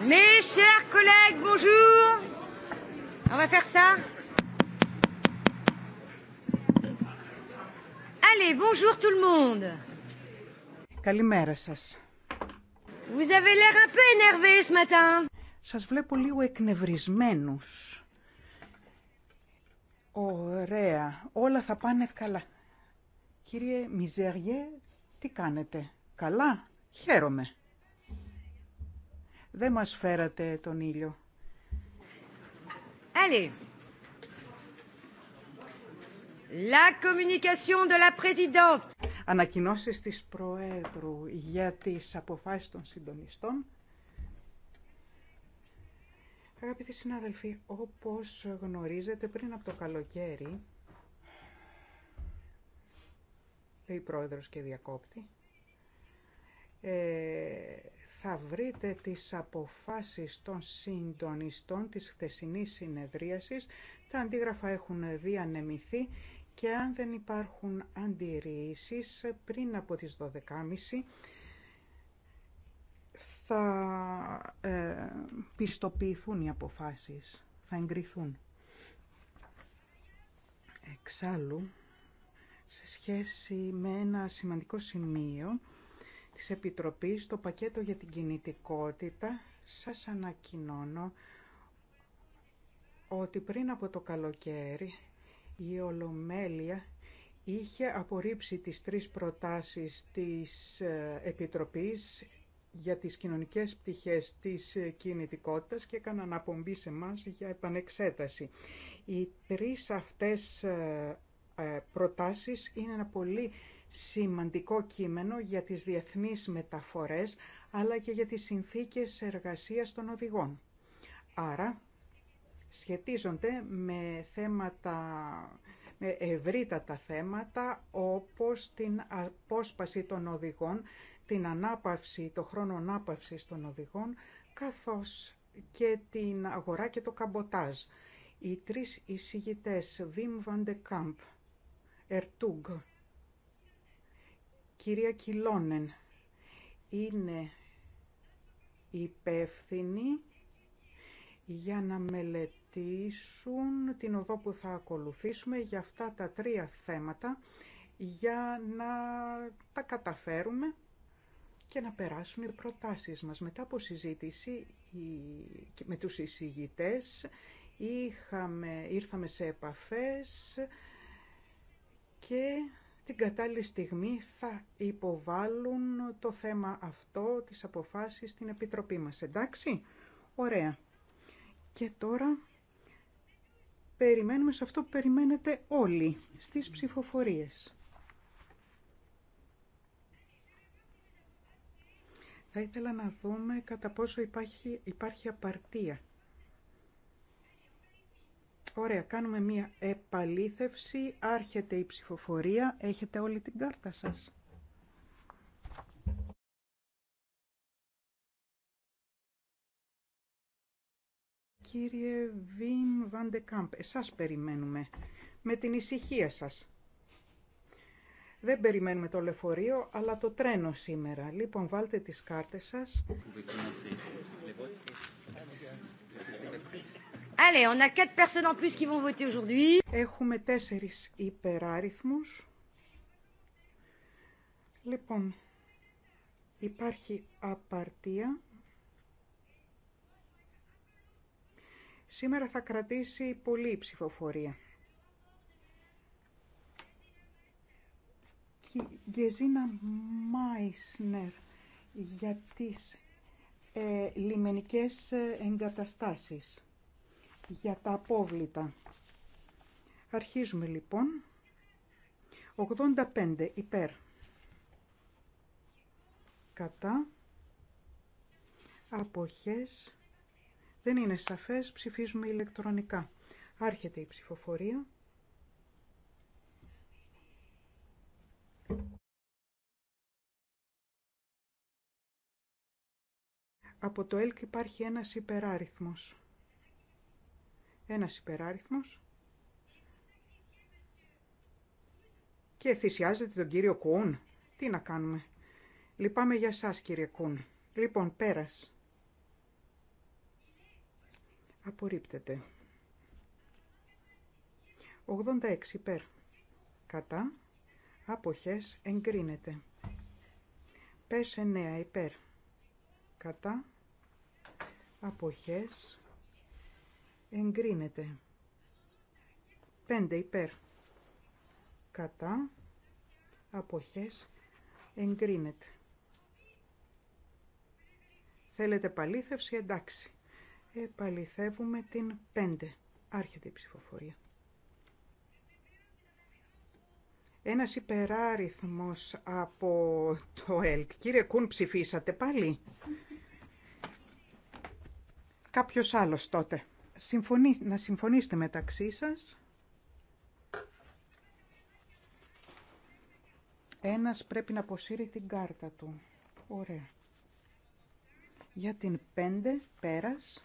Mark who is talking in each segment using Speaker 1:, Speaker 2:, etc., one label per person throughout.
Speaker 1: Mes chers collègues, bonjour. On va faire ça. Allez, bonjour tout le monde.
Speaker 2: Καλημέρα σας.
Speaker 1: Vous avez l'air un peu énervé ce
Speaker 2: matin. Σας βλέπω λίγο εκνευρισμένους. Ωραία. Όλα θα πάνε καλά. Κύριε Μιζέριε, τι κάνετε. Καλά. Χαίρομαι. Δεν μας φέρατε τον ήλιο. Allez.
Speaker 1: La communication de la présidente.
Speaker 2: Ανακοινώσεις της Προέδρου για τις αποφάσεις των συντονιστών. Αγαπητοί συνάδελφοι, όπως γνωρίζετε πριν από το καλοκαίρι, λέει η Πρόεδρος και διακόπτη, ε, θα βρείτε τις αποφάσεις των συντονιστών της χθεσινής συνεδρίασης. Τα αντίγραφα έχουν διανεμηθεί και αν δεν υπάρχουν αντιρρήσεις πριν από τις 12.30 θα ε, πιστοποιηθούν οι αποφάσεις, θα εγκριθούν. Εξάλλου, σε σχέση με ένα σημαντικό σημείο, της Επιτροπής στο πακέτο για την κινητικότητα σας ανακοινώνω ότι πριν από το καλοκαίρι η Ολομέλεια είχε απορρίψει τις τρεις προτάσεις της ε, Επιτροπής για τις κοινωνικές πτυχές της ε, κινητικότητας και έκαναν απομπή σε μας για επανεξέταση. Οι τρεις αυτές ε, προτάσεις είναι ένα πολύ σημαντικό κείμενο για τις διεθνείς μεταφορές, αλλά και για τις συνθήκες εργασίας των οδηγών. Άρα, σχετίζονται με θέματα με ευρύτατα θέματα όπως την απόσπαση των οδηγών, την ανάπαυση, το χρόνο ανάπαυσης των οδηγών, καθώς και την αγορά και το καμποτάζ. Οι τρεις εισηγητές Βιμ Βαντεκάμπ, Ερτούγκ κυρία Κιλόνεν είναι υπεύθυνη για να μελετήσουν την οδό που θα ακολουθήσουμε για αυτά τα τρία θέματα για να τα καταφέρουμε και να περάσουν οι προτάσεις μας. Μετά από συζήτηση με τους εισηγητές είχαμε, ήρθαμε σε επαφές και την κατάλληλη στιγμή θα υποβάλουν το θέμα αυτό, τις αποφάσεις στην Επιτροπή μας. Εντάξει, ωραία. Και τώρα περιμένουμε σε αυτό που περιμένετε όλοι στις ψηφοφορίες. Θα ήθελα να δούμε κατά πόσο υπάρχει, υπάρχει απαρτία. Ωραία, κάνουμε μία επαλήθευση. Άρχεται η ψηφοφορία. Έχετε όλη την κάρτα σας. Κύριε Βιμ Βαντεκάμπ, εσάς περιμένουμε. Με την ησυχία σας. Δεν περιμένουμε το λεωφορείο, αλλά το τρένο σήμερα. Λοιπόν, βάλτε τις κάρτες σας. Allez, on a quatre personnes en plus qui vont voter aujourd'hui. Έχουμε τέσσερις υπεράριθμους. Λοιπόν, υπάρχει απαρτία. Σήμερα θα κρατήσει πολύ ψηφοφορία. Γεζίνα Μάισνερ για τις ε, λιμενικές ε, εγκαταστάσεις για τα απόβλητα. Αρχίζουμε λοιπόν. 85 υπέρ. Κατά. Αποχές. Δεν είναι σαφές. Ψηφίζουμε ηλεκτρονικά. Άρχεται η ψηφοφορία. Από το ΕΛΚ υπάρχει ένας υπεράριθμος. Ένας υπεράριθμος. Και θυσιάζεται τον κύριο Κούν. Τι να κάνουμε. Λυπάμαι για σας κύριε Κούν. Λοιπόν, πέρας. Απορρίπτεται. 86 υπέρ. Κατά. Αποχές εγκρίνεται. Πέσε νέα υπέρ. Κατά. Αποχές εγκρίνεται. 5 υπέρ κατά αποχές εγκρίνεται. Θέλετε παλήθευση, εντάξει. Επαληθεύουμε την 5. Άρχεται η ψηφοφορία. Ένας υπεράριθμος από το ΕΛΚ. Κύριε Κούν, ψηφίσατε πάλι. Κάποιος άλλος τότε να συμφωνήσετε μεταξύ σας. Ένας πρέπει να αποσύρει την κάρτα του. Ωραία. Για την 5 πέρας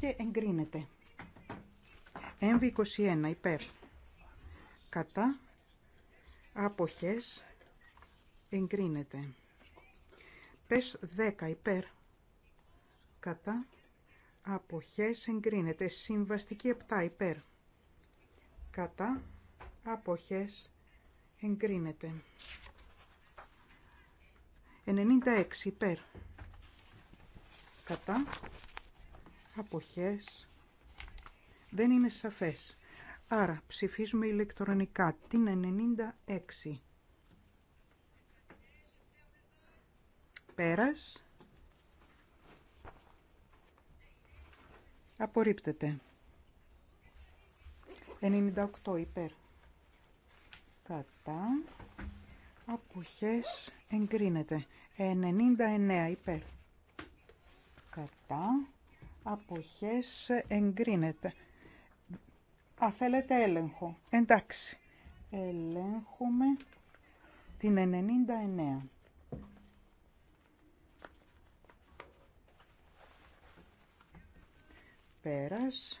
Speaker 2: και εγκρίνεται. Έμβη 21 υπέρ. Κατά αποχές εγκρίνεται. Πες 10 υπέρ. Κατά Αποχές εγκρίνεται. Συμβαστική 7 υπέρ. Κατά. Αποχές εγκρίνεται. 96 υπέρ. Κατά. Αποχές δεν είναι σαφές. Άρα ψηφίζουμε ηλεκτρονικά την 96. Πέρας. Απορρίπτεται. 98 υπέρ. Κατά. Αποχές εγκρίνεται. 99 υπέρ. Κατά. Αποχές εγκρίνεται. Α, θέλετε έλεγχο. Εντάξει. Ελέγχουμε την 99. Πέρας.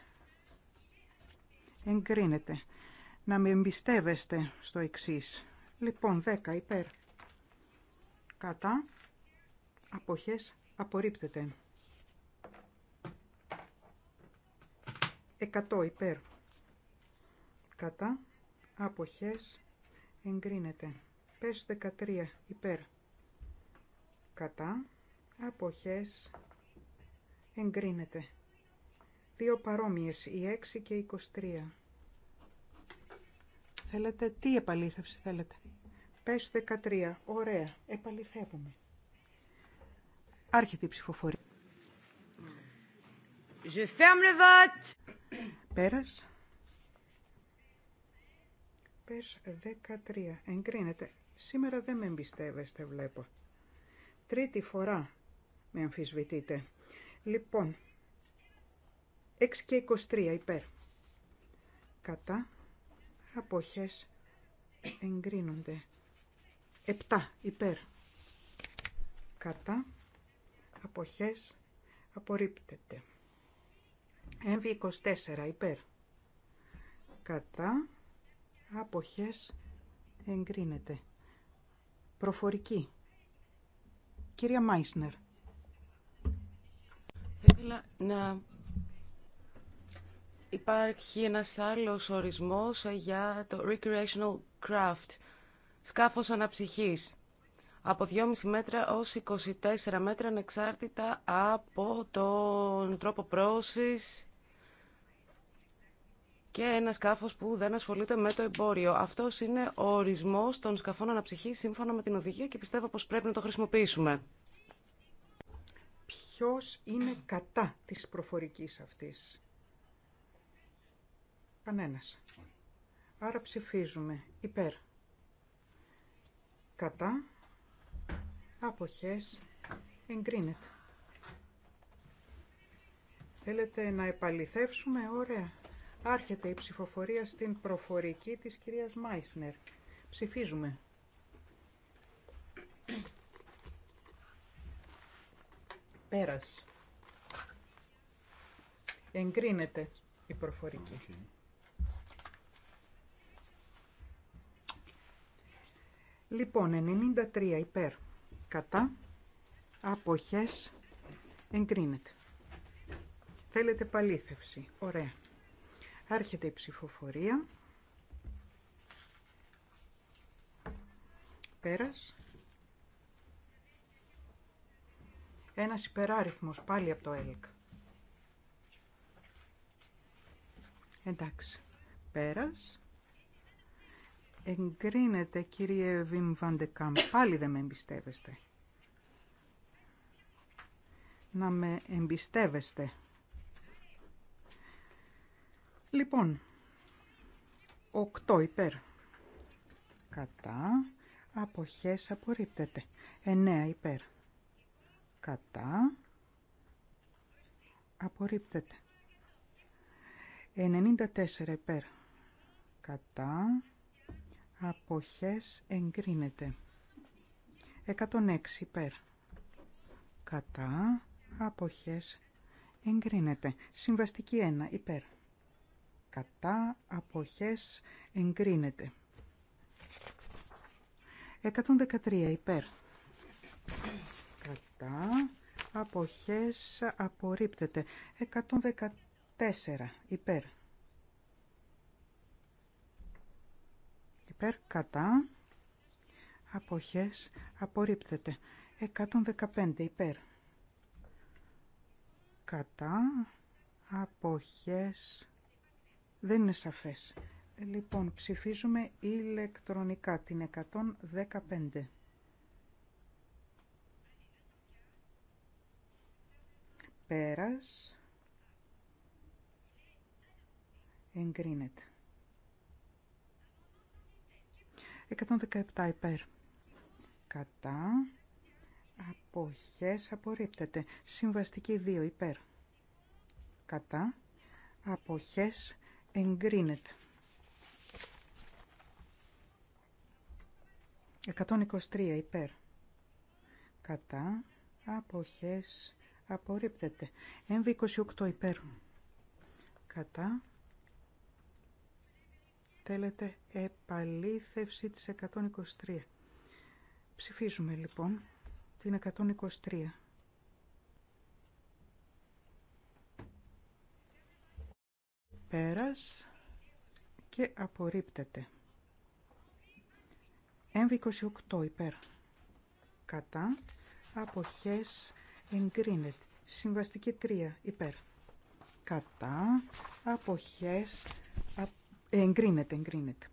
Speaker 2: Εγκρίνεται. Να με εμπιστεύεστε στο εξής. Λοιπόν, 10 υπέρ. Κατά. Αποχές. Απορρίπτεται. 100 υπέρ. Κατά. Αποχές. Εγκρίνεται. Πες 13 υπέρ. Κατά. Αποχές. Εγκρίνεται δύο παρόμοιε η 6 και η 23. Θέλετε, τι επαλήθευση θέλετε. Πες 13, ωραία, επαληθεύουμε. Άρχεται η ψηφοφορία. Je ferme le vote. Πέρας. Πες 13, εγκρίνεται. Σήμερα δεν με εμπιστεύεστε, βλέπω. Τρίτη φορά με αμφισβητείτε. Λοιπόν, 6 και 23 υπέρ. Κατά αποχές εγκρίνονται. 7 υπέρ. Κατά αποχές απορρίπτεται. Έμβη 24 υπέρ. Κατά αποχές εγκρίνεται. Προφορική. Κυρία Μάισνερ.
Speaker 3: Θα ήθελα να Υπάρχει ένας άλλος ορισμός για το recreational craft, σκάφος αναψυχής, από 2,5 μέτρα ως 24 μέτρα ανεξάρτητα από τον τρόπο πρόωσης και ένα σκάφος που δεν ασχολείται με το εμπόριο. Αυτός είναι ο ορισμός των σκαφών αναψυχής σύμφωνα με την οδηγία και πιστεύω πως πρέπει να το χρησιμοποιήσουμε. Ποιος είναι κατά
Speaker 2: της προφορικής αυτής Κανένας. Άρα ψηφίζουμε υπέρ. Κατά. Αποχές. Εγκρίνεται. Θέλετε να επαληθεύσουμε. Ωραία. Άρχεται η ψηφοφορία στην προφορική της κυρίας Μάισνερ. Ψηφίζουμε. Πέρας. Εγκρίνεται η προφορική. Λοιπόν, 93 υπέρ κατά αποχές εγκρίνεται. Θέλετε παλήθευση. Ωραία. Άρχεται η ψηφοφορία. Πέρας. Ένας υπεράριθμος πάλι από το ΕΛΚ. Εντάξει. Πέρας. Εγκρίνεται, κύριε Βιμ Βαντεκάμ. Πάλι δεν με εμπιστεύεστε. Να με εμπιστεύεστε. Λοιπόν, 8 υπέρ. Κατά. Αποχές απορρίπτεται. 9 υπέρ. Κατά. Απορρίπτεται. 94 υπέρ. Κατά αποχές εγκρίνεται. 106 υπέρ. Κατά αποχές εγκρίνεται. Συμβαστική 1 υπέρ. Κατά αποχές εγκρίνεται. 113 υπέρ. Κατά αποχές απορρίπτεται. 114 υπέρ. υπέρ, κατά, αποχές, απορρίπτεται. 115 υπέρ, κατά, αποχές, δεν είναι σαφές. Λοιπόν, ψηφίζουμε ηλεκτρονικά την 115. Πέρας εγκρίνεται. 117 υπέρ. Κατά. Αποχές απορρίπτεται. Συμβαστική 2 υπέρ. Κατά. Αποχές εγκρίνεται. 123 υπέρ. Κατά. Αποχές έμβη MV28 υπέρ. Κατά. Θέλετε επαλήθευση της 123. Ψηφίζουμε λοιπόν την 123. Πέρας και απορρίπτεται. Έμβη 28 υπέρ. Κατά. Αποχές εγκρίνεται. Συμβαστική 3 υπέρ. Κατά. Αποχές Εγκρίνεται, εγκρίνεται.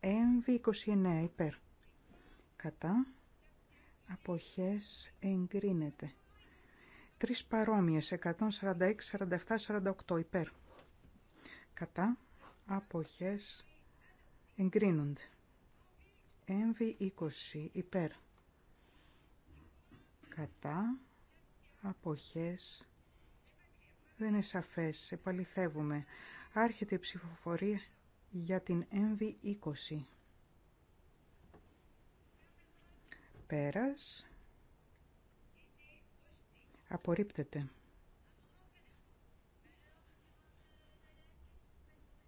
Speaker 2: Έμβη 29 υπέρ. Κατά. Αποχές εγκρίνεται. Τρεις παρόμοιες 146, 47, 48 υπέρ. Κατά. Αποχές εγκρίνονται. Έμβη 20 υπέρ. Κατά. Αποχές δεν είναι σαφές. Επαληθεύουμε. Άρχεται η ψηφοφορία για την MV20. Πέρας. Απορρίπτεται.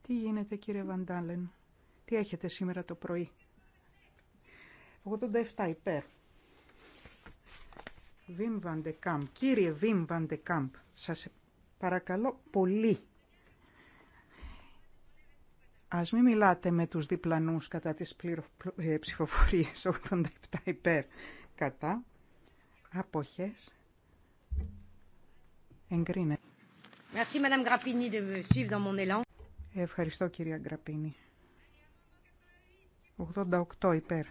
Speaker 2: Τι γίνεται κύριε Βαντάλεν. Τι έχετε σήμερα το πρωί. 87 υπέρ. Βιμ Βαντεκάμπ. Κύριε Βιμ Βαντεκάμπ, σας παρακαλώ πολύ Ας μην μιλάτε με τους διπλανούς κατά τις πληρο... ε, ψηφοφορίες 87 υπέρ κατά. Αποχές. Εγκρίνε. Merci, Ευχαριστώ, κυρία Γκραπίνη. 88 υπέρ.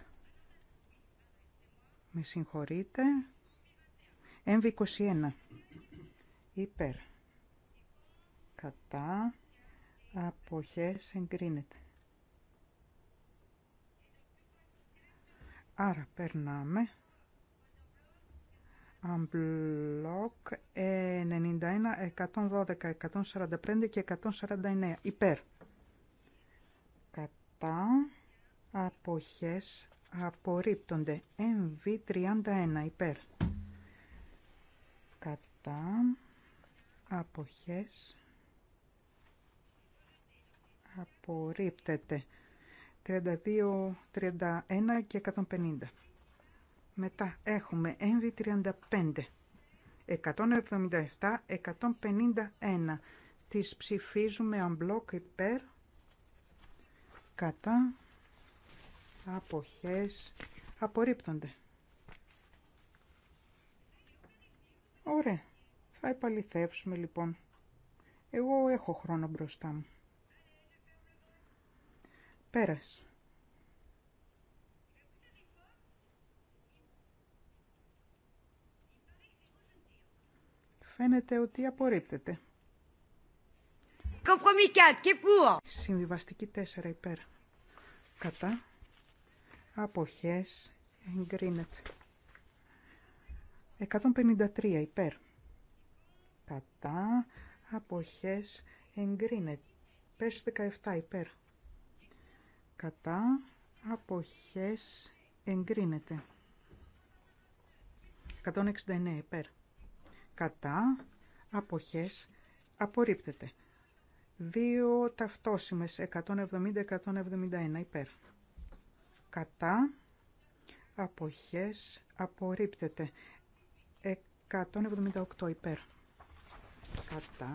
Speaker 2: Με συγχωρείτε. MV21. Υπέρ. Κατά αποχές εγκρίνεται. Άρα περνάμε. Αμπλοκ 91, 112, 145 και 149. Υπέρ. Κατά αποχές απορρίπτονται. MV31 υπέρ. Κατά αποχές απορρίπτεται. 32, 31 και 150. Μετά ΕΜΒΗ MV35, 177, 151. Τις ψηφίζουμε unblock υπέρ, κατά, αποχές, απορρίπτονται. Ωραία. Θα επαληθεύσουμε λοιπόν. Εγώ έχω χρόνο μπροστά μου. Πέρας. Φαίνεται ότι απορρίπτεται. Συμβιβαστική 4 υπέρ. Κατά. Αποχές. Εγκρίνεται. 153 υπέρ. Κατά. Αποχές. Εγκρίνεται. Πέσω 17 υπέρ κατά αποχές εγκρίνεται 169 υπέρ κατά αποχές απορρίπτεται δύο ταυτόσημες 170-171 υπέρ κατά αποχές απορρίπτεται 178 υπέρ κατά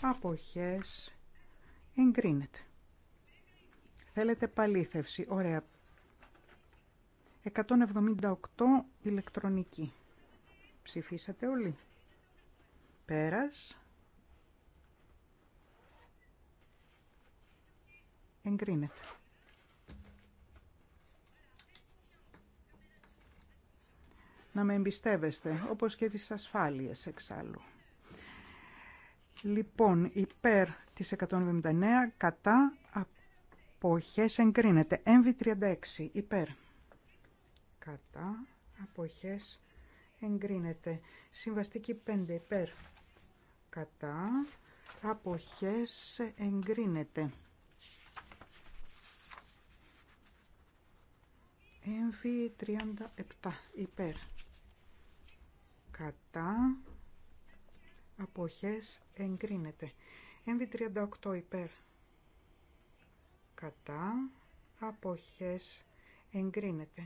Speaker 2: αποχές εγκρίνεται Θέλετε παλήθευση. Ωραία. 178 ηλεκτρονική. Ψηφίσατε όλοι. Πέρας. Εγκρίνεται. Να με εμπιστεύεστε, όπως και τις ασφάλειες εξάλλου. Λοιπόν, υπέρ της 179, κατά αποχές εγκρίνεται. MV36 υπέρ. Κατά αποχές εγκρίνεται. Συμβαστική 5 υπέρ. Κατά αποχές εγκρίνεται. MV37 υπέρ. Κατά αποχές εγκρίνεται. MV38 υπέρ κατά αποχές εγκρίνεται.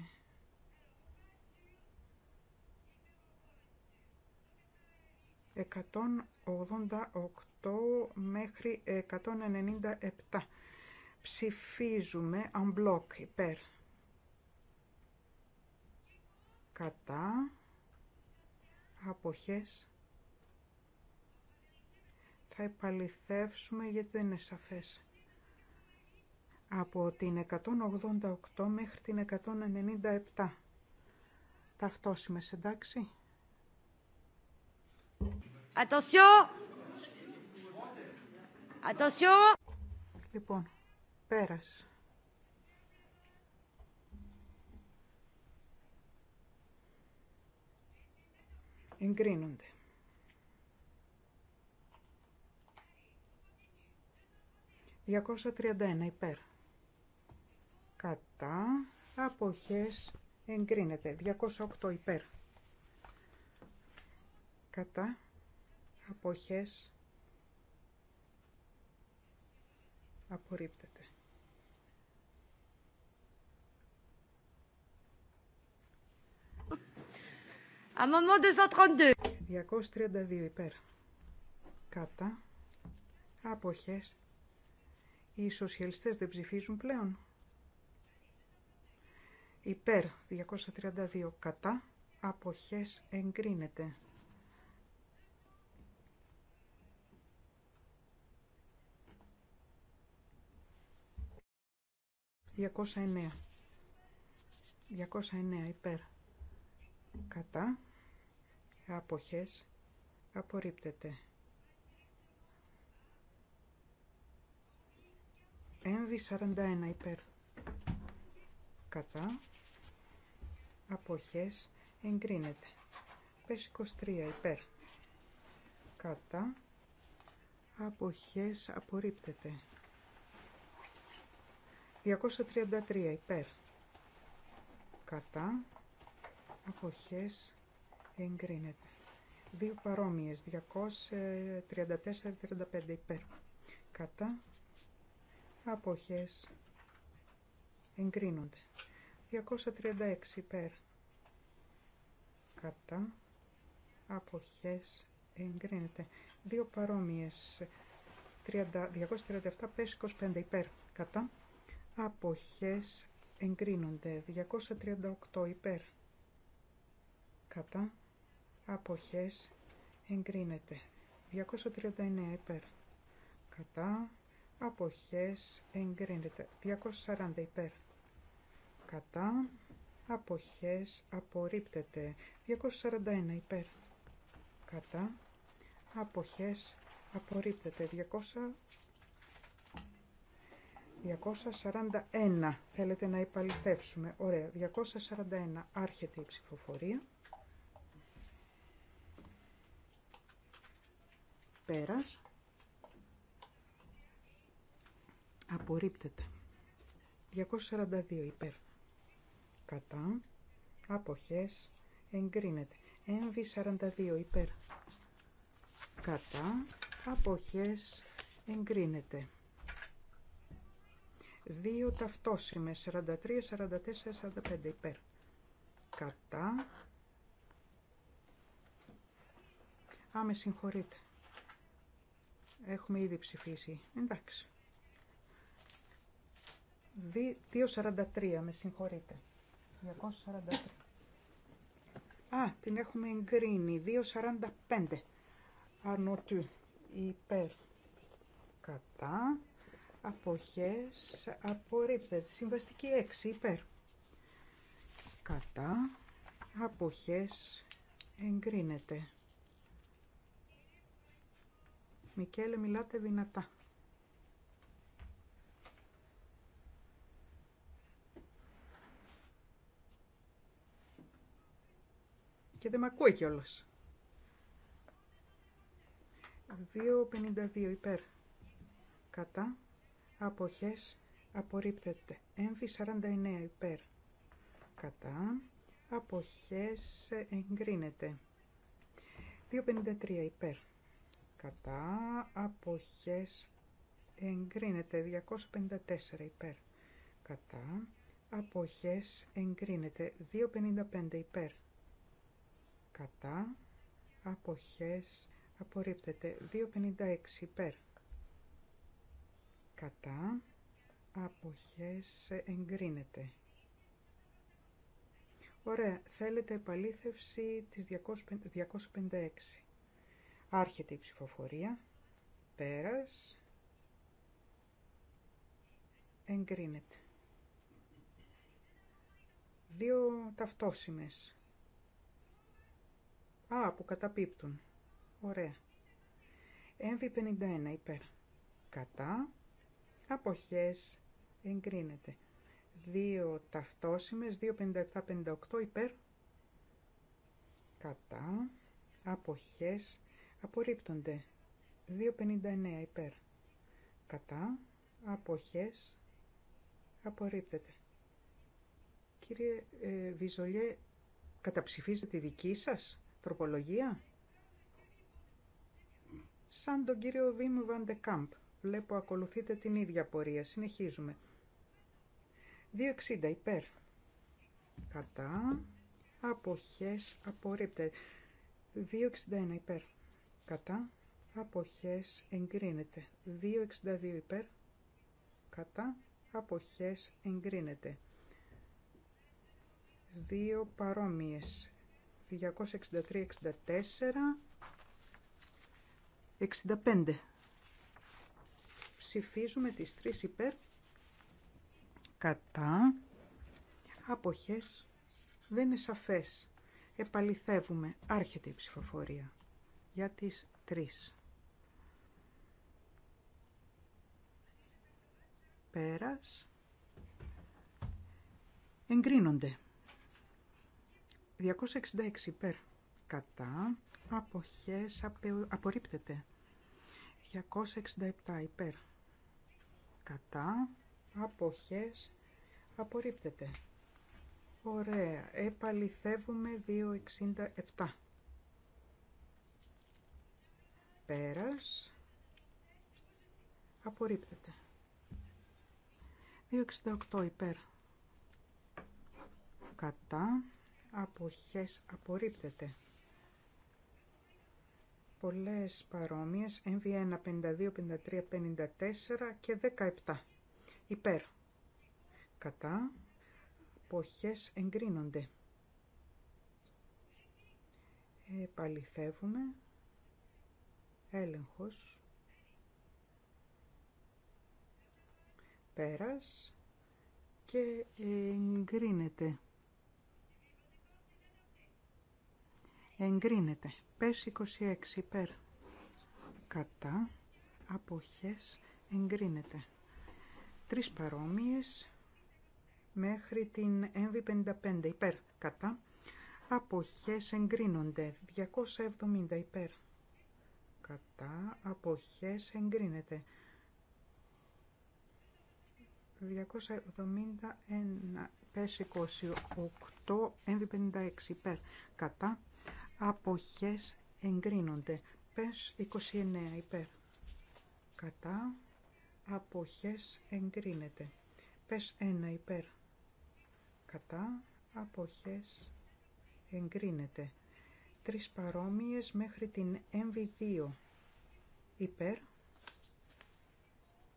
Speaker 2: Εκατόν μέχρι 197. Ψηφίζουμε unblock υπέρ. Κατά αποχές θα επαληθεύσουμε γιατί δεν είναι σαφές από την 188 μέχρι την 197. Ταυτόσιμες, εντάξει.
Speaker 1: Attention!
Speaker 2: Attention! Λοιπόν, πέρας. Εγκρίνονται. Διακόσια τριάντα υπέρ κατά, αποχές, εγκρίνεται. 208 υπέρ, κατά, αποχές, απορρίπτεται. Αμαμό 232. 232 υπέρ. Κατά. Αποχές. Οι σοσιαλιστές δεν ψηφίζουν πλέον υπέρ 232 κατά αποχές εγκρίνεται. 29 209 υπέρ κατά αποχές απορρίπτεται έμβη 41 υπέρ κατά αποχές εγκρίνεται. Πες 23 υπέρ. Κατά αποχές απορρίπτεται. 233 υπέρ. Κατά αποχές εγκρίνεται. Δύο παρόμοιες 234-35 υπέρ. Κατά αποχές εγκρίνονται. 236 υπέρ κατά αποχές εγκρίνεται. Δύο παρόμοιες 30, 237 πες 25 υπέρ κατά αποχές εγκρίνονται. 238 υπέρ κατά αποχές εγκρίνεται. 239 υπέρ κατά αποχές εγκρίνεται. 240 υπέρ κατά, αποχές, απορρίπτεται. 241 υπέρ, κατά, αποχές, απορρίπτεται. 200... 241. Θέλετε να υπαλληθεύσουμε. Ωραία. 241. Άρχεται η ψηφοφορία. Πέρας. Απορρίπτεται. 242 υπέρ κατά, αποχές, εγκρίνεται. MV42 υπέρ, κατά, αποχές, εγκρίνεται. Δύο ταυτόσημες, 43, 44, 45 υπέρ, κατά, Α, με συγχωρείτε. Έχουμε ήδη ψηφίσει. Εντάξει. 2.43, με συγχωρείτε. Α, την έχουμε εγκρίνει. 2.45. Αρνοτού. Υπέρ. Κατά. Αποχές. Απορρίπτεται. Συμβαστική 6. Υπέρ. Κατά. Αποχές. Εγκρίνεται. Μικέλε, μιλάτε δυνατά. Και δεν με ακούει κιόλα. 2.52 υπέρ. Κατά. Αποχές. Απορρίπτεται. Έμφυ 49 υπέρ. Κατά. Αποχές. Εγκρίνεται. 2.53 υπέρ. Κατά. Αποχές. Εγκρίνεται. 254 υπέρ. Κατά. Αποχές εγκρίνεται 2.55 υπέρ κατά, αποχές, απορρίπτεται. 2.56 υπέρ, κατά, αποχές, εγκρίνεται. Ωραία, θέλετε επαλήθευση της 256. Άρχεται η ψηφοφορία, πέρας, εγκρίνεται. Δύο ταυτόσημες Α, που καταπίπτουν. Εμβι MV51 υπέρ. Κατά. Αποχές. Εγκρίνεται. Δύο ταυτόσημες. 2,57-58 υπέρ. Κατά. Αποχές. Απορρίπτονται. 2,59 υπέρ. Κατά. Αποχές. Απορρίπτεται. Κύριε ε, Βιζολιέ, καταψηφίζετε τη δική σας. Σαν τον κύριο Βίμ Βαντεκάμπ. Βλέπω ακολουθείτε την ίδια πορεία. Συνεχίζουμε. 2,60 υπέρ. Κατά. Αποχές απορρίπτε 2,61 υπέρ. Κατά. Αποχές εγκρίνεται. 2,62 υπέρ. Κατά. Αποχές εγκρίνεται. Δύο παρόμοιες. 263, 64, 65. Ψηφίζουμε τις τρεις υπέρ, κατά, αποχές, δεν είναι σαφές. Επαληθεύουμε, άρχεται η ψηφοφορία για τις τρεις. Πέρας, εγκρίνονται. 266 υπέρ κατά αποχές απορρίπτεται 267 υπέρ κατά αποχές απορρίπτεται ωραία επαληθεύουμε 267 πέρας απορρίπτεται 268 υπέρ κατά αποχές απορρίπτεται. Πολλές παρόμοιες, MV1, 52, 53, 54 και 17. Υπέρ. Κατά. Αποχές εγκρίνονται. Επαληθεύουμε. Έλεγχος. Πέρας. Και εγκρίνεται. εγκρίνεται. Πες 26 υπέρ κατά αποχές εγκρίνεται. Τρεις παρόμοιες μέχρι την MV55 υπέρ κατά αποχές εγκρίνονται. 270 υπέρ κατά αποχές εγκρίνεται. 271 πέσει 28 MV56 υπέρ κατά αποχές εγκρίνονται. Πες 29 υπέρ. Κατά αποχές εγκρίνεται. Πες 1 υπέρ. Κατά αποχές εγκρίνεται. Τρεις παρόμοιες μέχρι την MV2 υπέρ.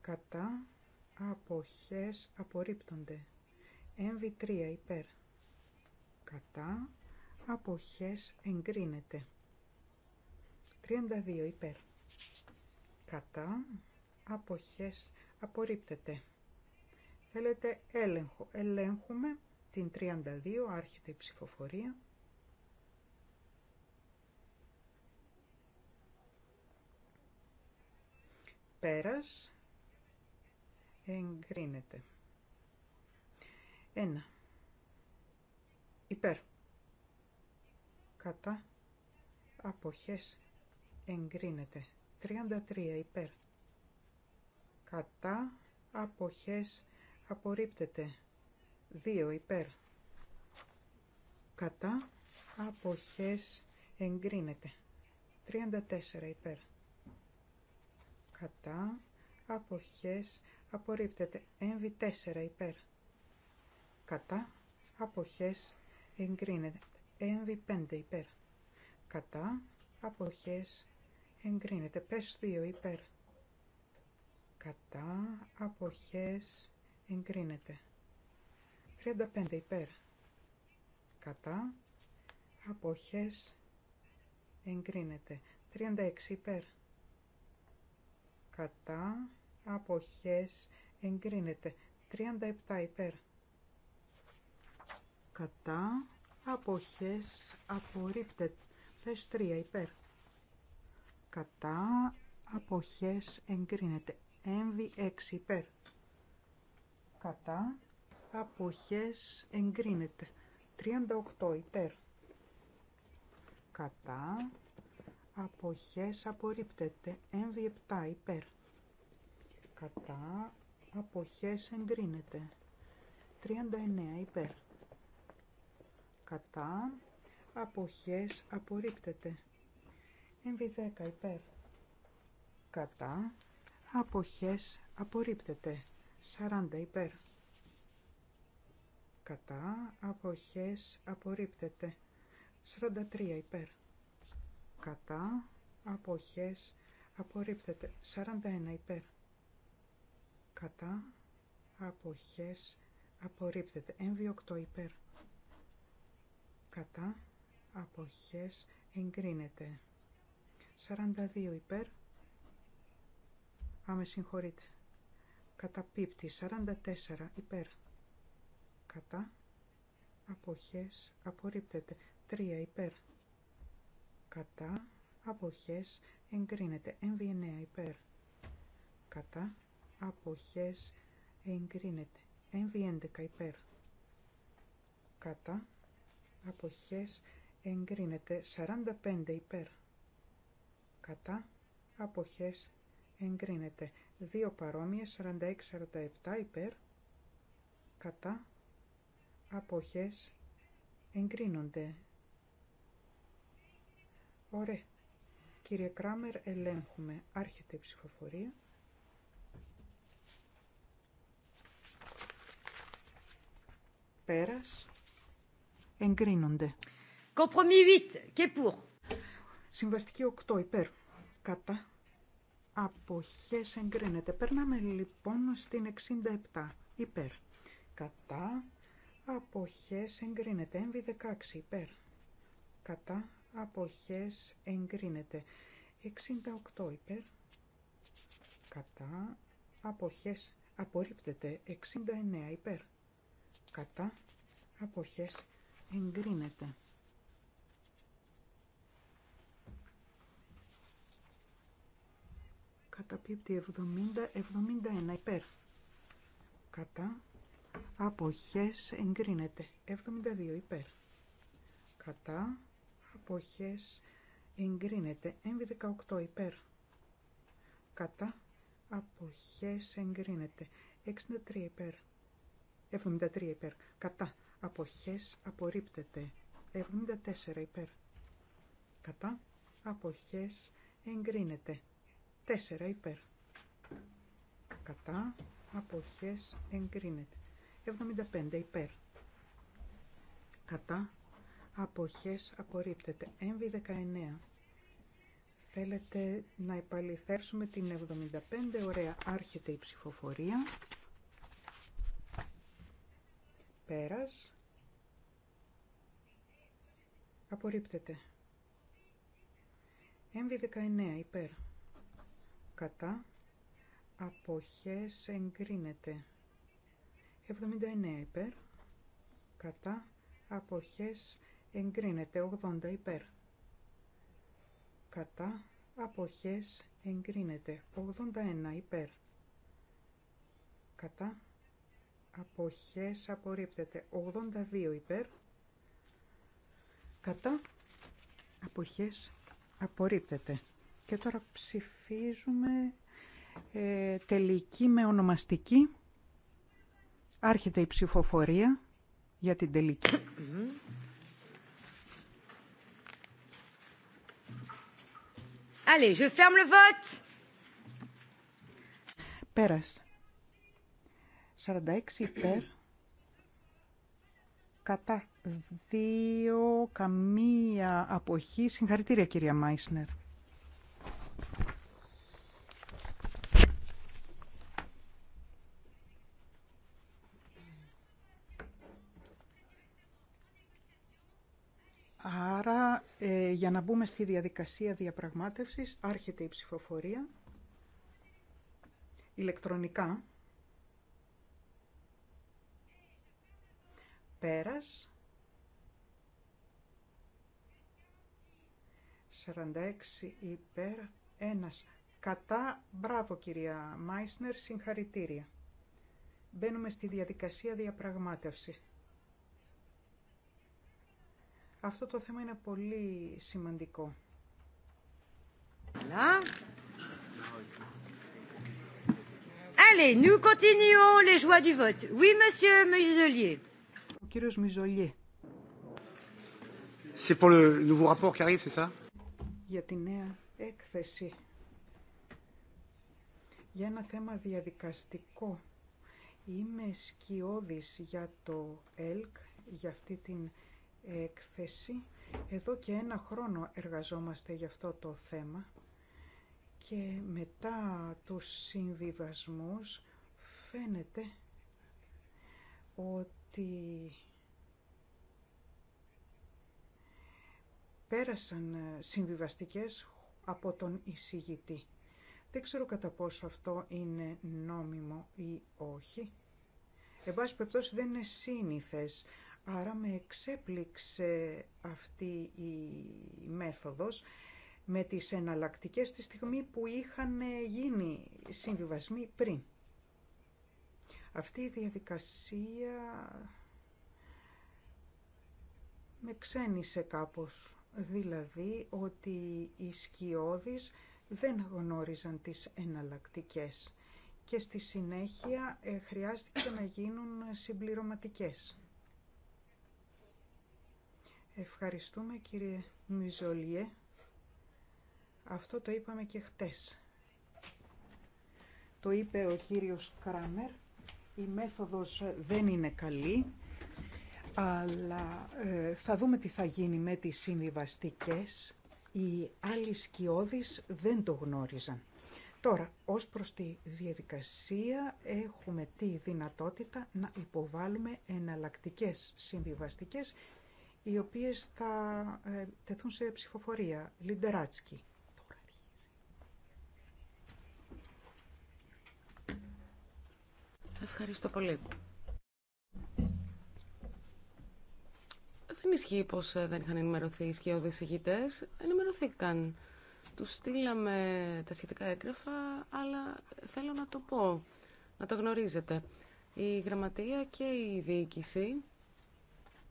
Speaker 2: Κατά αποχές απορρίπτονται. MV3 υπέρ. Κατά αποχές εγκρίνεται 32 υπέρ κατά αποχές απορρίπτεται θέλετε έλεγχο ελέγχουμε την 32 άρχεται η ψηφοφορία πέρας εγκρίνεται 1 υπέρ κατά αποχές εγκρίνεται 33 υπέρ κατά αποχές απορρίπτεται 2 υπέρ κατά αποχές εγκρίνεται 34 υπέρ κατά αποχές Έμβη NV4 υπέρ κατά αποχές εγκρίνεται NV5 υπέρ. Κατά αποχές εγκρίνεται. Πες 2 υπέρ. Κατά αποχές εγκρίνεται. 35 υπέρ. Κατά αποχές εγκρίνεται. 36 υπέρ. Κατά αποχές εγκρίνεται. 37 υπέρ. Κατά αποχές απορρίπτεται. Πες 3 υπέρ. Κατά αποχές εγκρίνεται. Έμβη 6 υπέρ. Κατά αποχές εγκρίνεται. 38 υπέρ. Κατά αποχές απορρίπτεται. Έμβη 7 υπέρ. Κατά αποχές εγκρίνεται. 39 υπέρ κατά, αποχές Εμβι MV10 υπέρ, κατά, αποχές απορρίπτεται. 40 υπέρ, κατά, αποχές απορρίπτεται. 43 υπέρ, κατά, αποχές απορρίπτεται. 41 υπέρ, κατά, αποχές Εμβι MV8 υπέρ, κατά αποχές εγκρίνεται 42 υπέρ άμε συγχωρείτε καταπίπτει 44 υπέρ κατά αποχές απορρίπτεται 3 υπέρ κατά αποχές εγκρίνεται MV9 υπέρ κατά αποχές εγκρίνεται MV11 υπέρ κατά αποχές εγκρίνεται 45 υπέρ κατά αποχές εγκρίνεται 2 παρόμοιες 46-47 υπέρ κατά αποχές εγκρίνονται Ωραία. Κύριε Κράμερ, ελέγχουμε. Άρχεται η ψηφοφορία. Πέρας εγκρίνονται. Compromis 8 και πουρ. Συμβαστική 8 υπέρ. Κατά. Αποχές εγκρίνεται. Περνάμε λοιπόν στην 67 υπέρ. Κατά. Αποχές εγκρίνεται. Έμβη 16 υπέρ. Κατά. Αποχές εγκρίνεται. 68 υπέρ. Κατά. Αποχές απορρίπτεται. 69 υπέρ. Κατά. Αποχές εγκρίνεται. Κατά Καταπίπτει 70-71 υπέρ. Κατά αποχές εγκρίνεται. 72 υπέρ. Κατά αποχές Έμβη MV18 υπέρ. Κατά αποχές εγκρίνεται. 63 υπέρ. 73 υπέρ. Κατά αποχές απορρίπτεται 74 υπέρ κατά αποχές εγκρίνεται 4 υπέρ κατά αποχές εγκρίνεται 75 υπέρ κατά αποχές απορρίπτεται έμβη 19 Θέλετε να επαληθεύσουμε την 75, ωραία, άρχεται η ψηφοφορία. Πέρας. Απορρίπτεται. MV19 υπέρ. Κατά. Αποχές εγκρίνεται. 79 υπέρ. Κατά. Αποχές εγκρίνεται. 80 υπέρ. Κατά. Αποχές εγκρίνεται. 81 υπέρ. Κατά αποχές απορρίπτεται 82 υπέρ κατά αποχές απορρίπτεται και τώρα ψηφίζουμε ε, τελική με ονομαστική άρχεται η ψηφοφορία για την τελική
Speaker 1: Allez, je ferme le vote.
Speaker 2: Πέρασε. 46 υπέρ κατά δύο καμία αποχή. Συγχαρητήρια κυρία Μάισνερ. Άρα, ε, για να μπούμε στη διαδικασία διαπραγμάτευσης, άρχεται η ψηφοφορία ηλεκτρονικά. Πέρας. 46 υπέρ, ένας. Κατά, μπράβο κυρία Μάισνερ, συγχαρητήρια. Μπαίνουμε στη διαδικασία διαπραγμάτευση. Αυτό το θέμα είναι πολύ σημαντικό. Là. Allez, nous continuons
Speaker 1: les joies du vote. Oui, monsieur Muselier
Speaker 2: κύριος Μιζολιέ. Για τη νέα έκθεση. Για ένα θέμα διαδικαστικό. Είμαι σκιώδης για το ΕΛΚ, για αυτή την έκθεση. Εδώ και ένα χρόνο εργαζόμαστε για αυτό το θέμα και μετά τους συμβιβασμούς φαίνεται ότι ότι πέρασαν ε, συμβιβαστικές από τον εισηγητή. Δεν ξέρω κατά πόσο αυτό είναι νόμιμο ή όχι. Εν πάση περιπτώσει δεν είναι σύνηθες, άρα με εξέπληξε αυτή η οχι εν παση δεν ειναι συνηθες αρα με εξεπληξε αυτη η μεθοδος με τις εναλλακτικές τη στιγμή που είχαν γίνει συμβιβασμοί πριν. Αυτή η διαδικασία με ξένησε κάπως, δηλαδή ότι οι σκιώδεις δεν γνώριζαν τις εναλλακτικές και στη συνέχεια ε, χρειάστηκε να γίνουν συμπληρωματικές. Ευχαριστούμε κύριε Μιζολιέ. Αυτό το είπαμε και χτες. Το είπε ο κύριος Κράμερ η μέθοδος ε, δεν είναι καλή, αλλά ε, θα δούμε τι θα γίνει με τις συμβιβαστικές. Οι άλλοι σκιώδεις δεν το γνώριζαν. Τώρα, ως προς τη διαδικασία έχουμε τη δυνατότητα να υποβάλουμε εναλλακτικέ συμβιβαστικές οι οποίες θα ε, τεθούν σε ψηφοφορία. Λιντεράτσκι.
Speaker 3: Ευχαριστώ πολύ. Δεν ισχύει πω ε, δεν είχαν ενημερωθεί οι σκιώδει ηγητέ. Ενημερωθήκαν. Του στείλαμε τα σχετικά έγγραφα, αλλά θέλω να το πω, να το γνωρίζετε. Η γραμματεία και η διοίκηση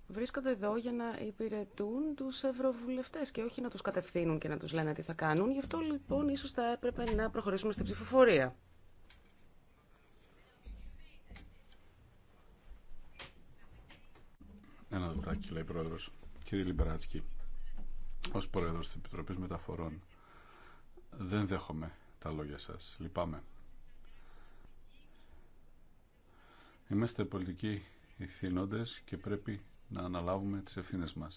Speaker 3: βρίσκονται εδώ για να υπηρετούν του ευρωβουλευτέ και όχι να του κατευθύνουν και να του λένε τι θα κάνουν. Γι' αυτό λοιπόν ίσω θα έπρεπε να προχωρήσουμε στην ψηφοφορία.
Speaker 4: Μητσοτάκη, λέει πρόεδρο. Κύριε Λιμπεράτσκι, ω πρόεδρο τη Επιτροπή Μεταφορών, δεν δέχομαι τα λόγια σα. Λυπάμαι. Είμαστε πολιτικοί ηθήνοντε και πρέπει να αναλάβουμε τι ευθύνε μα.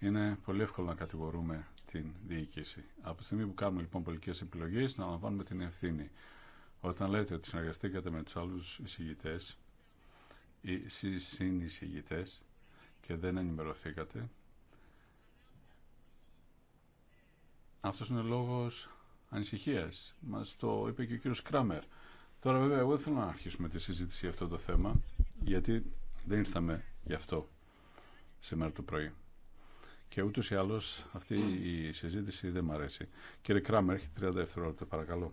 Speaker 4: Είναι πολύ εύκολο να κατηγορούμε την διοίκηση. Από τη στιγμή που κάνουμε λοιπόν πολιτικέ επιλογέ, να αναλαμβάνουμε την ευθύνη. Όταν λέτε ότι συνεργαστήκατε με του άλλου εισηγητέ ή συνεισηγητέ, και δεν ενημερωθήκατε. Αυτός είναι λόγος ανησυχίας. Μας το είπε και ο κύριος Κράμερ. Τώρα βέβαια εγώ δεν θέλω να αρχίσουμε τη συζήτηση για αυτό το θέμα, γιατί δεν ήρθαμε γι' αυτό σήμερα το πρωί. Και ούτω ή άλλω αυτή η συζήτηση δεν μ' αρέσει. Κύριε Κράμερ, έχει 30 δευτερόλεπτα, παρακαλώ.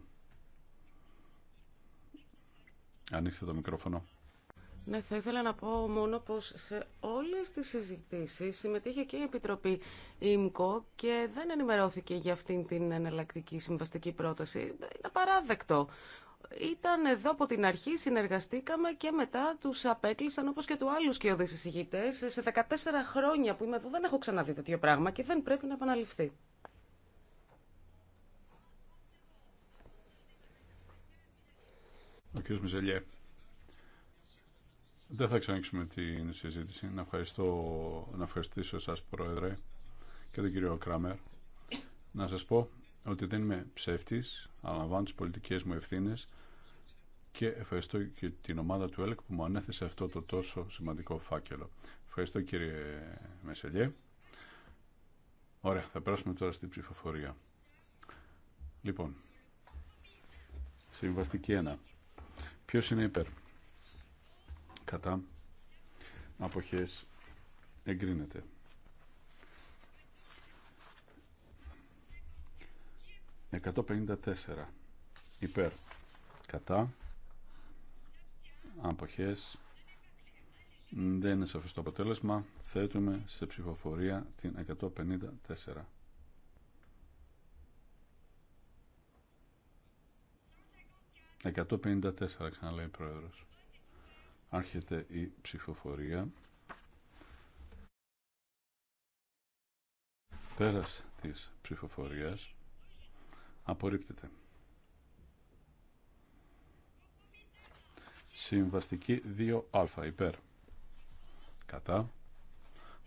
Speaker 4: Ανοίξτε το μικρόφωνο.
Speaker 3: Ναι, θα ήθελα να πω μόνο πως σε όλες τις συζητήσεις συμμετείχε και η Επιτροπή ΙΜΚΟ και δεν ενημερώθηκε για αυτήν την εναλλακτική συμβαστική πρόταση. Είναι παράδεκτο. Ήταν εδώ από την αρχή, συνεργαστήκαμε και μετά τους απέκλεισαν όπως και του άλλους και εισηγητές. Σε 14 χρόνια που είμαι εδώ δεν έχω ξαναδεί τέτοιο πράγμα και δεν πρέπει να επαναληφθεί.
Speaker 4: Ο κ. Μιζελιέ. Δεν θα ξανοίξουμε την συζήτηση. Να, ευχαριστώ, να ευχαριστήσω εσά Πρόεδρε και τον κύριο Κράμερ. Να σας πω ότι δεν είμαι ψεύτης, αναλαμβάνω τι πολιτικέ μου ευθύνε και ευχαριστώ και την ομάδα του ΕΛΚ που μου ανέθεσε αυτό το τόσο σημαντικό φάκελο. Ευχαριστώ κύριε Μεσελιέ. Ωραία, θα περάσουμε τώρα στην ψηφοφορία. Λοιπόν, συμβαστική 1. Ποιο είναι υπέρ κατά αποχές εγκρίνεται. 154 υπέρ κατά αποχές δεν είναι σαφές το αποτέλεσμα θέτουμε σε ψηφοφορία την 154 154 ξαναλέει ο Πρόεδρος Άρχεται η ψηφοφορία. Πέρας της ψηφοφορίας απορρίπτεται. Συμβαστική 2α υπέρ. Κατά.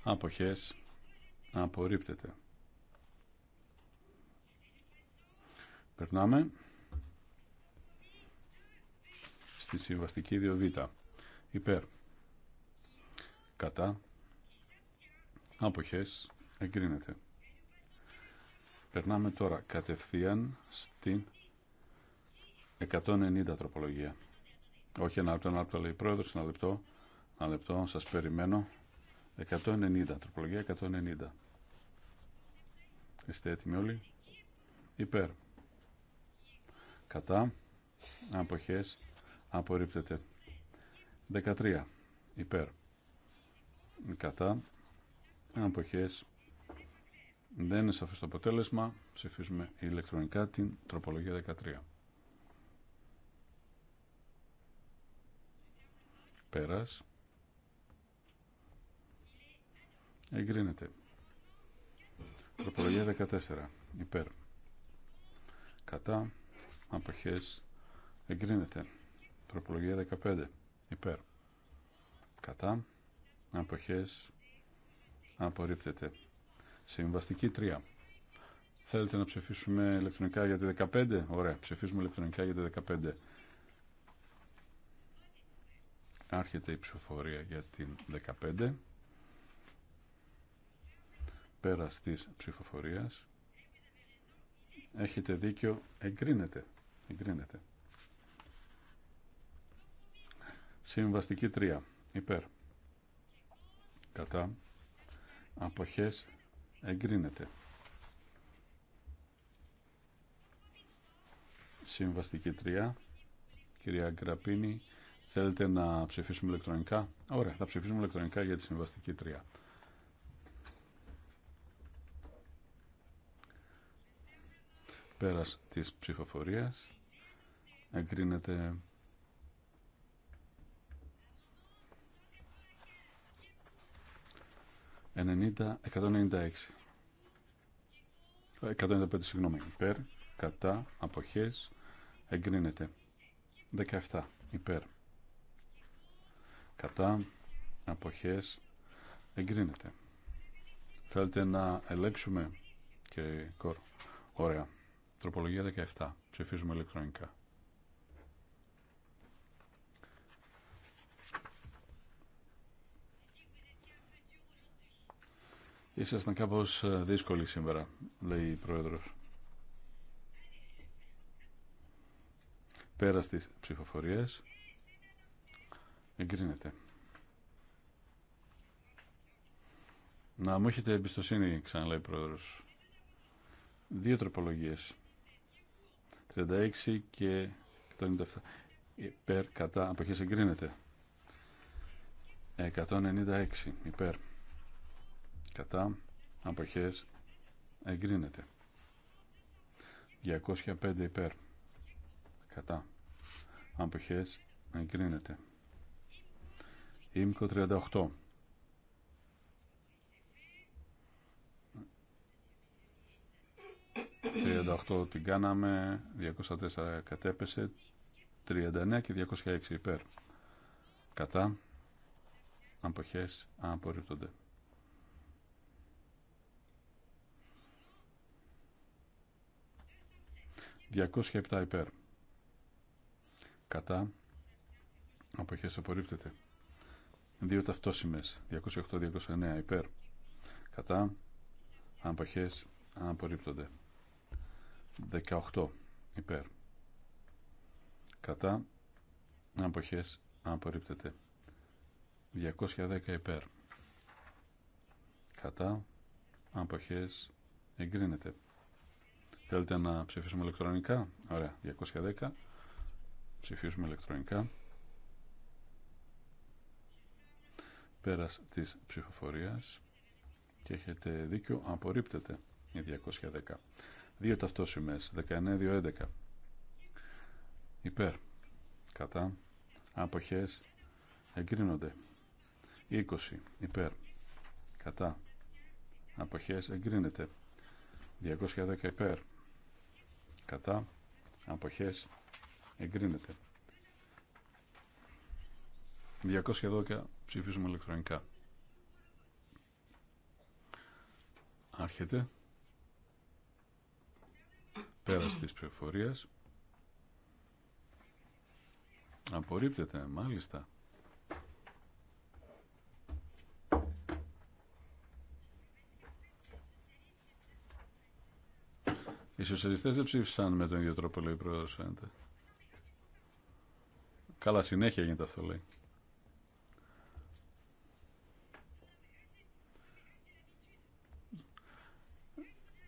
Speaker 4: Αποχές απορρίπτεται. Περνάμε στη συμβαστική 2β υπέρ κατά αποχές εγκρίνεται περνάμε τώρα κατευθείαν στην 190 τροπολογία όχι ένα λεπτό, ένα λεπτό λέει πρόεδρος ένα λεπτό, ένα λεπτό σας περιμένω 190 τροπολογία 190 είστε έτοιμοι όλοι υπέρ κατά αποχές απορρίπτεται 13 υπέρ κατά αποχές δεν είναι σαφές το αποτέλεσμα ψηφίζουμε ηλεκτρονικά την τροπολογία 13 πέρας εγκρίνεται τροπολογία 14 υπέρ κατά αποχές εγκρίνεται τροπολογία 15 υπέρ κατά αποχές απορρίπτεται συμβαστική 3 θέλετε να ψηφίσουμε ηλεκτρονικά για τη 15 ωραία ψηφίσουμε ηλεκτρονικά για τη 15 άρχεται η ψηφοφορία για την 15 πέρας της ψηφοφορίας έχετε δίκιο εγκρίνεται εγκρίνεται Συμβαστική 3. Υπέρ. Κατά. Αποχές εγκρίνεται. Συμβαστική 3. Κυρία Γκραπίνη, θέλετε να ψηφίσουμε ηλεκτρονικά. Ωραία, θα ψηφίσουμε ηλεκτρονικά για τη συμβαστική 3. Πέρας της ψηφοφορίας εγκρίνεται 195 συγγνώμη. Υπέρ, κατά, αποχές, εγκρίνεται. 17. Υπέρ. Κατά, αποχές, εγκρίνεται. Θέλετε να ελέγξουμε, και Κορ. Ωραία. Τροπολογία 17. Ψηφίζουμε ηλεκτρονικά. Ήσασταν κάπως ε, δύσκολοι σήμερα, λέει η Πρόεδρος. Πέρα στις ψηφοφορίες. Εγκρίνεται. Να μου έχετε εμπιστοσύνη, ξαναλέει η Πρόεδρος. Δύο τροπολογίες. 36 και 97. Υπέρ, κατά, αποχές εγκρίνεται. 196 υπέρ κατά αποχές εγκρίνεται 205 υπέρ κατά αποχές εγκρίνεται Ήμικο 38 38 την κάναμε, 204 κατέπεσε, 39 και 206 υπέρ. Κατά, αμποχές απορρίπτονται. 207 υπέρ. Κατά. Αποχές απορρίπτεται. Δύο ταυτόσημες. 208-209 υπέρ. Κατά. Αποχές απορρίπτονται. 18 υπέρ. Κατά. Αποχές απορρίπτεται. 210 υπέρ. Κατά. Αποχές εγκρίνεται. Θέλετε να ψηφίσουμε ηλεκτρονικά. Ωραία, 210. Ψηφίσουμε ηλεκτρονικά. Πέρας της ψηφοφορίας. Και έχετε δίκιο, απορρίπτεται η 210. Δύο ταυτόσημες, 19-2-11. Υπέρ. Κατά. Αποχές. Εγκρίνονται. 20. Υπέρ. Κατά. Αποχές εγκρίνεται. 210 υπέρ κατά αποχές εγκρίνεται 212 ψηφίζουμε ηλεκτρονικά άρχεται πέρας της πληροφορίας απορρίπτεται μάλιστα Οι σοσιαλιστέ δεν ψήφισαν με τον ίδιο τρόπο, λέει ο Πρόεδρο φαίνεται. Καλά, συνέχεια γίνεται αυτό, λέει.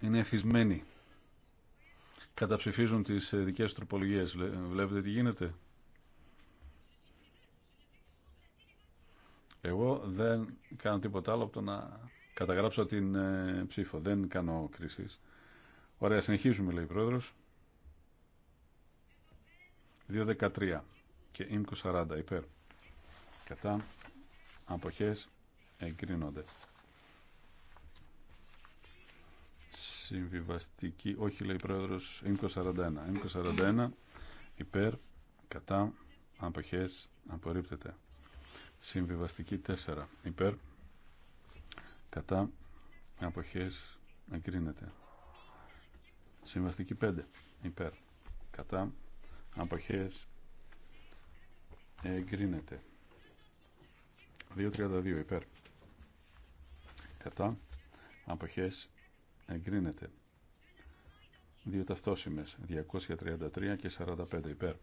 Speaker 4: Είναι εθισμένοι. Καταψηφίζουν τις ε, δικές τροπολογίες. Βλέπετε τι γίνεται. Εγώ δεν κάνω τίποτα άλλο από το να καταγράψω την ε, ψήφο. Δεν κάνω κρίσεις. Ωραία, συνεχίζουμε, λέει η πρόεδρος. 2.13 και ΙΜΚΟ 40 υπέρ. Κατά αποχές εγκρίνονται. Συμβιβαστική, όχι λέει η πρόεδρος, ΙΜΚΟ 41. ΙΜΚΟ 41 υπέρ, κατά αποχές απορρίπτεται. Συμβιβαστική 4 υπέρ, κατά αποχές εγκρίνεται. Συμβαστική 5. Υπέρ. Κατά. Αποχές. Εγκρίνεται. 2.32. Υπέρ. Κατά. Αποχές. Εγκρίνεται. Δύο ταυτόσημες. 233 και 45. Υπέρ.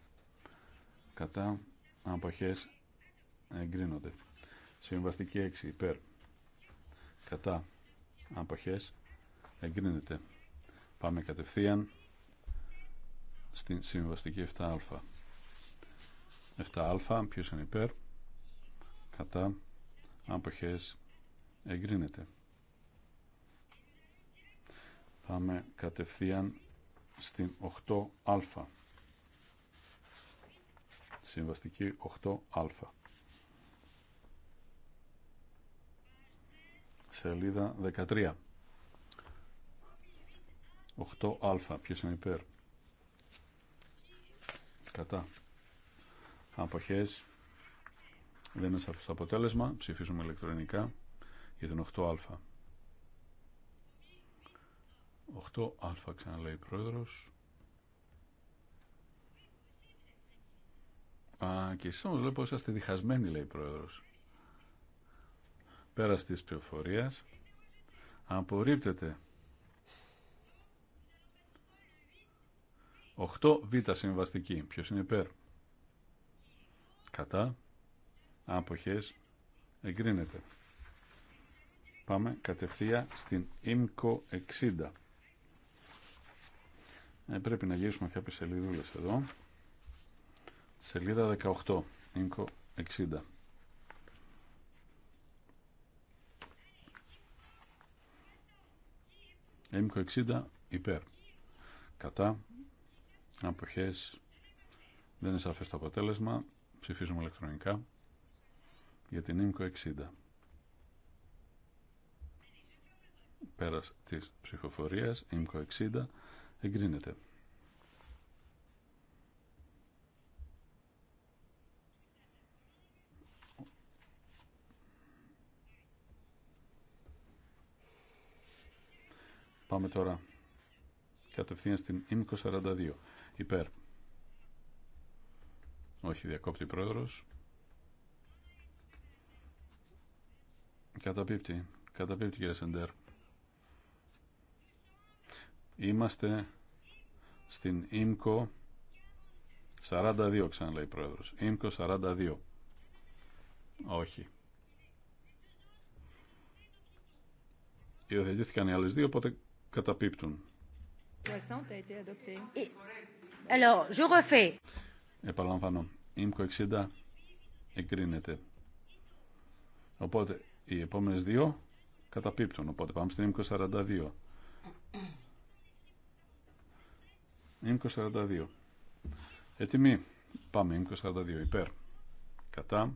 Speaker 4: Κατά. Αποχές. Εγκρίνονται. Συμβαστική 6. Υπέρ. Κατά. Αποχές. Εγκρίνεται. Πάμε κατευθείαν στην συμβαστική 7α. 7α, ποιος είναι υπέρ, κατά, ποχές εγκρίνεται. Πάμε κατευθείαν στην 8α. Συμβαστική 8α. Σελίδα 13. 8α. Ποιος είναι υπέρ. Κατά. Αποχές. Δεν είναι σαφώς το αποτέλεσμα. Ψηφίζουμε ηλεκτρονικά για την 8α. 8α ξαναλέει πρόεδρος. Α, και εσείς όμως βλέπω είσαστε διχασμένοι, λέει η πρόεδρος. Πέρα της πληροφορίας. Απορρίπτεται. 8β συμβαστική. Ποιο είναι υπέρ. Κατά. άποχέ. Εγκρίνεται. Πάμε κατευθείαν στην ΙΜΚΟ 60. Ε, πρέπει να γυρίσουμε κάποιες σελίδουλες εδώ. Σελίδα 18. ΙΜΚΟ 60. ΕΜΚΟ 60 υπέρ. Κατά αποχές δεν είναι σαφές το αποτέλεσμα ψηφίζουμε ηλεκτρονικά για την ΙΜΚΟ 60 πέρας της ψηφοφορίας ΙΜΚΟ 60 εγκρίνεται Πάμε τώρα κατευθείαν στην ΙΜΚΟ 42. Υπέρ. Όχι, διακόπτη πρόεδρος. Καταπίπτει. Καταπίπτει κύριε Σεντέρ. Είμαστε στην ΙΜΚΟ 42 ξαναλέει πρόεδρος. ΙΜΚΟ 42. Όχι. Υιοθετήθηκαν οι άλλες δύο, οπότε καταπίπτουν.
Speaker 1: 60 a été adopté. Et... Alors, je
Speaker 4: 60 εγκρίνεται. Οπότε οι επόμενε δύο καταπίπτουν. Οπότε πάμε στην Ήμκο 42. Ήμκο 42. Ετοιμή. Πάμε. Ήμκο 42. Υπέρ. Κατά.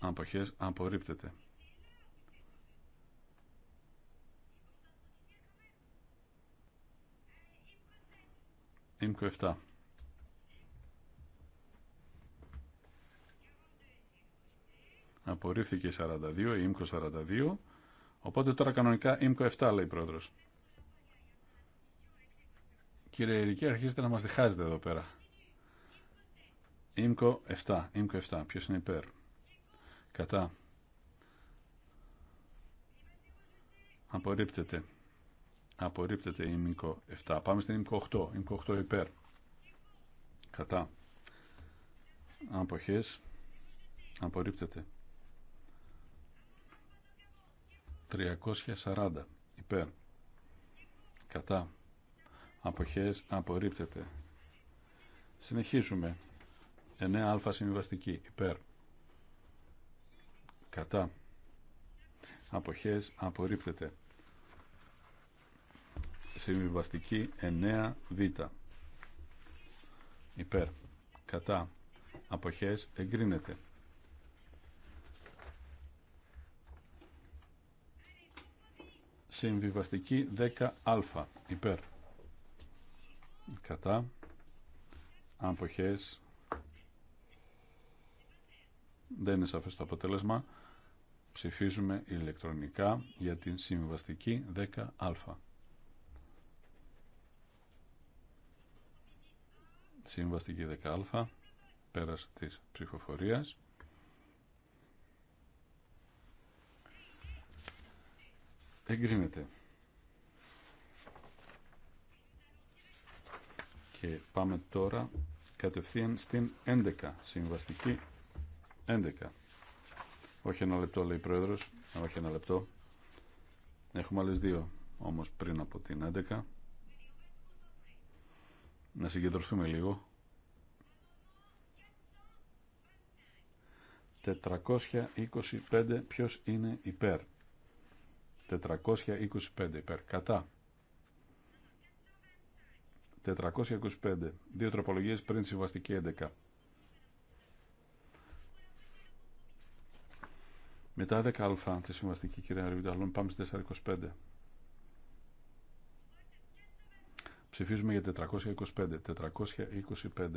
Speaker 4: Αποχές. Απορρίπτεται. ΥΜΚΟ 7. Απορρίφθηκε 42, η ΥΜΚΟ 42. Οπότε τώρα κανονικά ΥΜΚΟ 7 λέει πρόεδρο. Κύριε Ερική, αρχίζετε να μα διχάζετε εδώ πέρα. ΥΜΚΟ 7, ΙΜΚΟ 7. Ποιος είναι υπέρ. Κατά. Απορρίπτεται. Απορρίπτεται η ΜΚΟ 7. Πάμε στην ΜΚΟ 8. ΜΚΟ 8 υπέρ. Κατά. Αποχές. Απορρίπτεται. 340 υπέρ. Κατά. Αποχές. Απορρίπτεται. Συνεχίζουμε. 9α συμβιβαστική υπέρ. Κατά. Αποχές. Απορρίπτεται. Συμβιβαστική 9β. Υπέρ. Κατά. Αποχές εγκρίνεται. Συμβιβαστική 10α. Υπέρ. Κατά. Αποχές. Δεν είναι σαφές το αποτέλεσμα. Ψηφίζουμε ηλεκτρονικά για την συμβιβαστική 10α. Συμβαστική 10α, πέρας της ψηφοφορίας. Εγκρίνεται. Και πάμε τώρα κατευθείαν στην 11, συμβαστική 11. Όχι ένα λεπτό, λέει η Πρόεδρος. Όχι ένα λεπτό. Έχουμε άλλες δύο, όμως πριν από την 11. Να συγκεντρωθούμε λίγο. 425 ποιος είναι υπέρ. 425 υπέρ. Κατά. 425. Δύο τροπολογίες πριν συμβαστική 11. Μετά 10α τη συμβαστική κυρία Ριβιταλόν πάμε στη 425. Ψηφίζουμε για 425. 425.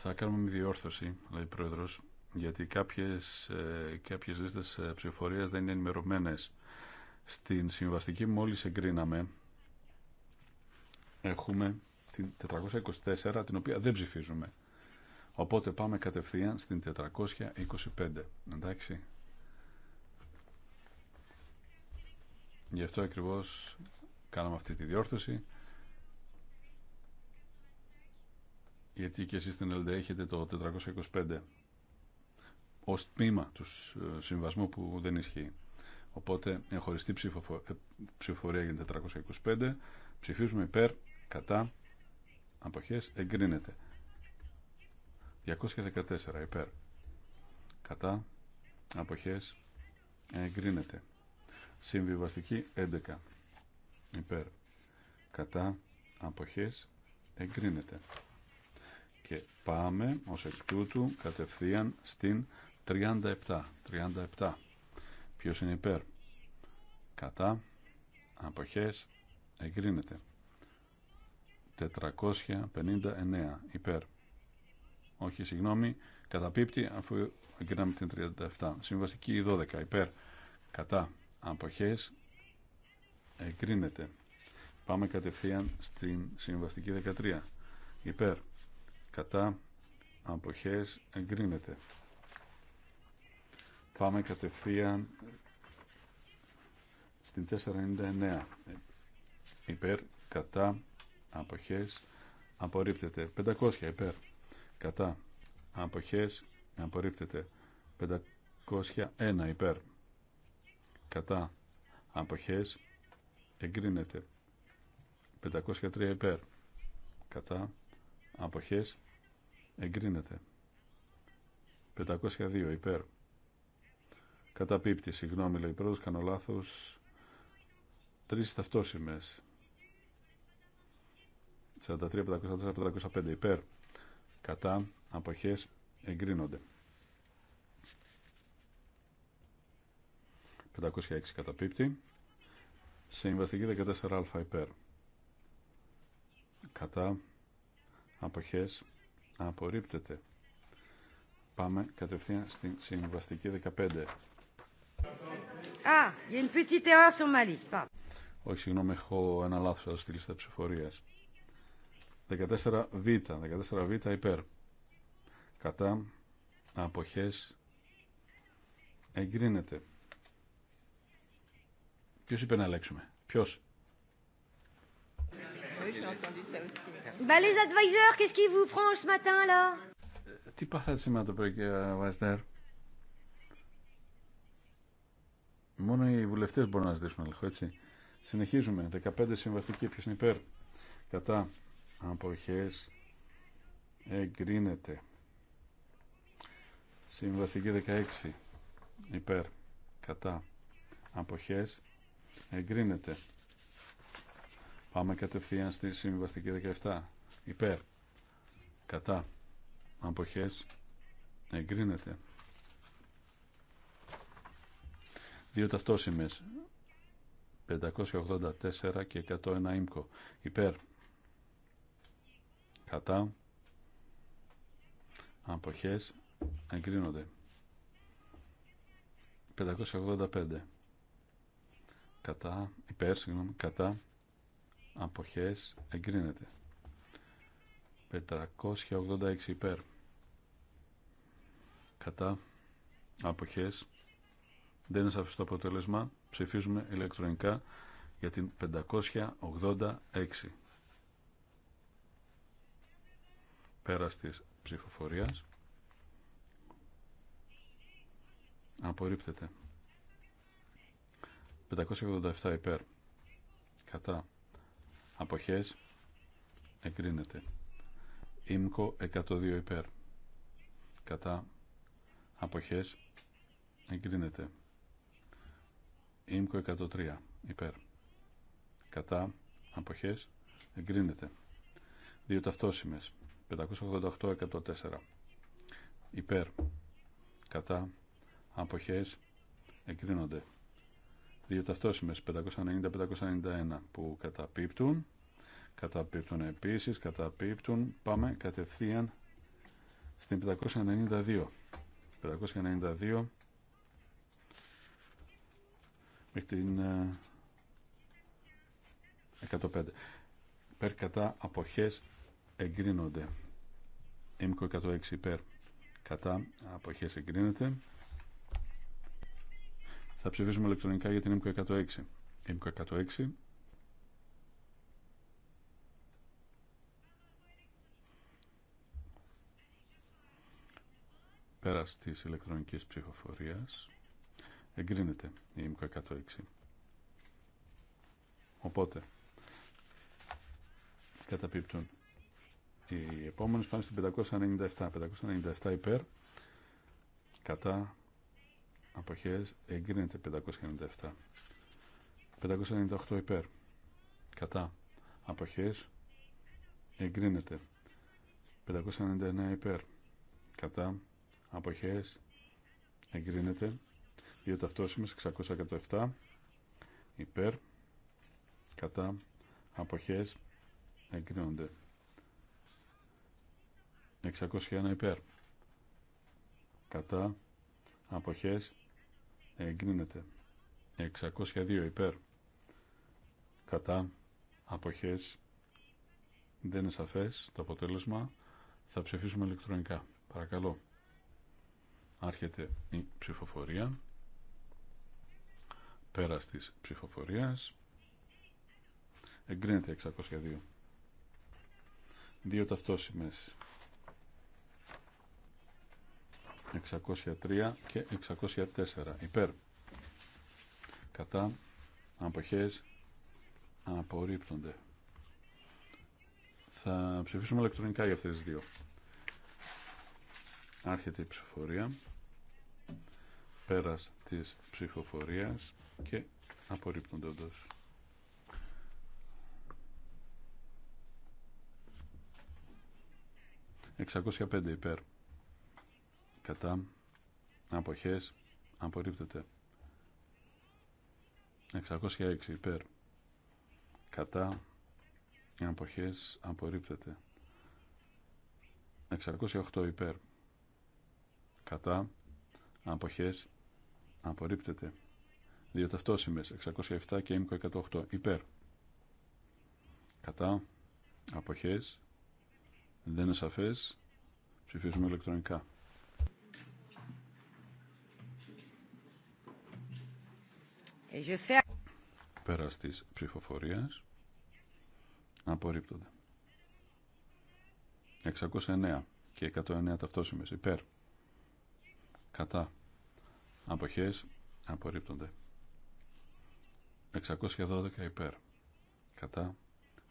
Speaker 4: Θα κάνουμε μια διόρθωση, λέει ο Πρόεδρος, γιατί κάποιες, ε, κάποιες λίστες ε, ψηφοφορίας δεν είναι ενημερωμένες. Στην συμβαστική μόλις εγκρίναμε έχουμε την 424 την οποία δεν ψηφίζουμε. Οπότε πάμε κατευθείαν στην 425. Εντάξει. Γι' αυτό ακριβώς κάναμε αυτή τη διόρθωση. Γιατί και εσείς στην ΕΛΔΕ έχετε το 425 ως τμήμα του ε, συμβασμού που δεν ισχύει. Οπότε χωριστή ε, ψηφοφορία για 425. Ψηφίζουμε υπέρ, κατά, αποχές, εγκρίνεται. 214 υπέρ, κατά, αποχές, εγκρίνεται. Συμβιβαστική 11 υπέρ, κατά, αποχές, εγκρίνεται. Και πάμε ως εκ τούτου κατευθείαν στην 37. 37 Ποιος είναι υπέρ. Κατά. Αποχές. Εγκρίνεται. 459 υπέρ. Όχι, συγγνώμη. Καταπίπτει αφού εγκρίναμε την 37. Συμβαστική 12 υπέρ. Κατά. Αποχές. Εγκρίνεται. Πάμε κατευθείαν στην συμβαστική 13. Υπέρ. Κατά. Αποχές. Εγκρίνεται. Πάμε κατευθείαν στην 499. Υπέρ, κατά, αποχές, απορρίπτεται. 500 υπέρ, κατά, αποχές, απορρίπτεται. 501 υπέρ, κατά, αποχές, εγκρίνεται. 503 υπέρ, κατά, αποχές, εγκρίνεται. 502 υπέρ, Καταπίπτει, συγγνώμη, λέει πρόεδρος, κάνω λάθος. Τρεις ταυτόσημες. 43, 504, 505 υπέρ. Κατά, αποχές, εγκρίνονται. 506 καταπίπτει. Συμβαστική 14α υπέρ. Κατά, αποχές, απορρίπτεται. Πάμε κατευθείαν στην συμβαστική 15.
Speaker 1: Α, ah, για y a une petite erreur sur ma liste.
Speaker 4: Όχι, συγγνώμη, έχω ένα λάθο εδώ στη λιστα ψηφορία. ψηφορίας. 14β, 14β υπέρ. Κατά αποχέ εγκρίνεται. Ποιο είπε να ελέγξουμε, ποιος.
Speaker 5: Balais advisor, qu'est-ce qui
Speaker 1: vous prend ce matin là
Speaker 4: ε, Τι πάθατε σήμερα το πρωί, κύριε Βαϊστέρ. Μόνο οι βουλευτέ μπορούν να ζητήσουν έλεγχο, έτσι. Συνεχίζουμε. 15 συμβαστική. Ποιο είναι υπέρ. Κατά. Αποχέ. Εγκρίνεται. Συμβαστική 16. Υπέρ. Κατά. Αποχέ. Εγκρίνεται. Πάμε κατευθείαν στη συμβαστική 17. Υπέρ. Κατά. Αποχές. Εγκρίνεται. Δύο ταυτόσημες. 584 και 101 ΙΜΚΟ. Υπέρ. Κατά. Αποχές. Εγκρίνονται. 585. Κατά. Υπέρ. Συγγνώμη. Κατά. Αποχές. Εγκρίνεται. 586 υπέρ. Κατά. Αποχές δεν είναι σαφές το αποτέλεσμα. Ψηφίζουμε ηλεκτρονικά για την 586. Πέρας της ψηφοφορίας. Απορρίπτεται. 587 υπέρ. Κατά. Αποχές. Εγκρίνεται. Ήμκο 102 υπέρ. Κατά. Αποχές. Εγκρίνεται. ΙΜΚΟ 103 υπέρ κατά αποχές εγκρίνεται δύο ταυτόσημες 588-104 υπέρ κατά αποχές εγκρίνονται δύο ταυτόσημες 590-591 που καταπίπτουν καταπίπτουν επίσης καταπίπτουν πάμε κατευθείαν στην 592 592 την 105. Ε, περ κατά αποχές εγκρίνονται. Εμικο 106 περ. κατά αποχές εγκρίνεται. Θα ψηφίσουμε ηλεκτρονικά για την ΕΜΚΟ 106. ΕΜΚΟ 106. Πέρα τη ηλεκτρονική ψηφοφορία. Εγκρίνεται η ΙΜΚΑ 106. Οπότε, καταπίπτουν. Οι επόμενε πάνε στην 597. 597 υπέρ, κατά, αποχές, εγκρίνεται 597. 598 υπέρ, κατά, αποχές, εγκρίνεται. 599 υπέρ, κατά, αποχές, εγκρίνεται. Δύο ταυτόσημες 607 υπέρ κατά αποχές εγκρίνονται 601 υπέρ κατά αποχές εγκρίνεται 602 υπέρ κατά αποχές δεν είναι σαφές το αποτέλεσμα θα ψηφίσουμε ηλεκτρονικά παρακαλώ άρχεται η ψηφοφορία Πέρας της ψηφοφορίας. Εγκρίνεται 602. Δύο ταυτόσημες. 603 και 604. Υπέρ. Κατά. Αποχές. Απορρίπτονται. Θα ψηφίσουμε ηλεκτρονικά για αυτές τις δύο. Άρχεται η ψηφοφορία. Πέρας της ψηφοφορίας και απορρίπτονται όντως. ...605 υπέρ... ...κατά... ...αποχές... ...απορρίπτεται... ...606 υπέρ... ...κατά... ...αποχές... ...απορρίπτεται... ...608 υπέρ... ...κατά... ...αποχές... ...απορρίπτεται... Δύο ταυτόσημες 607 και ΙΜΚΟ 108 υπέρ. Κατά. Αποχές. Δεν είναι σαφές. Ψηφίζουμε ηλεκτρονικά. Πέρα τη ψηφοφορία απορρίπτονται. 609 και 109 ταυτόσημες υπέρ. Κατά. Αποχές απορρίπτονται. 612 υπέρ. Κατά.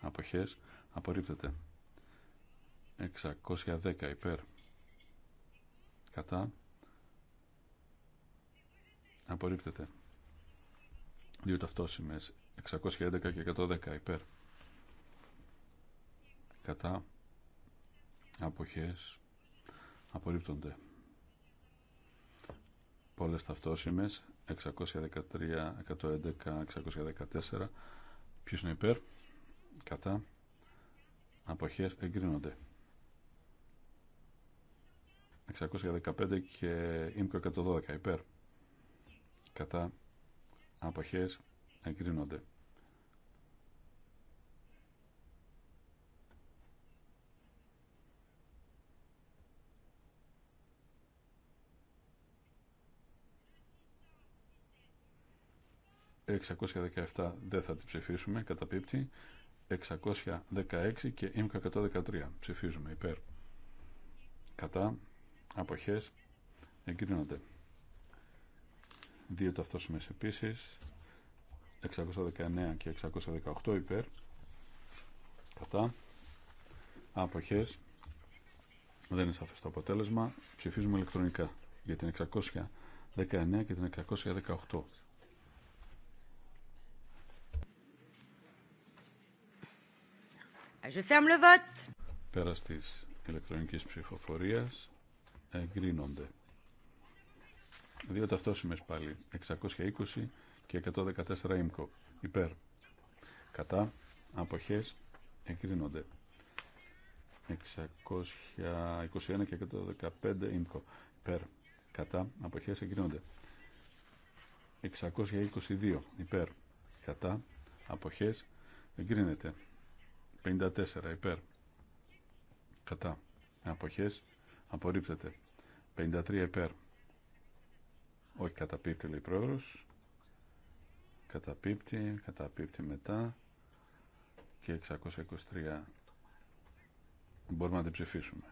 Speaker 4: Αποχές. Απορρίπτεται. 610 υπέρ. Κατά. Απορρίπτεται. Δύο ταυτόσημες. 611 και 110 υπέρ. Κατά. Αποχές. Απορρίπτονται. Πολλές ταυτόσημες. 613, 111, 614. Ποιος είναι υπέρ, κατά, αποχές εγκρίνονται. 615 και ΙΜΚΟ 112 υπέρ, κατά, αποχές εγκρίνονται. 617 δεν θα την ψηφίσουμε, Κατά καταπίπτει. 616 και ΙΜΚΑ 113 ψηφίζουμε υπέρ. Κατά, αποχές, εγκρίνονται. Δύο ταυτόσημες επίσης, 619 και 618 υπέρ. Κατά, αποχές, δεν είναι σαφές το αποτέλεσμα, ψηφίζουμε ηλεκτρονικά για την 619 και την 618.
Speaker 1: Je ferme le vote.
Speaker 4: Πέρα τη ηλεκτρονική ψηφοφορία εγκρίνονται. Δύο ταυτόσιμες πάλι, 620 και 114 ΙΜΚΟ. Υπέρ. Κατά. Αποχές. Εγκρίνονται. 621 και 115 ΙΜΚΟ. Υπέρ. Κατά. Αποχές. Εγκρίνονται. 622. Υπέρ. Κατά. Αποχές. Εγκρίνεται. 54 υπέρ κατά αποχές απορρίπτεται 53 υπέρ όχι καταπίπτει λέει πρόεδρος καταπίπτει καταπίπτει μετά και 623 μπορούμε να την ψηφίσουμε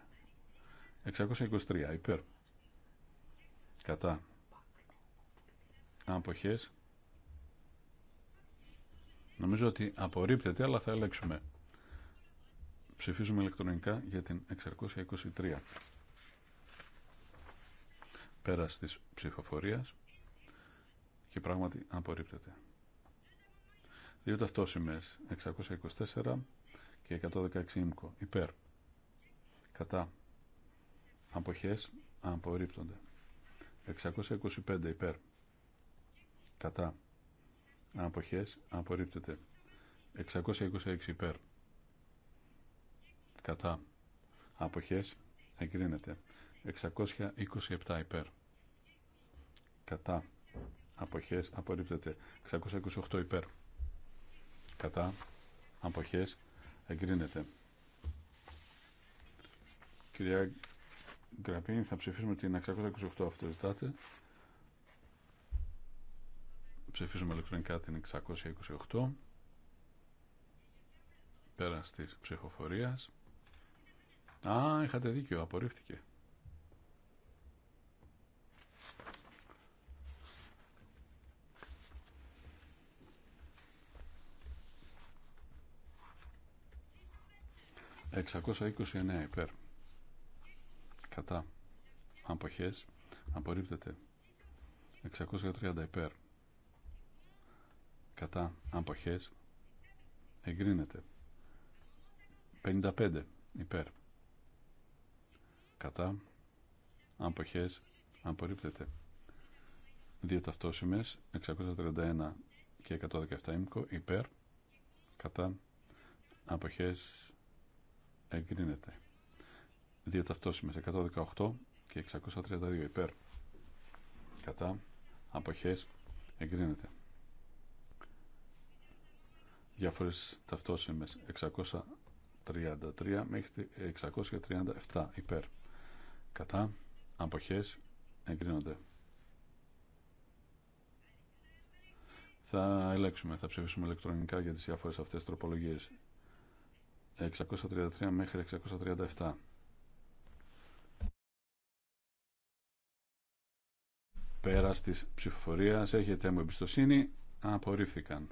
Speaker 4: 623 υπέρ κατά αποχές νομίζω ότι απορρίπτεται αλλά θα ελέγξουμε Ψηφίζουμε ηλεκτρονικά για την 623. Πέρας της ψηφοφορίας και πράγματι απορρίπτεται. Δύο ταυτόσημες 624 και 116 ΙΜΚΟ υπέρ. Κατά. Αποχές απορρίπτονται. 625 υπέρ. Κατά. Αποχές απορρίπτεται. 626 υπέρ κατά αποχές εγκρίνεται 627 υπέρ κατά αποχές απορρίπτεται 628 υπέρ κατά αποχές εγκρίνεται Κυρία Γκραπίνη θα ψηφίσουμε την 628 αυτό ζητάτε ψηφίζουμε ηλεκτρονικά την 628 πέρα της ψηφοφορίας Α, είχατε δίκιο, απορρίφθηκε. 629 υπέρ. Κατά. Αποχές. Απορρίπτεται. 630 υπέρ. Κατά. Αποχές. Εγκρίνεται. 55 υπέρ κατά αποχές απορρίπτεται δύο ταυτόσημες 631 και 117 ΙΜΚΟ υπέρ κατά αποχές εγκρίνεται δύο ταυτόσημες 118 και 632 υπέρ κατά αποχές εγκρίνεται διάφορες ταυτόσημες 633 μέχρι 637 υπέρ κατά αποχές εγκρίνονται θα ελέγξουμε, θα ψηφίσουμε ηλεκτρονικά για τις διάφορες αυτές τροπολογίες 633 μέχρι 637 πέρα της ψηφοφορίας έχετε μου εμπιστοσύνη απορρίφθηκαν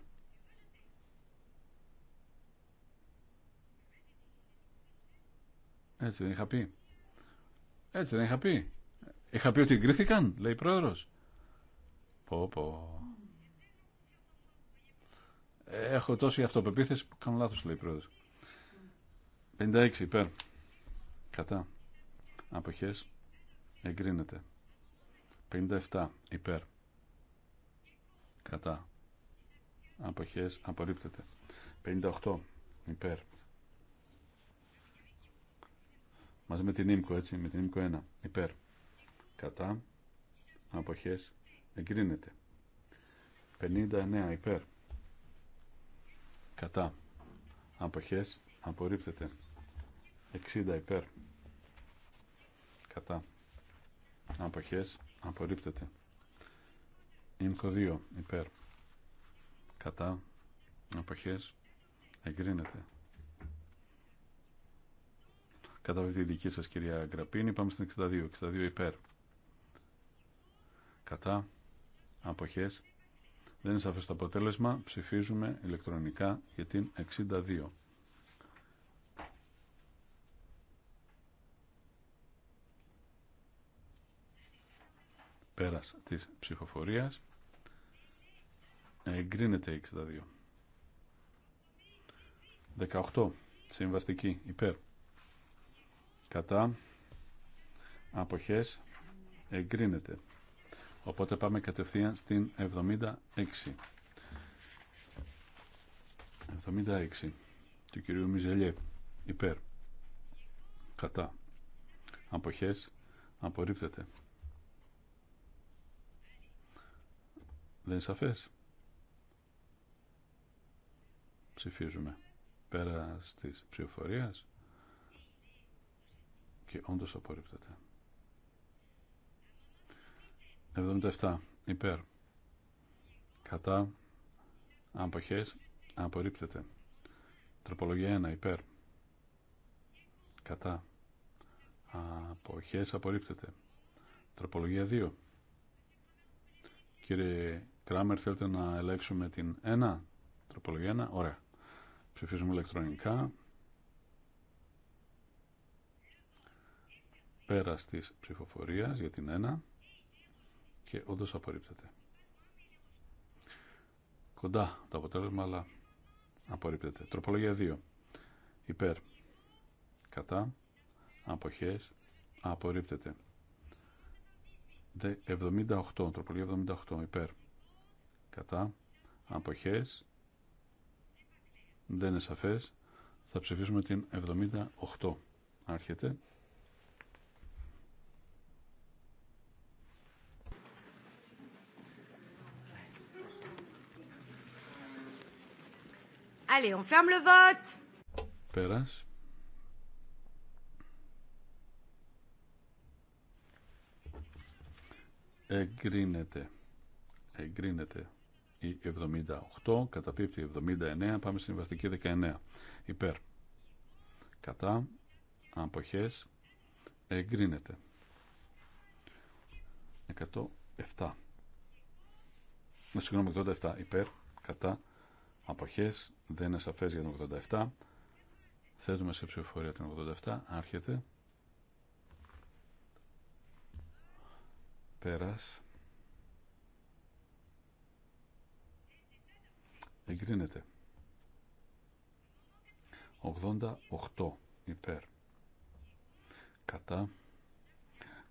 Speaker 4: έτσι δεν είχα πει έτσι δεν είχα πει. Είχα πει ότι εγκρίθηκαν, λέει η πρόεδρος. Πω, πω. Έχω τόση αυτοπεποίθηση που κάνω λάθος, λέει η πρόεδρος. 56 υπέρ. Κατά. Αποχές. Εγκρίνεται. 57 υπέρ. Κατά. Αποχές. Απορρίπτεται. 58 υπέρ. μαζί με την ΙΜΚΟ, έτσι, με την ΙΜΚΟ 1, υπέρ, κατά, αποχές, εγκρίνεται. 59 υπέρ, κατά, αποχές, απορρίπτεται. 60 υπέρ, κατά, αποχές, απορρίπτεται. ΙΜΚΟ 2 υπέρ, κατά, αποχές, εγκρίνεται. Κατά τη δική σας κυρία Γκραπίνη πάμε στην 62. 62 υπέρ. Κατά. Αποχές. Δεν είναι σαφές το αποτέλεσμα. Ψηφίζουμε ηλεκτρονικά για την 62. Πέρας της ψηφοφορίας εγκρίνεται η 62. 18. Συμβαστική. Υπέρ κατά αποχές εγκρίνεται. Οπότε πάμε κατευθείαν στην 76. 76 του κυρίου Μιζελιέ υπέρ κατά αποχές απορρίπτεται. Δεν είναι σαφές. Ψηφίζουμε πέρα της ψηφοφορίας και όντως απορρίπτεται. 77. Υπέρ. Κατά. Αποχές. Απορρίπτεται. Τροπολογία 1. Υπέρ. Κατά. Αποχές. Απορρίπτεται. Τροπολογία 2. Κύριε Κράμερ, θέλετε να ελέγξουμε την 1. Τροπολογία 1. Ωραία. Ψηφίζουμε ηλεκτρονικά. πέρα τη ψηφοφορία για την 1 και όντω απορρίπτεται. Κοντά το αποτέλεσμα, αλλά απορρίπτεται. Τροπολογία 2. Υπέρ. Κατά. Αποχές. Απορρίπτεται. 78. Τροπολογία 78. Υπέρ. Κατά. Αποχές. Δεν είναι σαφές. Θα ψηφίσουμε την 78. Άρχεται.
Speaker 1: Allez, on ferme le vote.
Speaker 4: Εγκρίνεται. Εγκρίνεται η 78, καταπίπτει η 79, πάμε στην βαστική 19. Υπέρ. Κατά. Αποχές. Εγκρίνεται. 107. Ε, συγγνώμη, 87. Υπέρ. Κατά. Αποχές δεν είναι σαφές για τον 87. Θέτουμε σε ψηφοφορία τον 87. Άρχεται. Πέρας. Εγκρίνεται. 88 υπέρ. Κατά.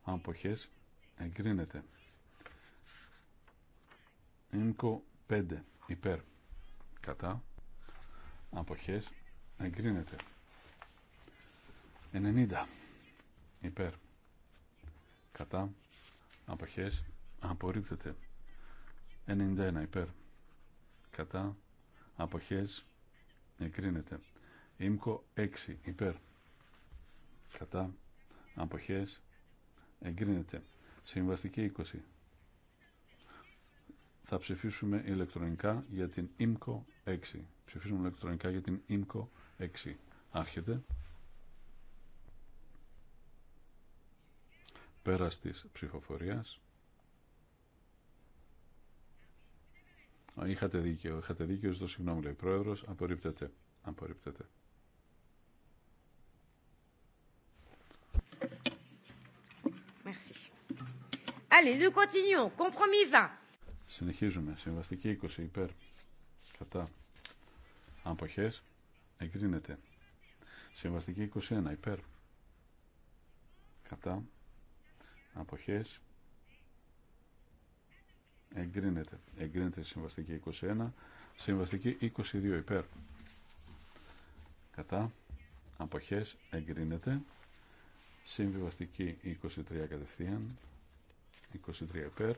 Speaker 4: Αμποχές. Εγκρίνεται. Ήμκο 5 υπέρ. Κατά αποχές εγκρίνεται 90 υπέρ κατά αποχές απορρίπτεται 91 υπέρ κατά αποχές εγκρίνεται ΙΜΚΟ 6 υπέρ κατά αποχές εγκρίνεται συμβαστική 20 θα ψηφίσουμε ηλεκτρονικά για την ΙΜΚΟ 6. Ψηφίζουμε ηλεκτρονικά για την ΙΜΚΟ 6. Άρχεται. Πέρας της ψηφοφορίας. Είχατε δίκιο, είχατε δίκιο, στο συγγνώμη λέει πρόεδρος, απορρίπτεται, απορρίπτεται.
Speaker 1: Merci. Allez, nous continuons. Compromis 20.
Speaker 4: Συνεχίζουμε. Συμβαστική 20 υπέρ κατά αποχές εγκρίνεται συμβαστική 21 υπέρ κατά αποχές εγκρίνεται εγκρίνεται συμβαστική 21 συμβαστική 22 υπέρ κατά αποχές εγκρίνεται συμβιβαστική 23 κατευθείαν 23 υπέρ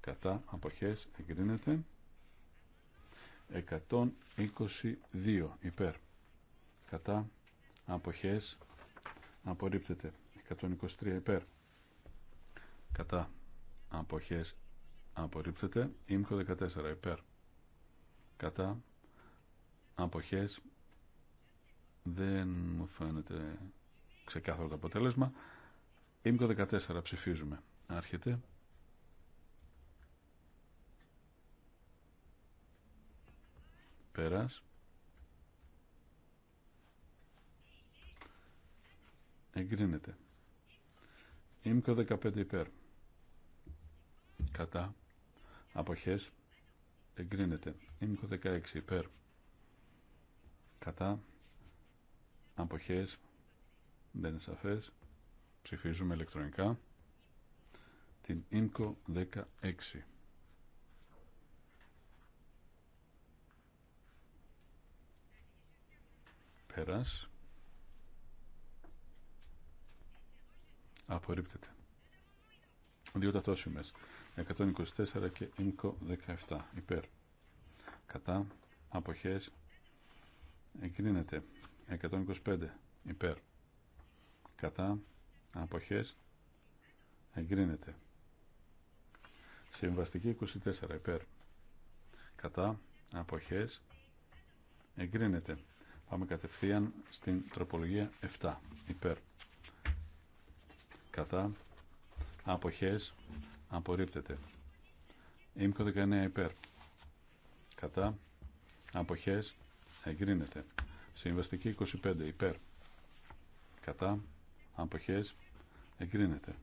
Speaker 4: κατά αποχές εγκρίνεται 122 υπέρ κατά αποχές απορρίπτεται 123 υπέρ κατά αποχές απορρίπτεται ΙΜΚΟ 14 υπέρ κατά αποχές δεν μου φαίνεται ξεκάθαρο το αποτέλεσμα ΙΜΚΟ 14 ψηφίζουμε άρχεται Πέρας. Εγκρίνεται. Ήμκο 15 υπέρ. Κατά. Αποχές. Εγκρίνεται. Ήμκο 16 υπέρ. Κατά. Αποχές. Δεν είναι σαφές. Ψηφίζουμε ηλεκτρονικά. Την ΙΜΚΟ 16. πέρας απορρίπτεται δύο ταυτόσημες 124 και ΙΜΚΟ 17 υπέρ κατά αποχές εγκρίνεται 125 υπέρ κατά αποχές εγκρίνεται συμβαστική 24 υπέρ κατά αποχές εγκρίνεται Πάμε κατευθείαν στην τροπολογία 7. Υπέρ. Κατά. Αποχές. Απορρίπτεται. Ήμκο 19 υπέρ. Κατά. Αποχές. Εγκρίνεται. Συμβαστική 25 υπέρ. Κατά. Αποχές. Εγκρίνεται.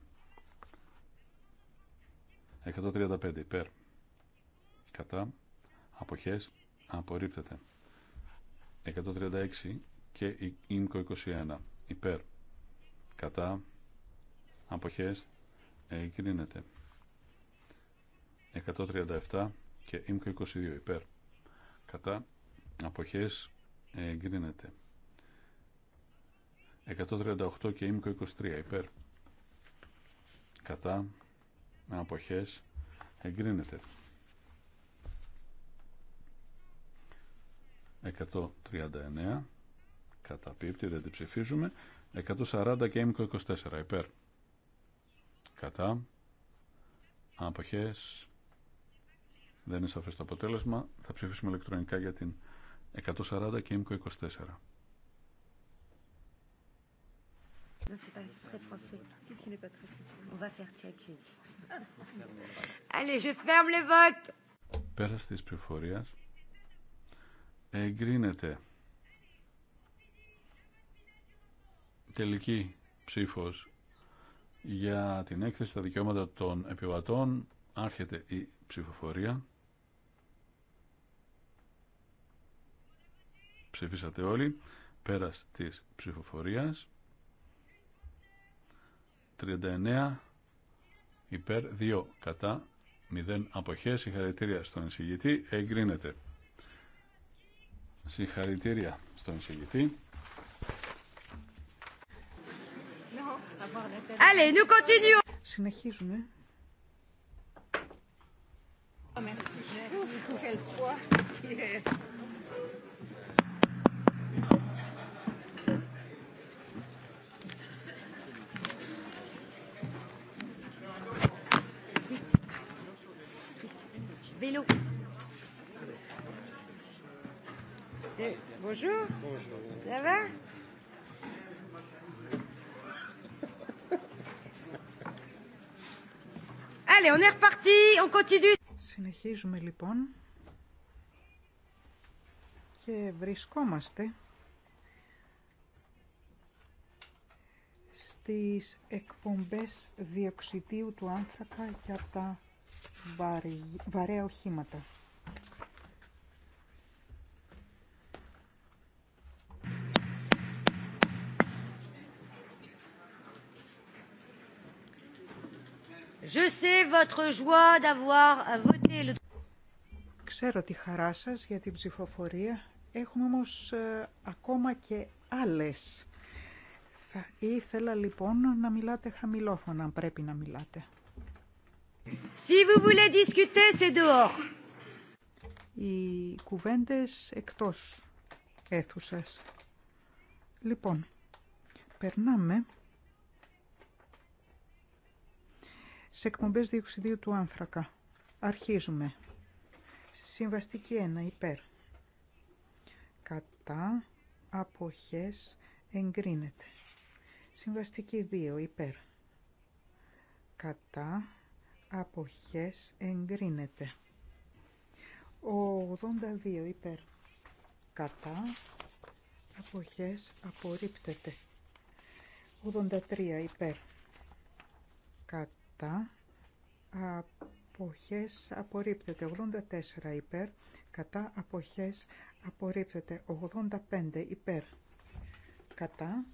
Speaker 4: 135 υπέρ. Κατά. Αποχές. Απορρίπτεται. 136 και η ΙΜΚΟ 21 υπέρ κατά αποχές εγκρίνεται 137 και ΙΜΚΟ 22 υπέρ κατά αποχές εγκρίνεται 138 και ΙΜΚΟ 23 υπέρ κατά αποχές εγκρίνεται 139 καταπίπτει, δεν την ψηφίζουμε 140 και έμικο 24 υπέρ κατά αποχές δεν είναι σαφές το αποτέλεσμα θα ψηφίσουμε ηλεκτρονικά για την 140 και έμικο 24 Πέρα τη εγκρίνεται. Τελική ψήφος για την έκθεση στα δικαιώματα των επιβατών άρχεται η ψηφοφορία. Ψηφίσατε όλοι. Πέρας της ψηφοφορίας. 39 υπέρ 2 κατά 0 αποχές. Συγχαρητήρια στον εισηγητή. Εγκρίνεται. Συγχαρητήρια στον εισηγητή.
Speaker 2: Allez, nous continuons. Συνεχίζουμε.
Speaker 6: Oh, merci. Merci. Bonjour. Bonjour.
Speaker 1: Ça va
Speaker 2: Allez, on est reparti, Συνεχίζουμε λοιπόν και βρισκόμαστε στις εκπομπές διοξιδίου του άνθρακα για τα βαρέα οχήματα. Euh, Ξέρω τη χαρά σας για την ψηφοφορία. Έχουμε όμως ε, ακόμα και άλλες. Θα ήθελα λοιπόν να μιλάτε χαμηλόφωνα, αν πρέπει να μιλάτε. Si vous voulez discuter, c'est Οι κουβέντες εκτός αίθουσας. Λοιπόν, περνάμε σε εκπομπέ διοξιδίου του άνθρακα. Αρχίζουμε. Συμβαστική 1 υπέρ. Κατά αποχές εγκρίνεται. Συμβαστική 2 υπέρ. Κατά αποχές εγκρίνεται. 82 υπέρ. Κατά αποχές απορρίπτεται. 83 υπέρ κατά αποχές απορρίπτεται 84 υπέρ κατά αποχές απορρίπτεται 85 υπέρ κατά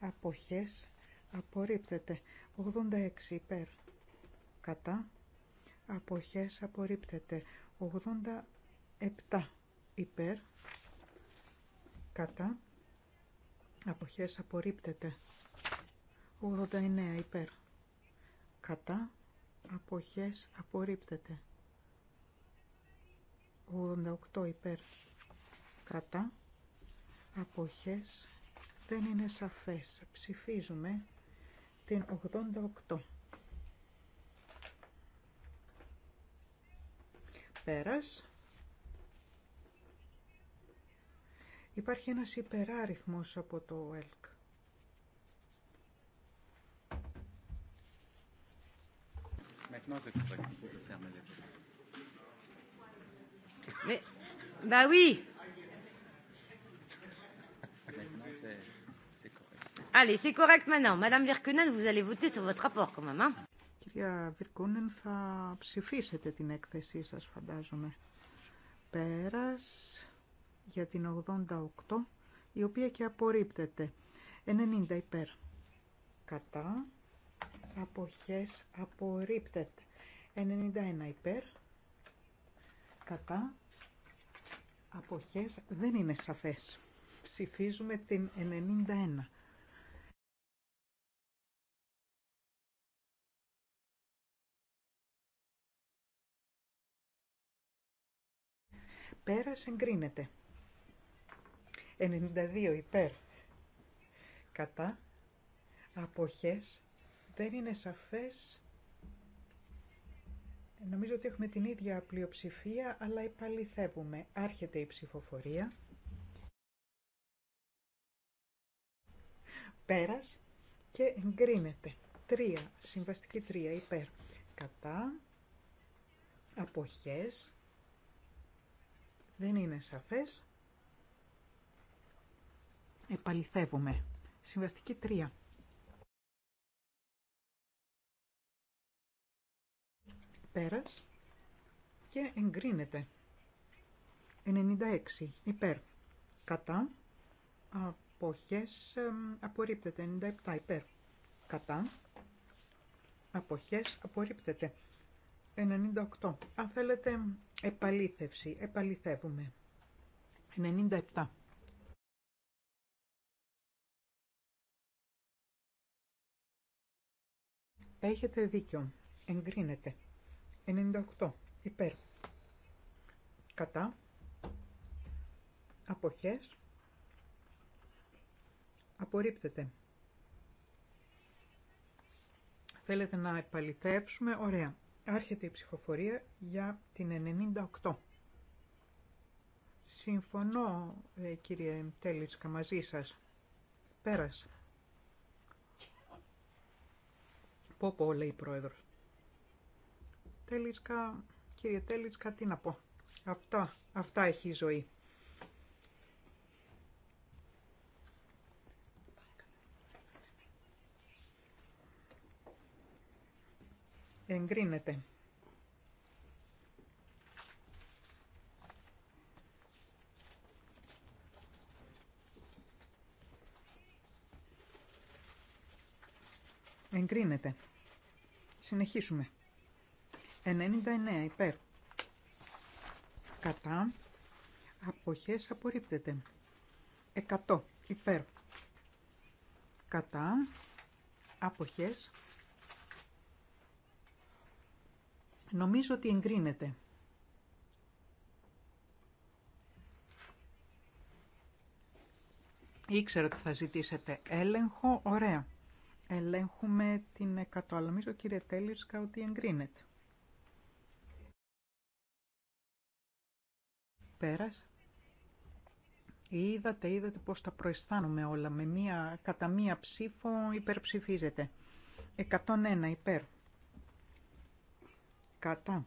Speaker 2: αποχές απορρίπτεται 86 υπέρ κατά αποχές απορρίπτεται 87 υπέρ κατά αποχές απορρίπτεται 89 υπέρ κατά αποχές απορρίπτεται 88 υπέρ κατά αποχές δεν είναι σαφές ψηφίζουμε την 88 πέρας υπάρχει ένας υπεράριθμος από το ΕΛΚ
Speaker 4: Maintenant, c'est correct. Je fermer les
Speaker 5: Mais, bah oui. Maintenant, c'est
Speaker 1: Allez, c'est correct maintenant. Madame Virkunen, vous allez voter sur votre rapport quand même.
Speaker 2: Κυρία Βιρκούνεν, θα ψηφίσετε την έκθεσή σας, φαντάζομαι. Πέρας για την 88, η οποία και απορρίπτεται. 90 υπέρ. Κατά αποχές απορρίπτεται. 91 υπέρ, κατά, αποχές δεν είναι σαφές. Ψηφίζουμε την 91. Πέρα εγκρίνεται. 92 υπέρ. Κατά. Αποχές δεν είναι σαφές. Νομίζω ότι έχουμε την ίδια πλειοψηφία, αλλά επαληθεύουμε. Άρχεται η ψηφοφορία. Πέρας και εγκρίνεται. Τρία, Συμβαστική τρία Υπέρ. Κατά. Αποχές. Δεν είναι σαφές. Επαληθεύουμε. Συμβαστική τρία. Πέρας. Και εγκρίνεται. 96 υπέρ. Κατά. Αποχές απορρίπτεται. 97 υπέρ. Κατά. Αποχές απορρίπτεται. 98. Αν θέλετε επαλήθευση, επαληθεύουμε. 97. Έχετε δίκιο. Εγκρίνεται. 98 υπέρ κατά αποχές απορρίπτεται. Θέλετε να επαληθεύσουμε. Ωραία. Άρχεται η ψηφοφορία για την 98. Συμφωνώ, ε, κύριε Τέλιτσκα, μαζί σας. Πέρασε. Πω πω, λέει η Πρόεδρος. Τέλιτσκα, κύριε Τέλιτσκα, τι να πω. Αυτά, αυτά έχει η ζωή. Εγκρίνεται. Εγκρίνεται. Συνεχίσουμε. 99 υπέρ. Κατά. Αποχές απορρίπτεται. 100 υπέρ. Κατά. Αποχές. Νομίζω ότι εγκρίνεται. Ήξερα ότι θα ζητήσετε έλεγχο. Ωραία. Ελέγχουμε την 100. Αλλά νομίζω κύριε Τέλιρσκα ότι εγκρίνεται. Πέρας. Είδατε, είδατε πώς τα προαισθάνομαι όλα. Με μία, κατά μία ψήφο υπερψηφίζεται. 101 υπέρ. Κατά.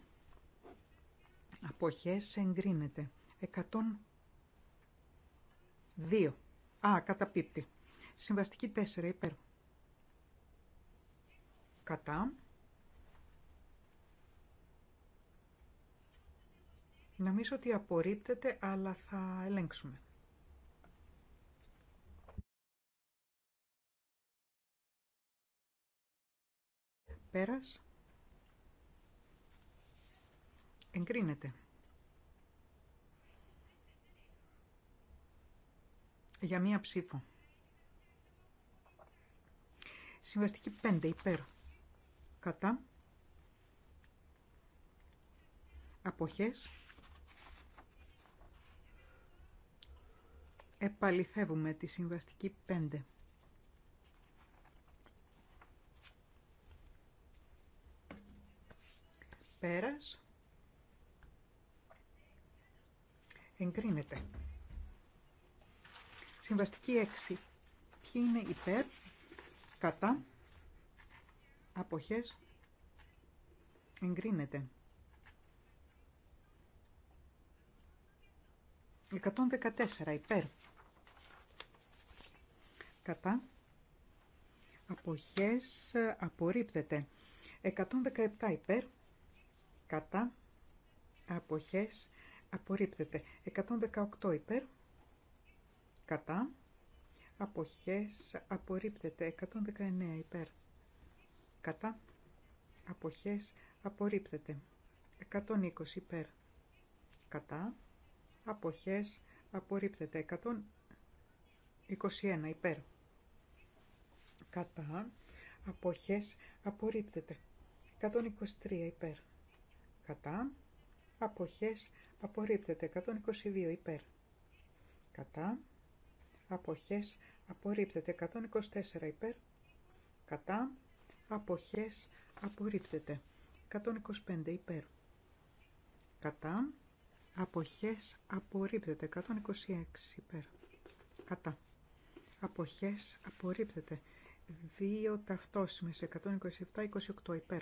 Speaker 2: Αποχές εγκρίνεται. 102. Α, καταπίπτει. Συμβαστική 4 υπέρ. Κατά. Νομίζω ότι απορρίπτεται, αλλά θα ελέγξουμε. Πέρας. Εγκρίνεται. Για μία ψήφο. Συμβαστική 5 υπέρ. Κατά. Αποχές επαληθεύουμε τη συμβαστική 5. Πέρας. Εγκρίνεται. Συμβαστική 6. Ποιοι είναι υπέρ, κατά, αποχές, εγκρίνεται. 114 υπέρ, κατά αποχές απορρίπτεται 117 υπέρ κατά αποχές απορρίπτεται 118 υπέρ κατά αποχές απορρίπτεται 119 υπέρ κατά αποχές απορρίπτεται 120 υπέρ κατά αποχές απορρίπτεται 121 υπέρ κατά, αποχές απορρίπτεται. 123 υπέρ, κατά, αποχές απορρίπτεται. 122 υπέρ, κατά, αποχές απορρίπτεται. 124 υπέρ, κατά, αποχές απορρίπτεται. 125 υπέρ, κατά, αποχές απορρίπτεται. 126 υπέρ, κατά. Αποχές απορρίπτεται δυο ταυτοσημε ταυτόσιμες, 127-28 υπέρ.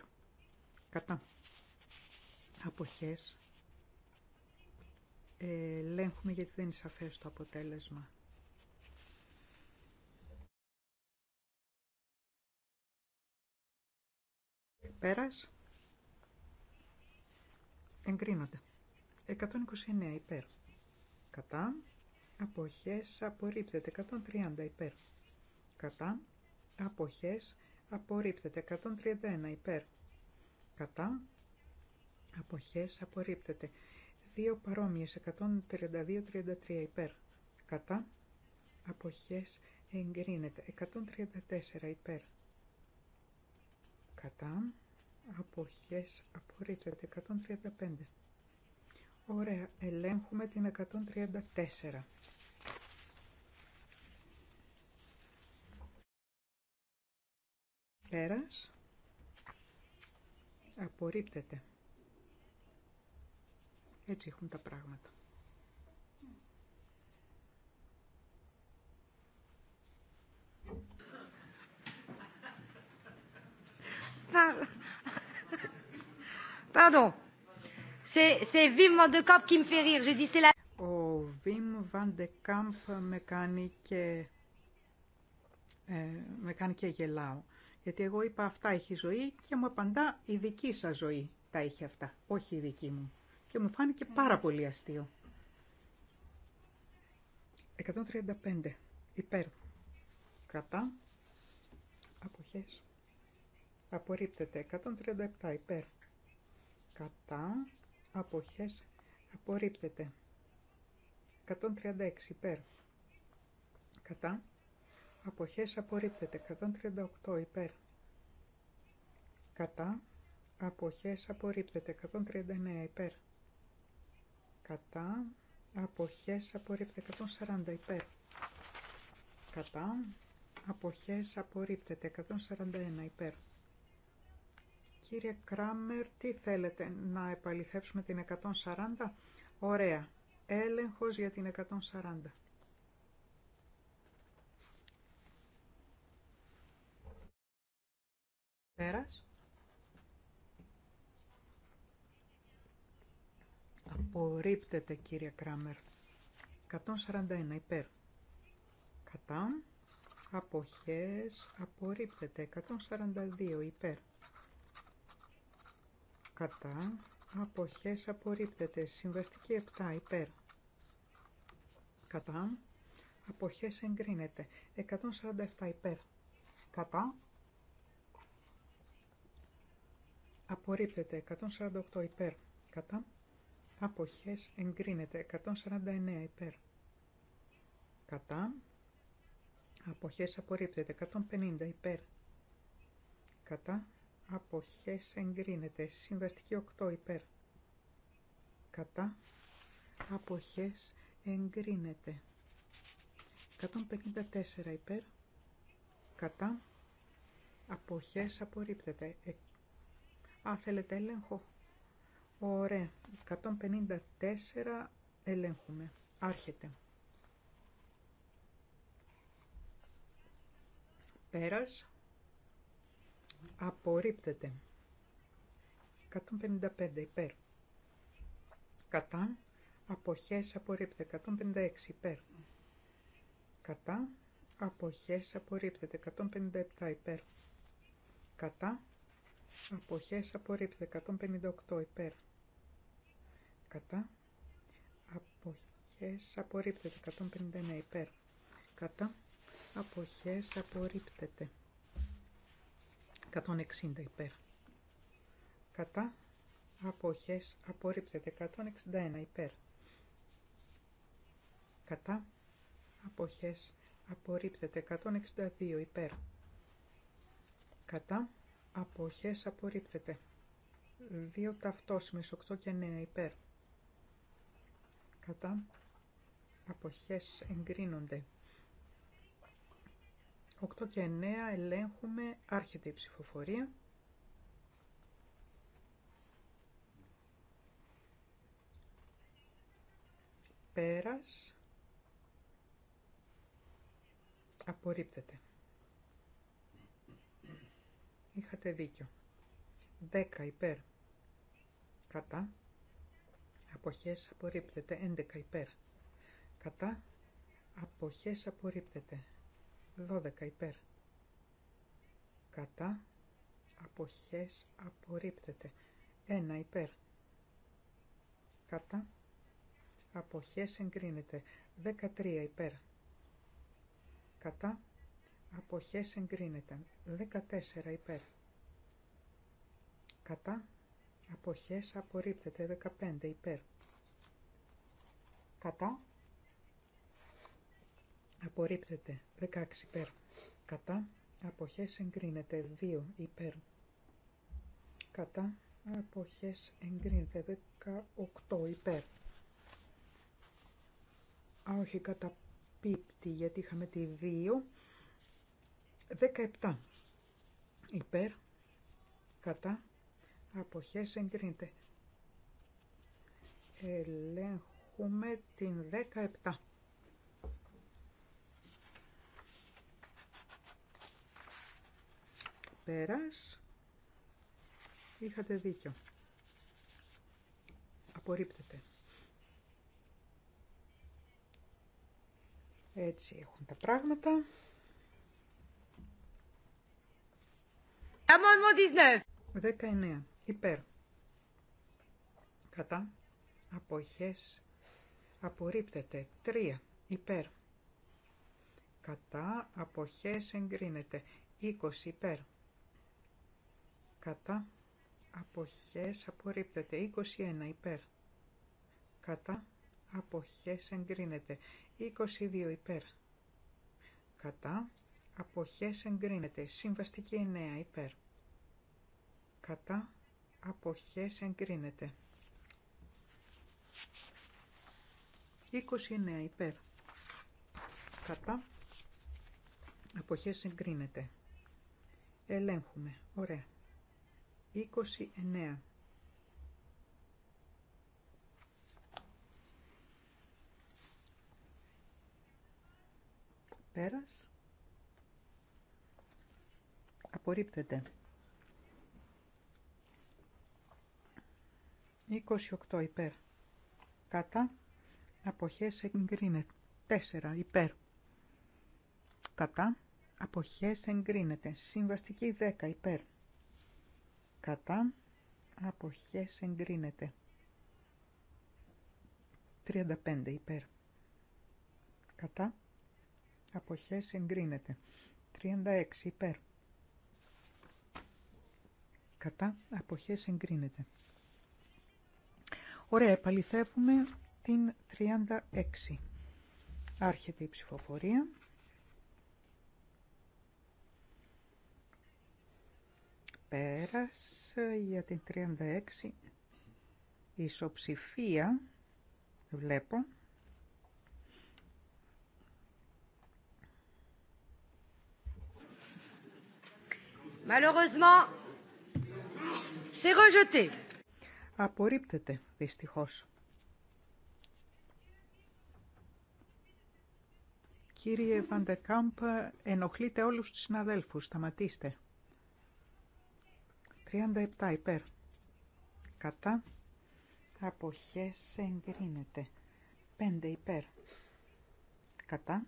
Speaker 2: Κατά. Αποχές. Ελέγχουμε γιατί δεν είναι σαφές το αποτέλεσμα. Πέρας. Εγκρίνονται. 129 υπέρ. Κατά. Αποχές απορρίπτεται. 130 υπέρ. Κατά αποχές απορρίπτεται 131 υπέρ κατά αποχές απορρίπτεται Δύο παρόμοιες 132-33 υπέρ κατά αποχές εγκρίνεται 134 υπέρ κατά αποχές απορρίπτεται 135 Ωραία, ελέγχουμε την 134. Πέρας. Απορρίπτεται. Έτσι έχουν τα πράγματα. Pardon. C'est Wim Van de Kamp qui me fait rire. J'ai dit c'est la... Ο Wim Van de Kamp με κάνει και, ε, με κάνει και γελάω. Γιατί εγώ είπα αυτά έχει ζωή και μου απαντά η δική σας ζωή τα έχει αυτά, όχι η δική μου. Και μου φάνηκε πάρα πολύ αστείο. 135. Υπέρ. Κατά. Αποχές. Απορρίπτεται. 137. Υπέρ. Κατά. Αποχές. Απορρίπτεται. 136. Υπέρ. Κατά αποχές απορρίπτεται 138 υπέρ κατά αποχές απορρίπτεται 139 υπέρ κατά αποχές απορρίπτεται 140 υπέρ κατά αποχές απορρίπτεται 141 υπέρ Κύριε Κράμερ, τι θέλετε, να επαληθεύσουμε την 140. Ωραία. Έλεγχος για την 140. Πέρας. Απορρίπτεται κύριε Κράμερ. 141 υπέρ. Κατά. Αποχές. Απορρίπτεται. 142 υπέρ. Κατά. Αποχές. Απορρίπτεται. Συμβαστική 7 υπέρ. Κατά. Αποχές εγκρίνεται. 147 υπέρ. Κατά. απορρίπτεται 148 υπέρ κατά αποχές εγκρίνεται 149 υπέρ κατά αποχές απορρίπτεται 150 υπέρ κατά αποχές εγκρίνεται συμβαστική 8 υπέρ κατά αποχές εγκρίνεται 154 υπέρ κατά αποχές απορρίπτεται Α, θέλετε έλεγχο. Ωραία. 154 ελέγχουμε. Άρχεται. Πέρας. Απορρίπτεται. 155 υπέρ. Κατά. Αποχές απορρίπτεται. 156 υπέρ. Κατά. Αποχές απορρίπτεται. 157 υπέρ. Κατά. Αποχές απορρίπτεται. 158 υπέρ. Κατά. Αποχές απορρίπτεται. 159 υπέρ. Κατά. Αποχές απορρίπτεται. 160 υπέρ. Κατά. Αποχές απορρίπτεται. 161 υπέρ. Κατά. Αποχές απορρίπτεται. 162 υπέρ. Κατά αποχές απορρίπτεται. Δύο ταυτόσημες, 8 και 9 υπέρ. Κατά αποχές εγκρίνονται. 8 και 9 ελέγχουμε, άρχεται η ψηφοφορία. Πέρας. Απορρίπτεται. Είχατε δίκιο. 10 υπέρ. Κατά. Αποχές απορρίπτεται. 11 υπέρ. Κατά. Αποχές απορρίπτεται. 12 υπέρ. Κατά. Αποχές απορρίπτεται. 1 υπέρ. Κατά. Αποχές εγκρίνεται. 13 υπέρ. Κατά. Αποχές εγκρίνεται. 14 υπέρ. Κατά. Αποχές απορρίπτεται. 15 υπέρ. Κατά. Απορρίπτεται. 16 υπέρ. Κατά. Αποχές εγκρίνεται. 2 υπέρ. Κατά. Αποχές εγκρίνεται. 18 υπέρ. Α, όχι, πίπτη γιατί είχαμε τη 2 17 υπέρ κατά αποχές εγκρίνεται. Ελέγχουμε την 17. Πέρας, είχατε δίκιο. Απορρίπτεται. Έτσι έχουν τα πράγματα. 19. Υπέρ. Κατά. Αποχές. Απορρίπτεται. 3. Υπέρ. Κατά. Αποχές εγκρίνεται. 20. Υπέρ. Κατά. Αποχές απορρίπτεται. 21. Υπέρ. Κατά. Αποχές εγκρίνεται. 22. Υπέρ. Κατά αποχές εγκρίνεται. Συμβαστική 9 υπέρ. Κατά αποχές εγκρίνεται. 29 υπέρ. Κατά αποχές εγκρίνεται. Ελέγχουμε. Ωραία. 29. Πέρας. Απορρίπτεται. 28 υπέρ. Κατά. Αποχές εγκρίνεται. 4 υπέρ. Κατά. Αποχές εγκρίνεται. Συμβαστική 10 υπέρ. Κατά. Αποχές εγκρίνεται. 35 υπέρ. Κατά. Αποχές εγκρίνεται. 36 υπέρ κατά αποχές εγκρίνεται. Ωραία, επαληθεύουμε την 36. Άρχεται η ψηφοφορία. Πέρας ε, για την 36. ισοψηφία βλέπω. Malheureusement,
Speaker 6: C'est
Speaker 2: Απορρίπτεται, δυστυχώς. Κύριε Βαντεκάμπ, ενοχλείτε όλους τους συναδέλφους. Σταματήστε. 37 υπέρ. Κατά. Αποχές εγκρίνεται. 5 υπέρ. Κατά.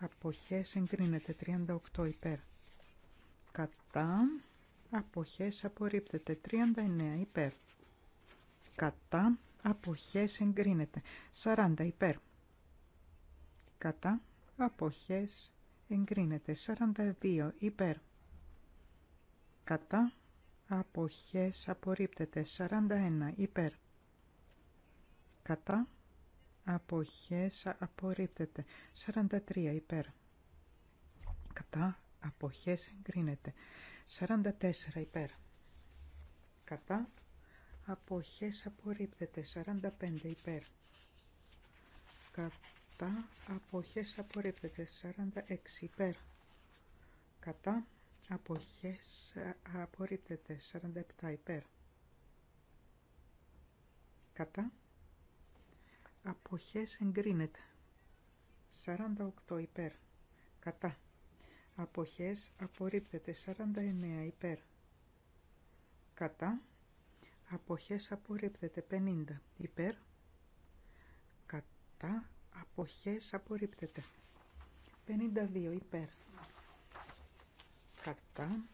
Speaker 2: Αποχές εγκρίνεται. 38 υπέρ. Κατά αποχές απορρίπτεται 39 υπέρ κατά αποχές εγκρίνεται 40 υπέρ κατά αποχές εγκρίνεται 42 υπέρ κατά αποχές απορρίπτεται 41 υπέρ κατά αποχές απορρίπτεται 43 υπέρ κατά αποχές εγκρίνεται 44 υπέρ. Κατά. Αποχές απορρίπτεται. 45 υπέρ. Κατά. Αποχές απορρίπτεται. 46 υπέρ. Κατά. Αποχές απορρίπτεται. 47 υπέρ. Κατά. Αποχές εγκρίνεται. 48 υπέρ. Κατά αποχές απορρίπτεται 49 υπέρ κατά αποχές απορρίπτεται 50 υπέρ κατά αποχές απορρίπτεται 52 υπέρ κατά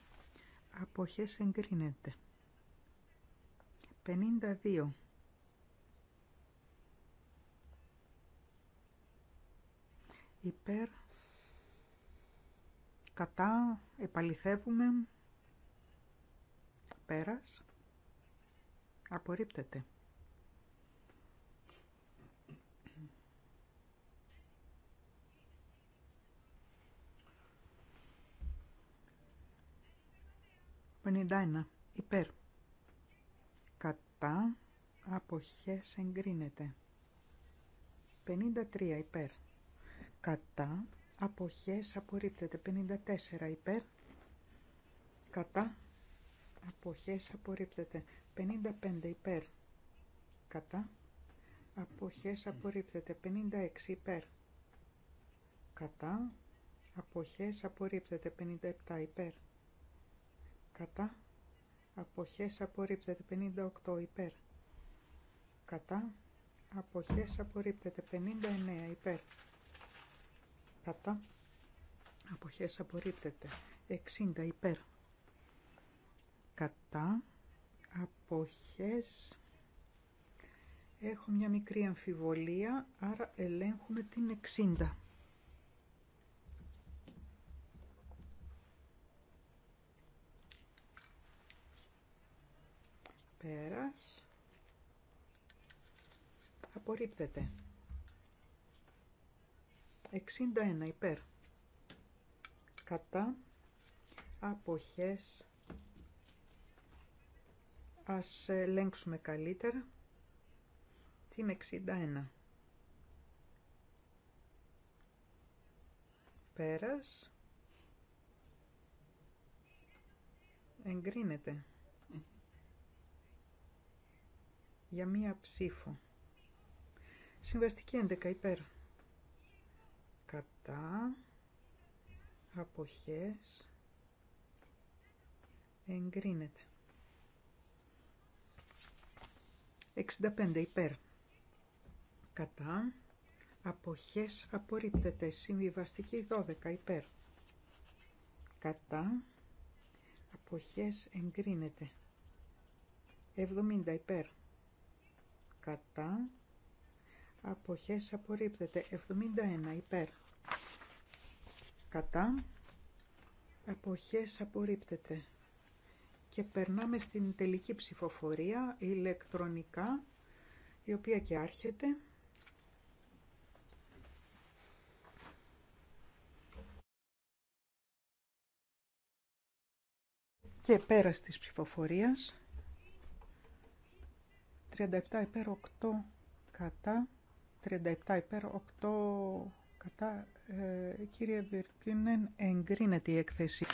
Speaker 2: αποχές εγκρίνεται 52 υπέρ κατά, επαληθεύουμε, πέρας, απορρίπτεται. Πενιντάινα, υπέρ, κατά, αποχές εγκρίνεται. 53 υπέρ, κατά, αποχές απορρίπτεται 54 υπέρ κατά αποχές απορρίπτεται 55 υπέρ κατά αποχές απορρίπτεται 56 υπέρ κατά αποχές απορρίπτεται 57 υπέρ κατά αποχές απορρίπτεται 58 υπέρ κατά αποχές απορρίπτεται 59 υπέρ κατά αποχές απορρίπτεται 60 υπέρ κατά αποχές έχω μια μικρή αμφιβολία άρα ελέγχουμε την 60 Πέρας. Απορρίπτεται. 61 υπέρ κατά αποχές ας ελέγξουμε καλύτερα την 61 πέρας εγκρίνεται για μία ψήφο συμβαστική 11 υπέρ κατά αποχές εγκρίνεται 65 υπέρ κατά αποχές απορρίπτεται συμβιβαστική 12 υπέρ κατά αποχές εγκρίνεται 70 υπέρ κατά αποχές απορρίπτεται 71 υπέρ κατά αποχές απορρίπτεται και περνάμε στην τελική ψηφοφορία ηλεκτρονικά η οποία και άρχεται και πέρα της ψηφοφορίας 37 υπέρ 8 κατά 37 υπέρ 8 κατά. Ε, κύριε Βιρκίνεν, εγκρίνεται η έκθεση.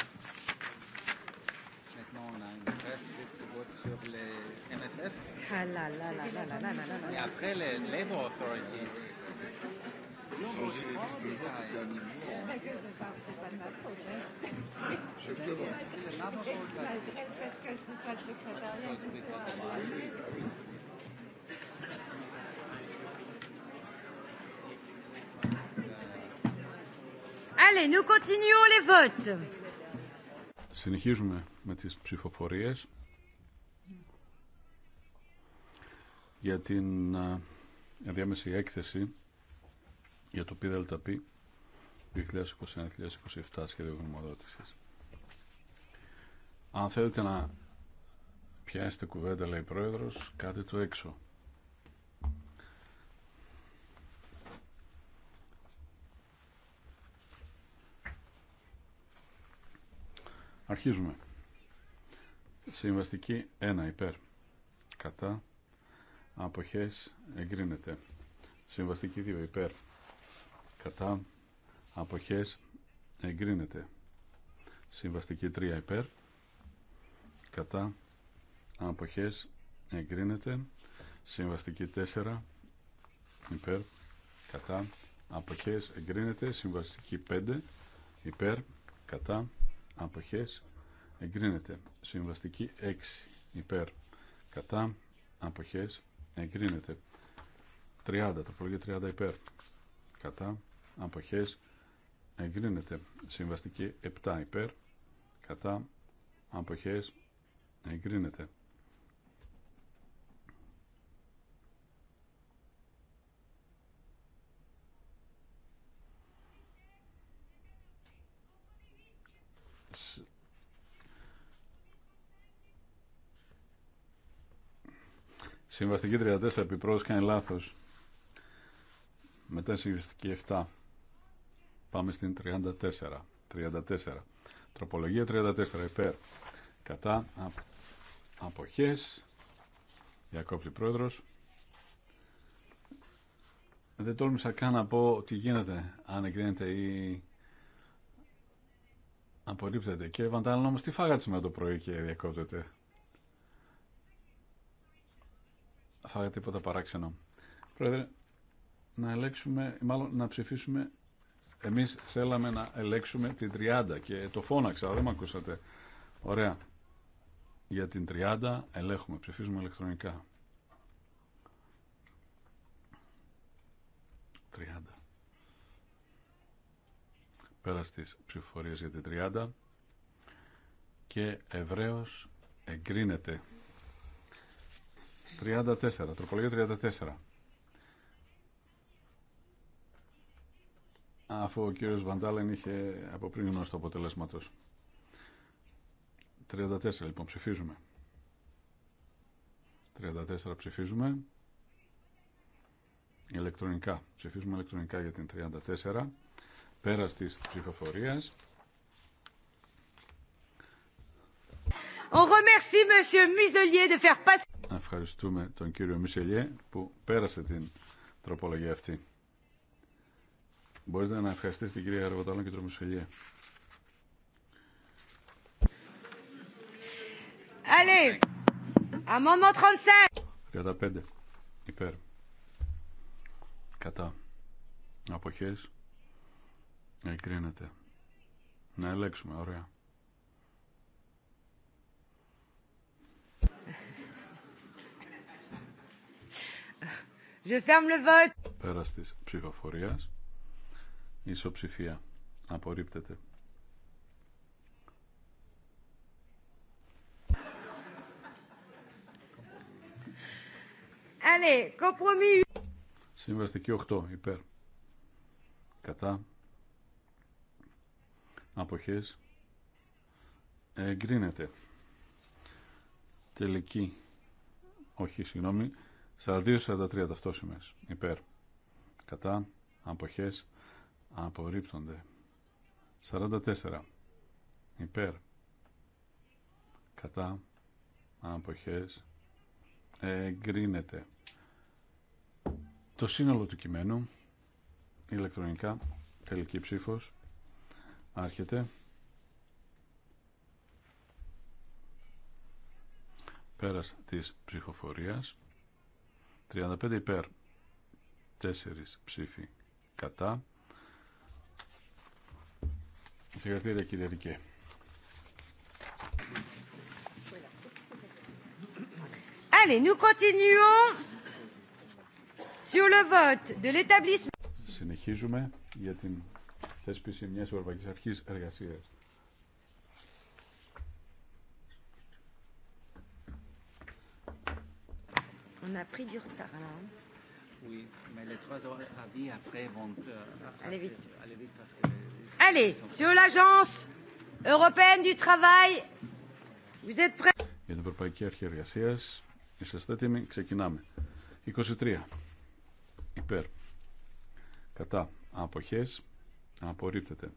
Speaker 4: Συνεχίζουμε με τις ψηφοφορίες για την διάμεση έκθεση για το ΠΙΔΑΛΤΑΠΗ 2021-2027 σχέδιο γνωμοδότησης. Αν θέλετε να πιάσετε κουβέντα, λέει η Πρόεδρος, κάτε το έξω. Αρχίζουμε. Συμβαστική 1 υπέρ. Κατά. Αποχές εγκρίνεται. Συμβαστική 2 υπέρ. Κατά. Αποχές εγκρίνεται. Συμβαστική 3 υπέρ. Κατά. Αποχές εγκρίνεται. Συμβαστική 4 υπέρ. Κατά. Αποχές εγκρίνεται. Συμβαστική 5 υπέρ. Κατά αποχές εγκρίνεται συμβαστική 6 υπέρ κατά αποχές εγκρίνεται 30 τροπολογία 30 υπέρ κατά αποχές εγκρίνεται συμβαστική 7 υπέρ κατά αποχές εγκρίνεται Συμβαστική 34 επιπρός κάνει λάθος. Μετά συμβαστική 7. Πάμε στην 34. 34. Τροπολογία 34 υπέρ. Κατά αποχές. Διακόπτη πρόεδρος. Δεν τόλμησα καν να πω τι γίνεται αν εγκρίνεται ή απορρίπτεται. Κύριε Βαντάλλον, όμως τι φάγατε σήμερα το πρωί και διακόπτεται. φάγα τίποτα παράξενο. Πρόεδρε, να ελέξουμε, μάλλον να ψηφίσουμε. Εμείς θέλαμε να ελέξουμε την 30 και το φώναξα, δεν με ακούσατε. Ωραία. Για την 30 ελέγχουμε, ψηφίζουμε ηλεκτρονικά. 30. Πέρα στις ψηφοφορίες για την 30 και ευρέω εγκρίνεται. 34. Τροπολογία 34. Αφού ο κύριος Βαντάλεν είχε από πριν γνώστο αποτελέσματος. 34 λοιπόν ψηφίζουμε. 34 ψηφίζουμε. Ηλεκτρονικά. Ψηφίζουμε ηλεκτρονικά για την 34. Πέρα της ψηφοφορίας.
Speaker 1: On remercie Monsieur Muselier de faire passer.
Speaker 4: Ευχαριστούμε τον κύριο Μισελιέ που πέρασε την τροπολογία αυτή. Μπορείτε να ευχαριστήσετε την κυρία Αργοτάλων και τον Μισελιέ. Allez, moment 35. 35. Υπέρ. Κατά. Αποχές. Εγκρίνεται. Να ελέξουμε. ωραία.
Speaker 1: Je ferme le vote.
Speaker 4: Πέρα τη ισοψηφία απορρίπτεται. Συμβαστική 8, υπέρ. Κατά. Αποχές. Εγκρίνεται. Τελική. Όχι, συγγνώμη. 42-43 ταυτόσημες υπέρ κατά αποχές απορρίπτονται 44 υπέρ κατά αποχές εγκρίνεται το σύνολο του κειμένου ηλεκτρονικά τελική ψήφος άρχεται πέρας της ψηφοφορίας 35 υπέρ 4 ψήφοι κατά Συγχαρητήρια κύριε Ρικέ.
Speaker 1: Allez, nous continuons sur le vote de l'établissement.
Speaker 4: Συνεχίζουμε για την θέσπιση μιας Ευρωπαϊκής Αρχής Εργασίας.
Speaker 1: a pris du retard là.
Speaker 7: Oui, mais les trois avis après vont allez vite. parce que...
Speaker 1: Allez, sur l'Agence européenne du travail, vous êtes prêts
Speaker 4: Για την Ευρωπαϊκή Αρχή Εργασία, είσαστε έτοιμοι, ξεκινάμε. 23. Υπέρ. Κατά. Αποχέ. Απορρίπτεται.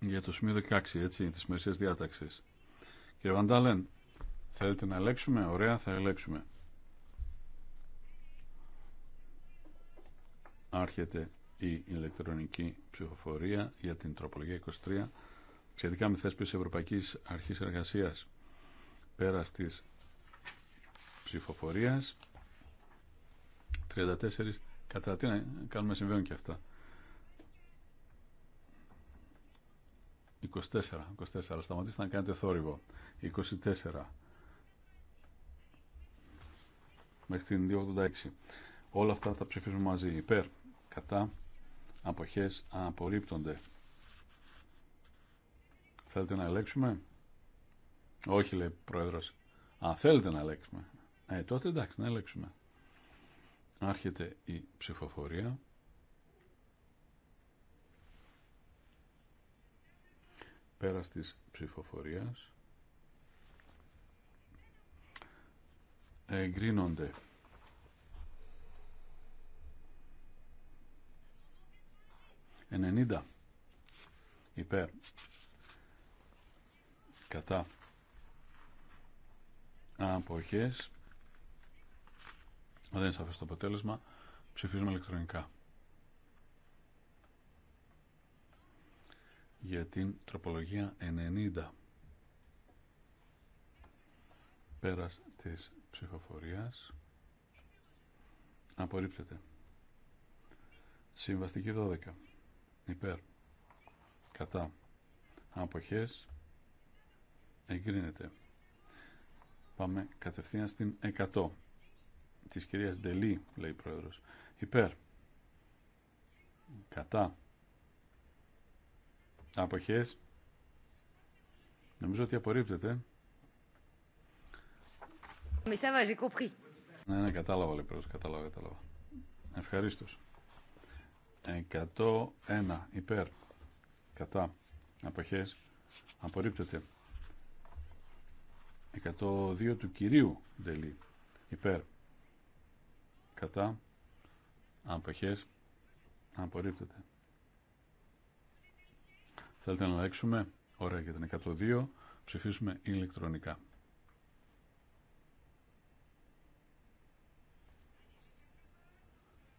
Speaker 4: Για το σημείο 16, έτσι, τη μεσαία διάταξη. Κύριε Βαντάλεν, θέλετε να ελέξουμε. Ωραία, θα ελέξουμε. Άρχεται η ηλεκτρονική ψηφοφορία για την τροπολογία 23 σχετικά με θέσπιση Ευρωπαϊκής Αρχής Εργασίας πέρα της ψηφοφορίας 34 κατά τι να κάνουμε συμβαίνουν και αυτά 24, 24. Σταματήστε να κάνετε θόρυβο. 24. Μέχρι την 286. Όλα αυτά τα ψηφίζουμε μαζί. Υπέρ, κατά, αποχές, απορρίπτονται. Θέλετε να ελέγξουμε. Όχι, λέει ο Πρόεδρος. Α, θέλετε να ελέγξουμε. Ε, τότε εντάξει, να ελέγξουμε. Άρχεται η ψηφοφορία. Πέρα της ψηφοφορίας εγκρίνονται 90 υπέρ κατά αποχές δεν είναι σαφές το αποτέλεσμα ψηφίζουμε ηλεκτρονικά για την τροπολογία 90 πέρας της ψυχοφορίας. απορρίπτεται συμβαστική 12 υπέρ κατά αποχές εγκρίνεται πάμε κατευθείαν στην 100 της κυρίας Ντελή λέει πρόεδρος υπέρ κατά Αποχές. Νομίζω ότι απορρίπτεται. Ναι, ναι, κατάλαβα λοιπόν, κατάλαβα, κατάλαβα. Ευχαρίστω. 101 υπέρ κατά αποχές απορρίπτεται 102 του κυρίου υπέρ κατά αποχές απορρίπτεται Θέλετε να αλλάξουμε. Ωραία για την 102. Ψηφίσουμε ηλεκτρονικά.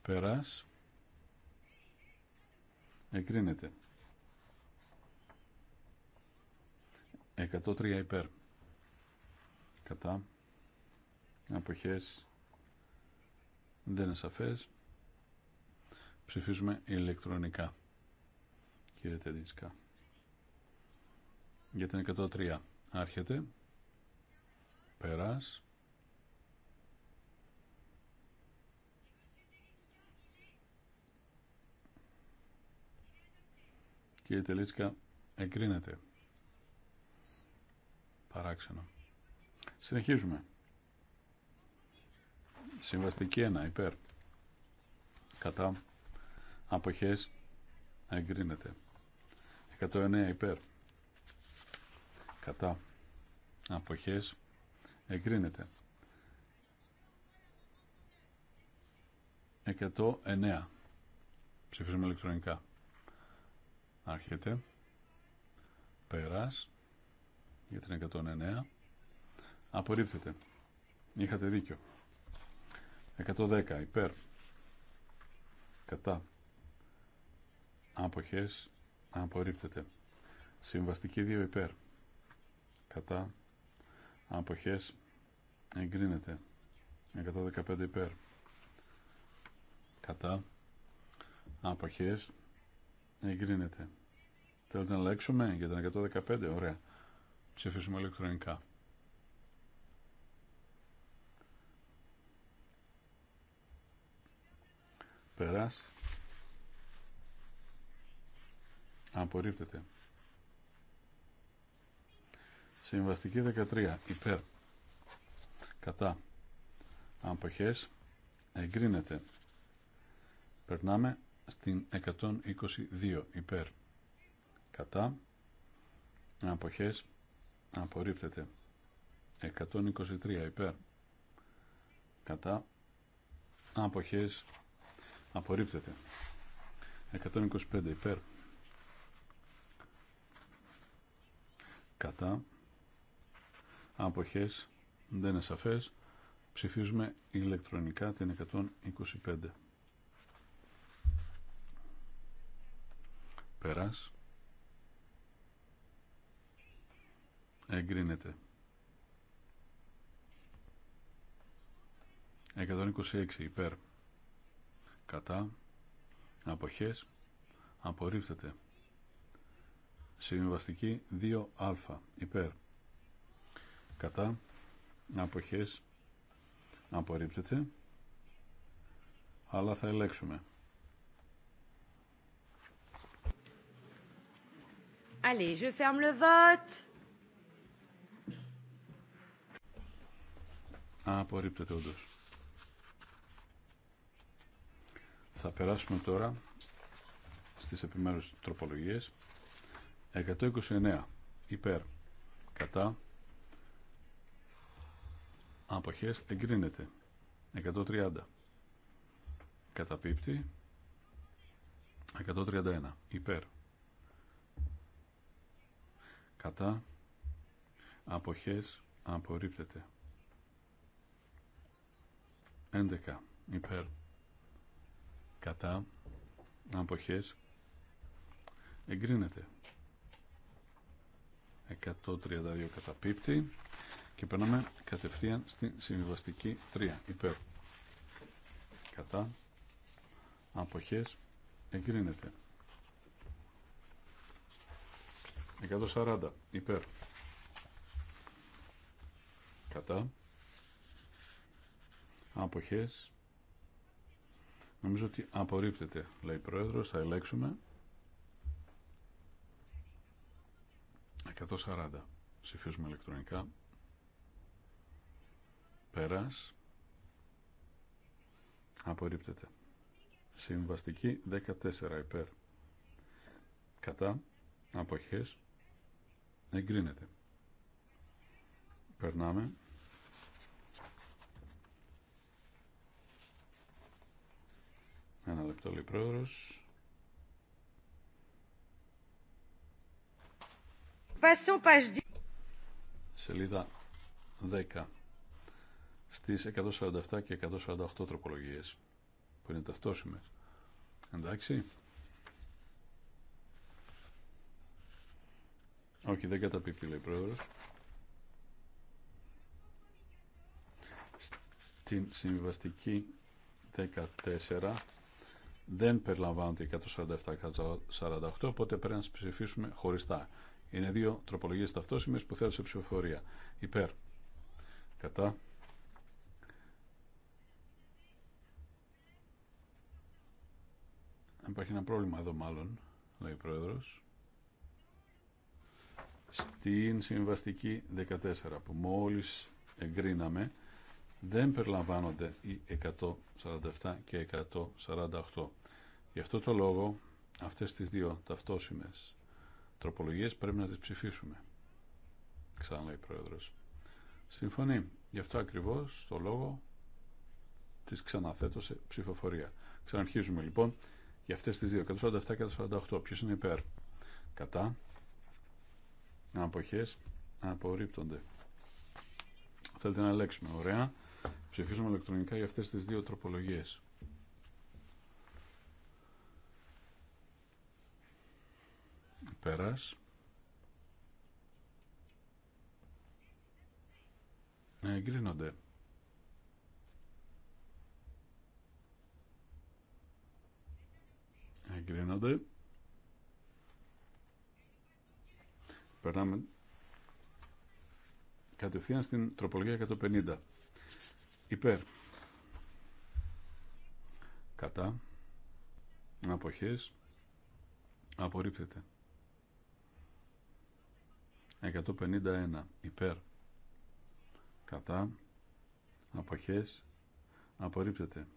Speaker 4: Περάς. Εκρίνεται. 103 υπέρ. Κατά. Αποχές. Δεν είναι σαφές. Ψηφίζουμε ηλεκτρονικά. Κύριε Τεντίσκα για την 103 άρχεται περάς και η τελίσκα εγκρίνεται παράξενο συνεχίζουμε συμβαστική 1 υπέρ κατά αποχές εγκρίνεται 109 υπέρ κατά αποχές εγκρίνεται 109 ψηφίζουμε ηλεκτρονικά άρχεται περάς για την 109 απορρίπτεται είχατε δίκιο 110 υπέρ κατά αποχές απορρίπτεται συμβαστική 2 υπέρ κατά αποχές εγκρίνεται 115 υπέρ κατά αποχές εγκρίνεται θέλετε να αλλάξουμε για τα 115 ωραία ψηφίσουμε ηλεκτρονικά περάσει απορρίπτεται Συμβαστική 13. Υπέρ. Κατά. Αποχές. Εγκρίνεται. Περνάμε στην 122. Υπέρ. Κατά. Αποχές. Απορρίπτεται. 123. Υπέρ. Κατά. Αποχές. Απορρίπτεται. 125. Υπέρ. Κατά αποχές δεν είναι σαφές ψηφίζουμε ηλεκτρονικά την 125 περάς εγκρίνεται 126 υπέρ κατά Αποχές. Απορρίφθεται. συμβιβαστική 2α υπέρ κατά αποχές απορρίπτεται αλλά θα ελέξουμε
Speaker 1: Allez, je ferme le vote.
Speaker 4: Απορρίπτεται όντως. Θα περάσουμε τώρα στις επιμέρους τροπολογίες. 129. Υπέρ. Κατά. Αποχές εγκρίνεται. 130. Καταπίπτει. 131. Υπέρ. Κατά. Αποχές απορρίπτεται. 11. Υπέρ. Κατά. Αποχές εγκρίνεται. 132 καταπίπτει. Και περνάμε κατευθείαν στην συμβιβαστική 3. Υπέρ. Κατά. Αποχές. Εγκρίνεται. 140. Υπέρ. Κατά. Αποχές. Νομίζω ότι απορρίπτεται, λέει η Πρόεδρος. Θα ελέξουμε 140. Ψηφίζουμε ηλεκτρονικά. Πέρας. Απορρίπτεται. Συμβαστική 14 υπέρ. Κατά. Αποχές. Εγκρίνεται. Περνάμε. Ένα λεπτό page 10. Σελίδα 10 στις 147 και 148 τροπολογίες που είναι ταυτόσιμες. Εντάξει. Όχι, δεν καταπίπτει, λέει πρόεδρο. Στην συμβιβαστική 14 δεν περιλαμβάνονται οι 147-148, οπότε πρέπει να τι ψηφίσουμε χωριστά. Είναι δύο τροπολογίες ταυτόσιμες που θέλω σε ψηφοφορία. Υπέρ. Κατά. Υπάρχει ένα πρόβλημα εδώ μάλλον, λέει ο Πρόεδρος. Στην συμβαστική 14 που μόλις εγκρίναμε δεν περιλαμβάνονται οι 147 και 148. Γι' αυτό το λόγο αυτές τις δύο ταυτόσιμες τροπολογίες πρέπει να τις ψηφίσουμε. λέει ο Πρόεδρος. Συμφωνεί. Γι' αυτό ακριβώς το λόγο της ξαναθέτω ψηφοφορία. Ξαναρχίζουμε λοιπόν για αυτές τις δύο 147 και 148 ποιος είναι υπέρ κατά αποχές απορρίπτονται θέλετε να αλλάξουμε ωραία ψηφίζουμε ηλεκτρονικά για αυτές τις δύο τροπολογίες πέρας ε, εγκρίνονται εγκρίνονται. Περνάμε κατευθείαν στην τροπολογία 150. Υπέρ. Κατά. Αποχές. Απορρίπτεται. 151. Υπέρ. Κατά. Αποχές. Απορρίπτεται.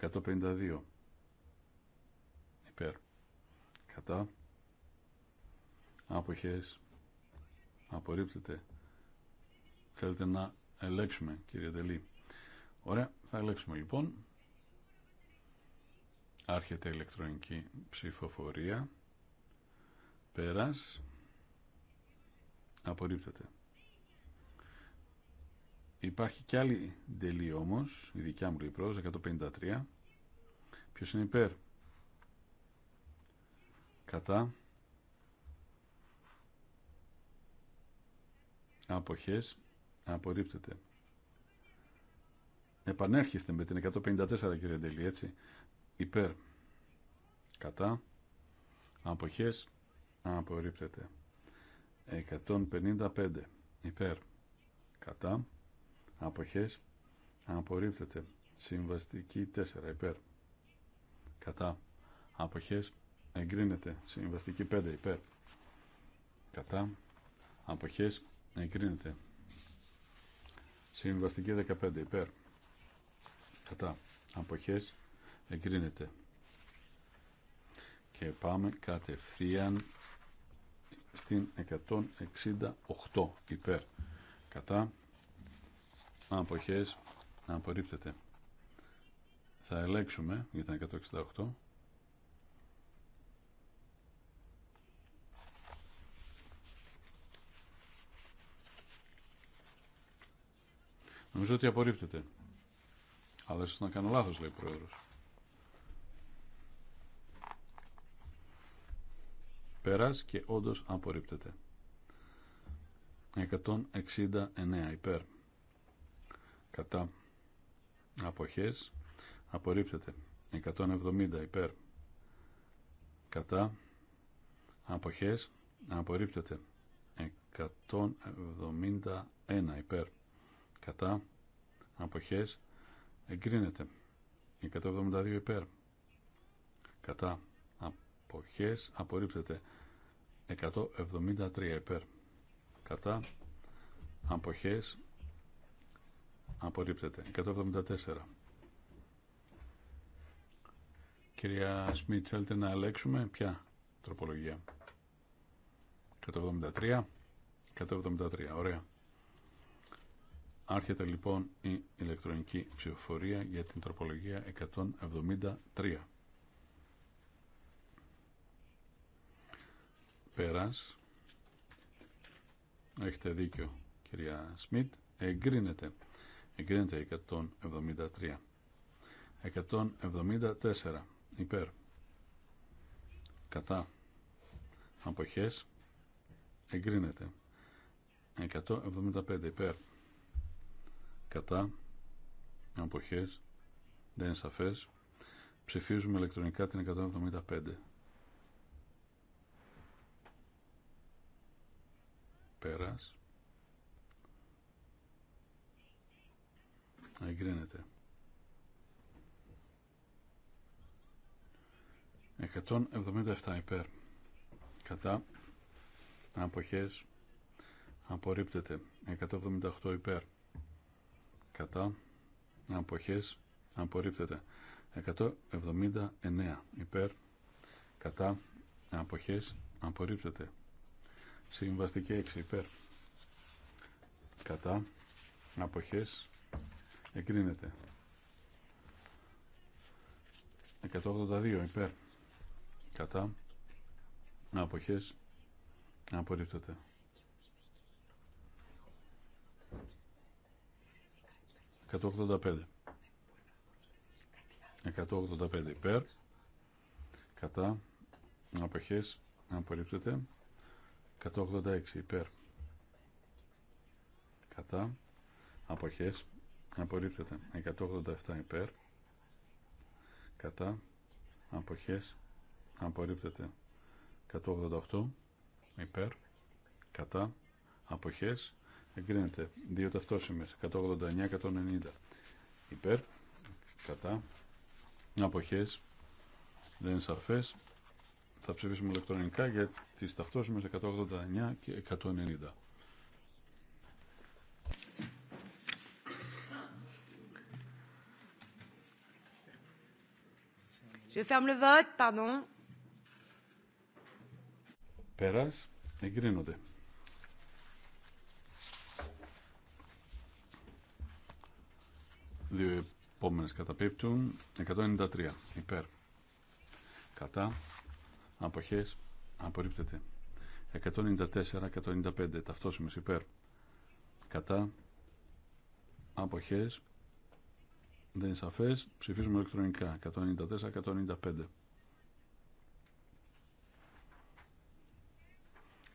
Speaker 4: 152 κατά άποχες απορρίπτεται θέλετε να ελέξουμε κύριε Τελή ωραία θα ελέξουμε λοιπόν άρχεται ηλεκτρονική ψηφοφορία πέρας απορρίπτεται υπάρχει και άλλη τελή όμως η δικιά μου λιπρός 153 ποιος είναι υπέρ κατά αποχές απορρίπτεται. Επανέρχεστε με την 154 κύριε Ντελή, έτσι, υπέρ, κατά, αποχές, απορρίπτεται. 155, υπέρ, κατά, αποχές, απορρίπτεται. Συμβαστική 4, υπέρ, κατά, αποχές, εγκρίνεται. Συμβαστική 5 υπέρ. Κατά. Αποχές εγκρίνεται. Συμβαστική 15 υπέρ. Κατά. Αποχές εγκρίνεται. Και πάμε κατευθείαν στην 168 υπέρ. Κατά. Αποχές απορρίπτεται. Θα ελέγξουμε για την 168. Νομίζω ότι απορρίπτεται. Αλλά ίσως να κάνω λάθος, λέει ο Πρόεδρος. Πέρας και όντως απορρίπτεται. 169 υπέρ. Κατά αποχές απορρίπτεται. 170 υπέρ. Κατά αποχές απορρίπτεται. 171 υπέρ κατά αποχές εγκρίνεται 172 υπέρ κατά αποχές απορρίπτεται 173 υπέρ κατά αποχές απορρίπτεται 174 Κυρία Σμιτ, θέλετε να ελέγξουμε ποια τροπολογία. 173. 173, ωραία. Άρχεται λοιπόν η ηλεκτρονική ψηφοφορία για την τροπολογία 173. Πέρας. Έχετε δίκιο, κυρία Σμιτ. Εγκρίνεται. Εγκρίνεται 173. 174. Υπέρ. Κατά. Αποχές. Εγκρίνεται. 175. Υπέρ κατά αποχές δεν είναι σαφές ψηφίζουμε ηλεκτρονικά την 175 πέρας Αγκρίνεται. 177 υπέρ κατά αποχές απορρίπτεται 178 υπέρ κατά αποχές απορρίπτεται 179 υπέρ κατά αποχές απορρίπτεται συμβαστική 6 υπέρ κατά αποχές εκρίνεται 182 υπέρ κατά αποχές απορρίπτεται 185. 185 υπέρ. Κατά. Αποχές. Απορρίπτεται. 186 υπέρ. Κατά. Αποχές. Απορρίπτεται. 187 υπέρ. Κατά. Αποχές. Απορρίπτεται. 188 υπέρ. Κατά. Αποχές εγκρίνεται. Δύο ταυτόσημες, 189-190. Υπέρ, κατά, αποχές, δεν είναι σαφές. Θα ψηφίσουμε ηλεκτρονικά για τις ταυτόσημες 189 και 190.
Speaker 1: Je ferme le vote, pardon.
Speaker 4: Πέρας, εγκρίνονται. Δύο επόμενες καταπίπτουν. 193 υπέρ. Κατά. Αποχές. Απορρίπτεται. 194-195 ταυτόσιμες υπέρ. Κατά. Αποχές. Δεν είναι σαφές. Ψηφίζουμε ηλεκτρονικά. 194-195.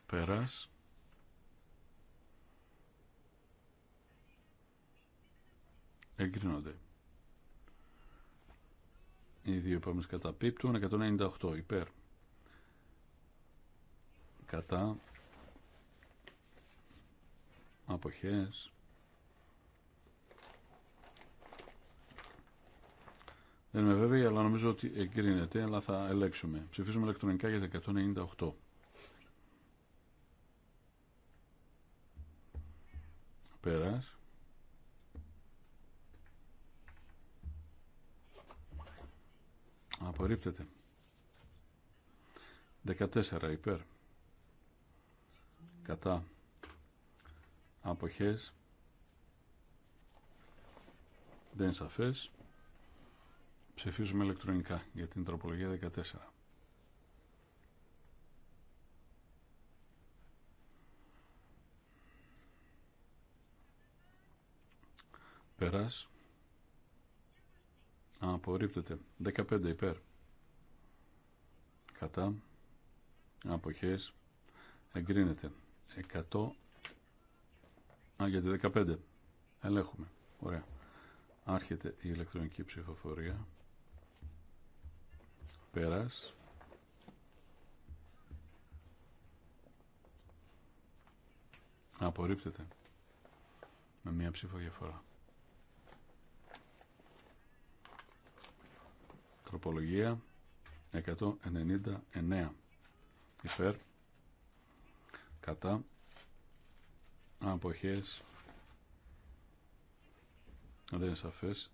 Speaker 4: Πέρας. εγκρίνονται. Οι δύο επόμενες καταπίπτουν 198 υπέρ κατά αποχές Δεν είμαι βέβαιη, αλλά νομίζω ότι εγκρίνεται, αλλά θα ελέξουμε. Ψηφίζουμε ηλεκτρονικά για 198. Πέρας. Απορρίπτεται. 14 υπέρ. Κατά. Αποχές. Δεν σαφές. Ψηφίζουμε ηλεκτρονικά για την τροπολογία 14. Πέρας. Απορρίπτεται. 15 υπέρ. Κατά. Αποχές. Εγκρίνεται. 100. Α, γιατί 15. Ελέγχουμε. Ωραία. Άρχεται η ηλεκτρονική ψηφοφορία. Πέρας. Απορρίπτεται. Με μία ψήφο διαφορά. Ανθρωπολογία 199. Υπέρ. Κατά. Αποχές. Δεν είναι σαφές.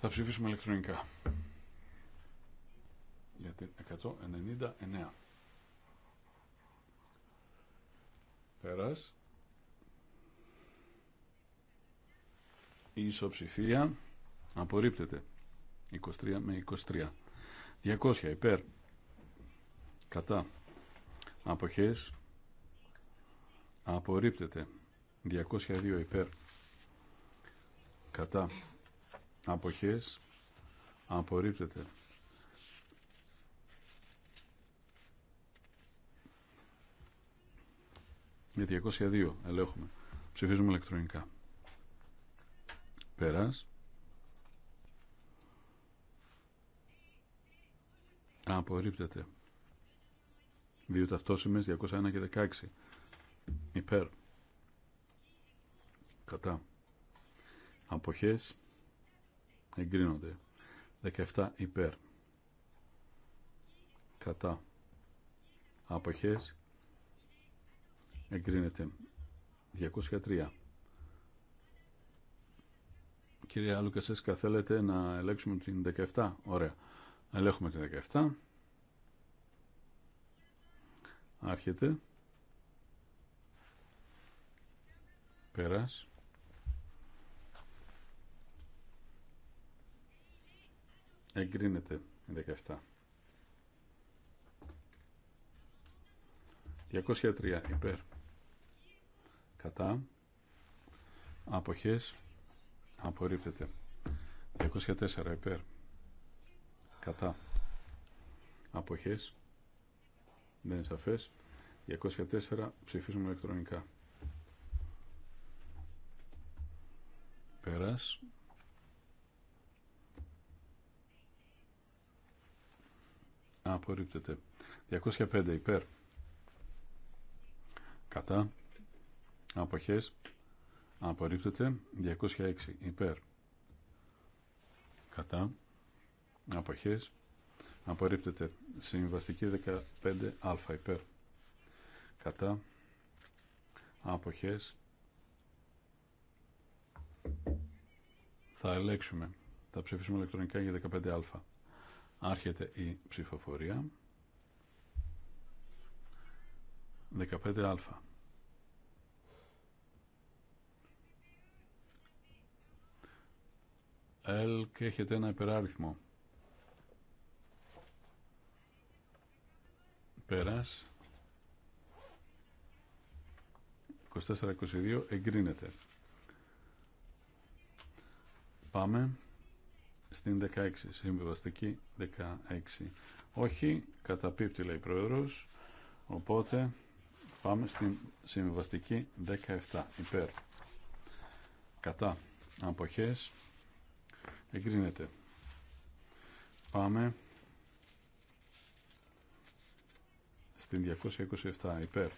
Speaker 4: Θα ψηφίσουμε ηλεκτρονικά. Για την 199. Πέρας. Η ισοψηφία απορρίπτεται. 23 με 23. 200 υπέρ. Κατά. Αποχές. Απορρίπτεται. 202 υπέρ. Κατά. Αποχές. Απορρίπτεται. 202 ελέγχουμε. Ψηφίζουμε ηλεκτρονικά. Πέρας. Απορρίπτεται. Δύο ταυτόσημες 201 και 16. Υπέρ. Κατά. αποχέ, Εγκρίνονται. 17 υπέρ. Κατά. απόχέ, Εγκρίνεται. 203. Κύριε Άλουκα, εσείς θέλετε να ελέγξουμε την 17. Ωραία. Ελέγχουμε τη 17. Άρχεται. Πέρας. Εγκρίνεται η 17. 203 υπέρ. Κατά. Αποχές. Απορρίπτεται. 204 υπέρ κατά αποχές δεν είναι σαφές 204 ψηφίζουμε ηλεκτρονικά πέρας απορρίπτεται 205 υπέρ κατά αποχές απορρίπτεται 206 υπέρ κατά αποχές απορρίπτεται συμβαστική 15α υπέρ κατά αποχές θα ελέξουμε. θα ψηφίσουμε ηλεκτρονικά για 15α άρχεται η ψηφοφορία 15α και έχετε ένα υπεράριθμο Πέρας. 24-22 εγκρίνεται. Πάμε στην 16, συμβιβαστική 16. Όχι, καταπίπτει λέει η Πρόεδρος, οπότε πάμε στην συμβιβαστική 17, υπέρ. Κατά αποχές εγκρίνεται. Πάμε στην 227 υπέρ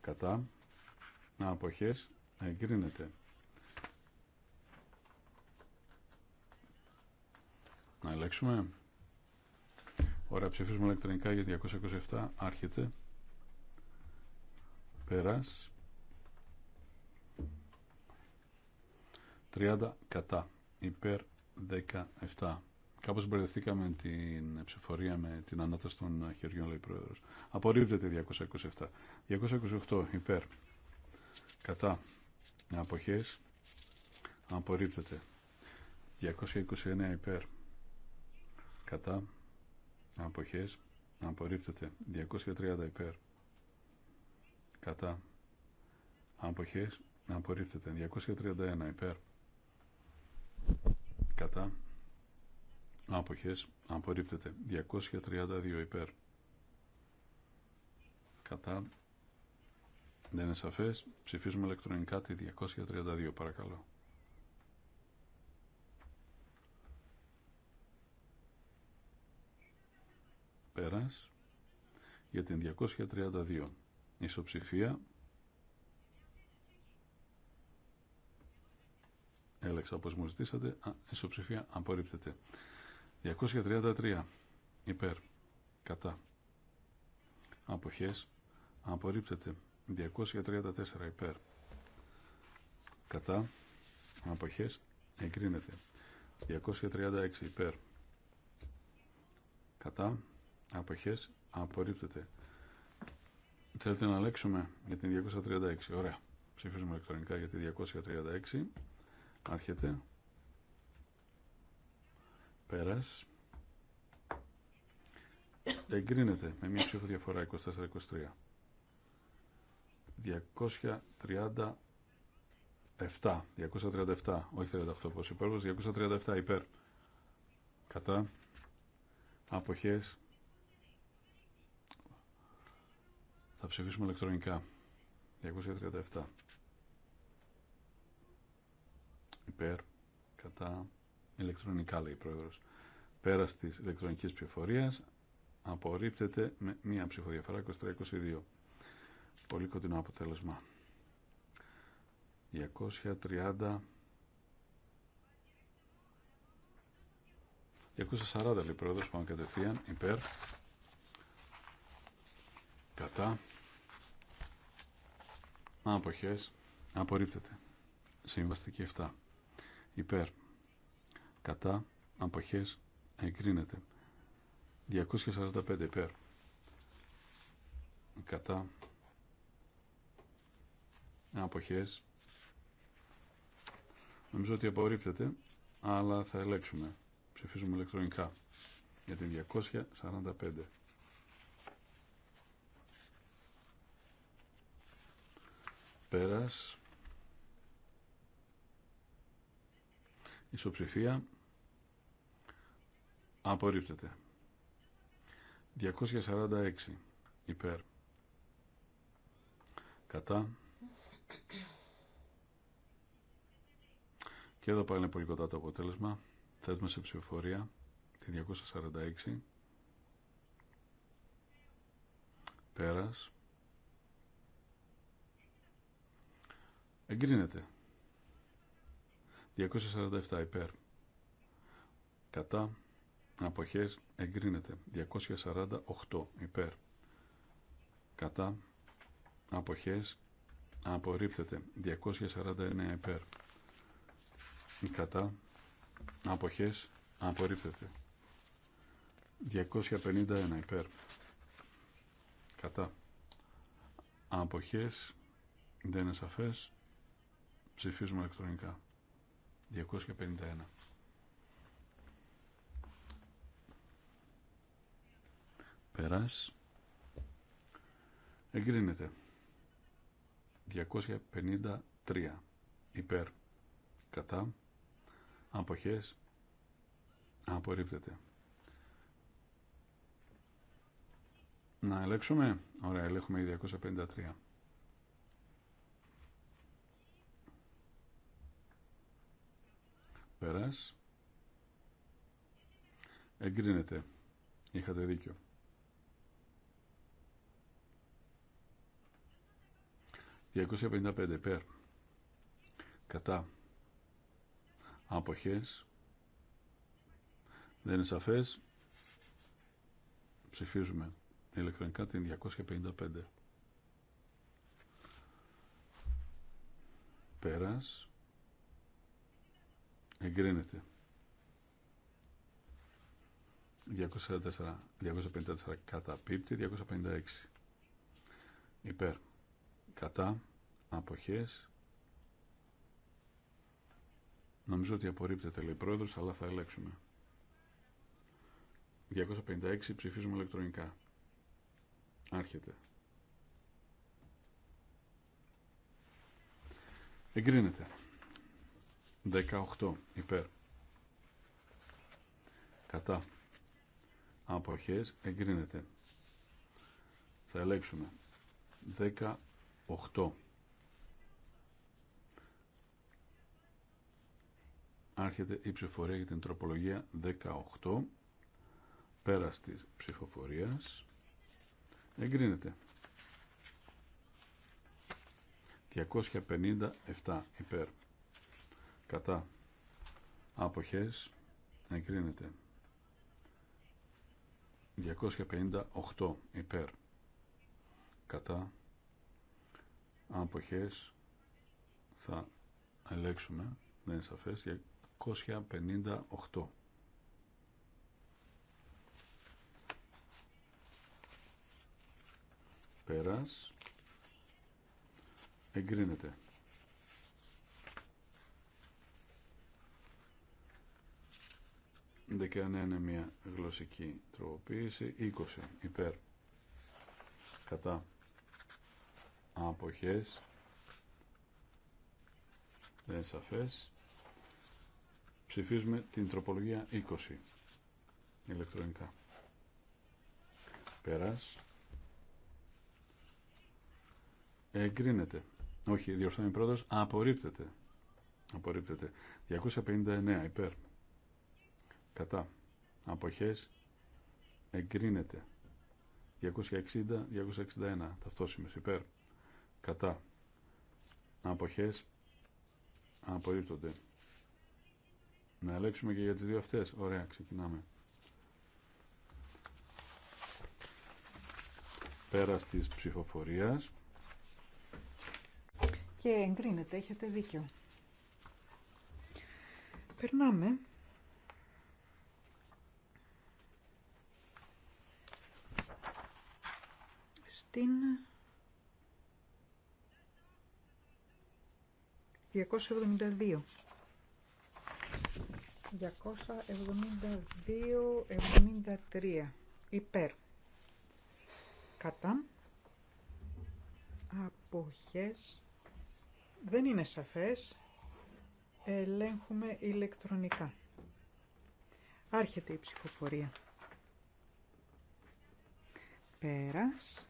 Speaker 4: κατά να αποχές εγκρίνεται να ελέγξουμε ωραία ψηφίζουμε ηλεκτρονικά για 227 άρχεται πέρας 30 κατά υπέρ 17 Κάπω μπερδευτήκαμε την ψηφορία με την ανάταση των χεριών, λέει πρόεδρος. Απορρίπτεται 227. 228 υπέρ. Κατά. Αποχέ. Απορρίπτεται. 229 υπέρ. Κατά. Αποχές. Απορρίπτεται. 230 υπέρ. Κατά. Αποχές. Απορρίπτεται. 231 υπέρ. Κατά Άποχες απορρίπτεται. 232 υπέρ. Κατά. Δεν είναι σαφές. Ψηφίζουμε ηλεκτρονικά τη 232 παρακαλώ. Πέρας. Για την 232. Ισοψηφία. Έλεξα όπως μου ζητήσατε. Α, ισοψηφία απορρίπτεται. 233 υπέρ κατά αποχές απορρίπτεται 234 υπέρ κατά αποχές εγκρίνεται 236 υπέρ κατά αποχές απορρίπτεται θέλετε να αλλάξουμε για την 236 ωραία ψηφίζουμε ηλεκτρονικά για την 236 άρχεται Πέρας. Εγκρίνεται με μια ψήφο διαφορά 24-23. 237. 237. Όχι 38 όπως υπέρβος. 237 υπέρ. Κατά. Αποχές. Θα ψηφίσουμε ηλεκτρονικά. 237. Υπέρ. Κατά ηλεκτρονικά, λέει η Πρόεδρος. Πέρα της ηλεκτρονικής ψηφοφορίας απορρίπτεται με μία ψηφοδιαφορά 23-22. Πολύ κοντινό αποτέλεσμα. 230... 240 λέει πρόεδρος, πάμε κατευθείαν, υπέρ, κατά, αποχές, απορρίπτεται. Συμβαστική 7. Υπέρ, κατά αποχές εγκρίνεται 245 υπέρ κατά αποχές νομίζω ότι απορρίπτεται αλλά θα ελέξουμε ψηφίζουμε ηλεκτρονικά για την 245 πέρας Ισοψηφία. Απορρίπτεται. 246 υπέρ. Κατά. Και εδώ πάλι είναι πολύ κοντά το αποτέλεσμα. θέσμα σε ψηφοφορία τη 246. Πέρας. Εγκρίνεται. 247 υπέρ. Κατά αποχές εγκρίνεται. 248 υπέρ. Κατά αποχές απορρίπτεται. 249 υπέρ. Κατά αποχές απορρίπτεται. 251 υπέρ. Κατά αποχές δεν είναι σαφές. Ψηφίζουμε ηλεκτρονικά. 251. Πέρας. Εγκρίνεται. 253. Υπέρ. Κατά. Αποχές. Απορρίπτεται. Να ελέγξουμε. Ωραία, ελέγχουμε 253. Πέρας. Εγκρίνεται. Είχατε δίκιο. 255 πέρ Κατά. Αποχές. Δεν είναι σαφές. Ψηφίζουμε ηλεκτρονικά την 255. Πέρας. Εγκρίνεται. 254 κατά πίπτη, 256 υπέρ κατά αποχές νομίζω ότι απορρίπτεται λέει πρόεδρος αλλά θα ελέγξουμε 256 ψηφίζουμε ηλεκτρονικά άρχεται εγκρίνεται 18 υπέρ κατά αποχές εγκρίνεται θα ελέγξουμε 18 άρχεται η ψηφοφορία για την τροπολογία 18 πέρας της ψηφοφορίας εγκρίνεται 257 υπέρ κατά αποχές εγκρίνεται 258 υπέρ κατά αποχές θα ελέξουμε δεν είναι σαφές 258 πέρας εγκρίνεται να είναι μια γλωσσική τροποποίηση. 20 υπέρ κατά αποχές δεν είναι σαφές. Ψηφίζουμε την τροπολογία 20 ηλεκτρονικά. Πέρας. Εγκρίνεται. Όχι, διορθώνει πρώτος. Απορρίπτεται. Απορρίπτεται. 259 υπέρ κατά αποχές εγκρίνεται 260-261 ταυτόσημες υπέρ κατά αποχές απορρίπτονται να ελέγξουμε και για τις δύο αυτές ωραία ξεκινάμε πέρα της ψηφοφορίας
Speaker 2: και εγκρίνεται έχετε δίκιο περνάμε Την 272. 272-73 υπέρ κατά αποχές δεν είναι σαφές ελέγχουμε ηλεκτρονικά άρχεται η ψηφοφορία πέρας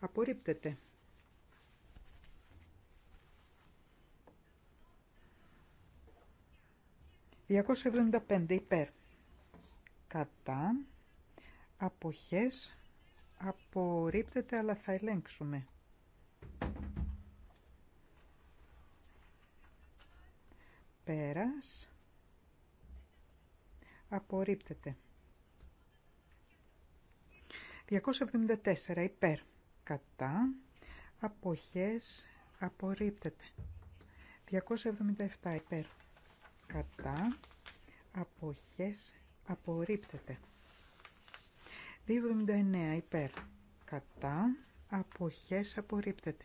Speaker 2: Απορρίπτεται. ...275 υπέρ. Κατά. Αποχές. Απορρίπτεται αλλά θα ελέγξουμε. Πέρας. Απορρίπτεται. 274 υπέρ κατά, αποχές, απορρίπτεται. 277 υπέρ, κατά, αποχές, απορρίπτεται. 279 υπέρ, κατά, αποχές, απορρίπτεται.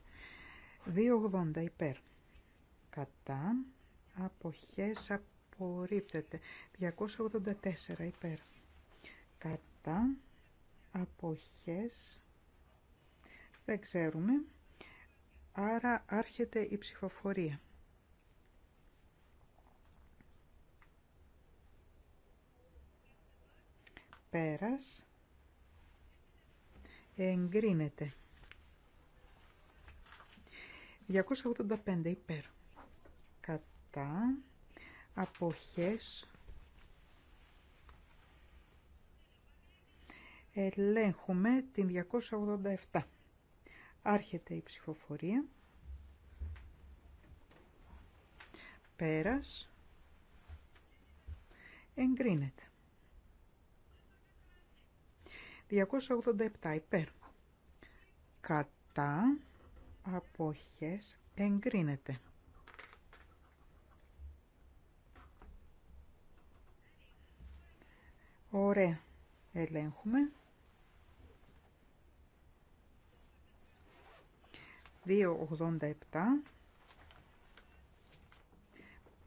Speaker 2: 280 υπέρ, κατά, αποχές, απορρίπτεται. 284 υπέρ, κατά, αποχές, δεν ξέρουμε. Άρα άρχεται η ψηφοφορία. Πέρας. Εγκρίνεται. 285 υπέρ. Κατά. Αποχές. Ελέγχουμε την 287. Άρχεται η ψηφοφορία. Πέρας. Εγκρίνεται. 287 υπέρ. Κατά αποχές εγκρίνεται. Ωραία. Ελέγχουμε. 2.87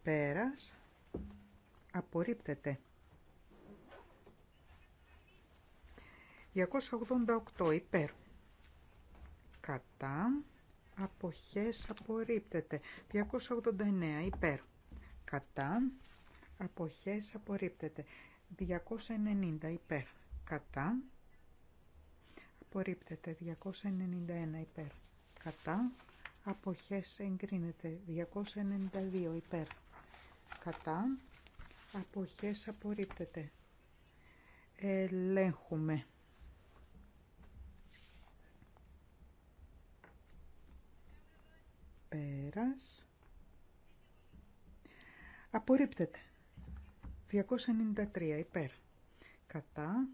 Speaker 2: πέρας απορρίπτεται 288 υπέρ κατά αποχές απορρίπτεται 289 υπέρ κατά αποχές απορρίπτεται 290 υπέρ κατά απορρίπτεται 291 υπέρ κατά αποχές εγκρίνεται 292 υπέρ κατά αποχές απορρίπτεται ελέγχουμε πέρας απορρίπτεται 293 υπέρ κατά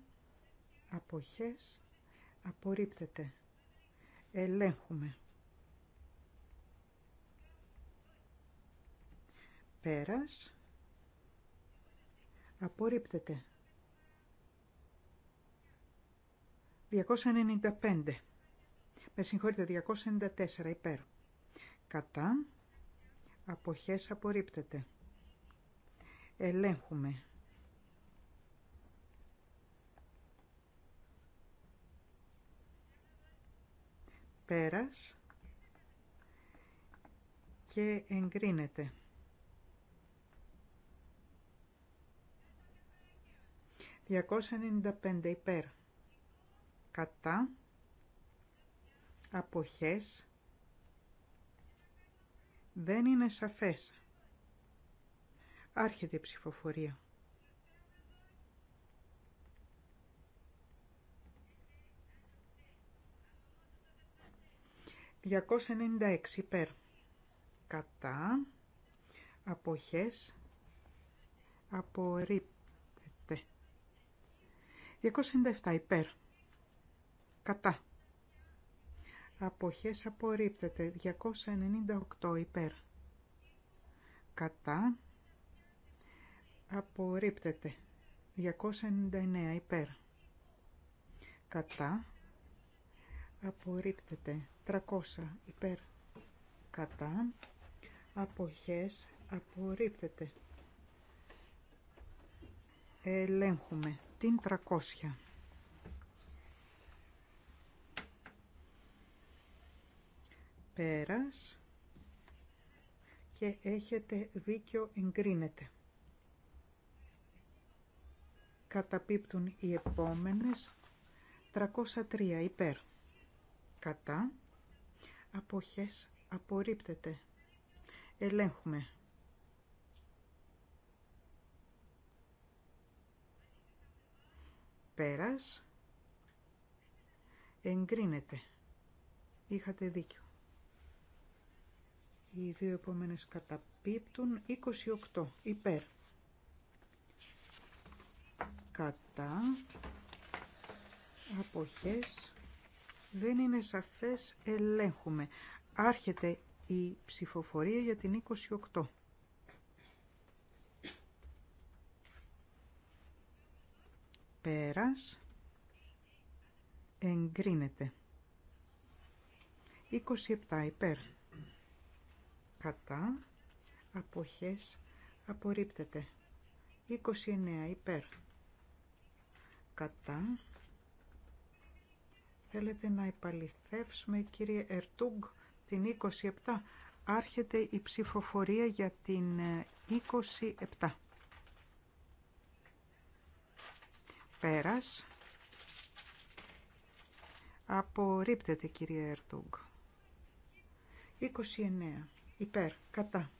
Speaker 2: αποχές απορρίπτεται ελέγχουμε Πέρας. Απορρίπτεται. 295. Με συγχωρείτε, 294 υπέρ. Κατά. Αποχές απορρίπτεται. Ελέγχουμε. Πέρας. Και εγκρίνεται. 295 υπέρ κατά αποχές δεν είναι σαφές. Άρχεται η ψηφοφορία. ...296 υπέρ. Κατά. Αποχές. Απορρίπτει. 297 υπέρ. Κατά. Αποχές απορρίπτεται. 298 υπέρ. Κατά. Απορρίπτεται. 299 υπέρ. Κατά. Απορρίπτεται. 300 υπέρ. Κατά. Αποχές απορρίπτεται. Ελέγχουμε την 300. Πέρας και έχετε δίκιο εγκρίνεται. Καταπίπτουν οι επόμενες 303 υπέρ. Κατά. Αποχές απορρίπτεται. Ελέγχουμε. Πέρας. Εγκρίνεται. Είχατε δίκιο. Οι δύο επόμενες καταπίπτουν 28 υπέρ. Κατά αποχές δεν είναι σαφές ελέγχουμε. Άρχεται η ψηφοφορία για την 28. πατέρας Εγκρίνεται. 27 υπέρ. Κατά. Αποχές. Απορρίπτεται. 29 υπέρ. Κατά. Θέλετε να επαληθεύσουμε κύριε Ερτούγκ την 27. Άρχεται η ψηφοφορία για την 27. Ε, Πέρας. Απορρίπτεται κύριε Ερτούγκ. 29. Υπέρ. Κατά.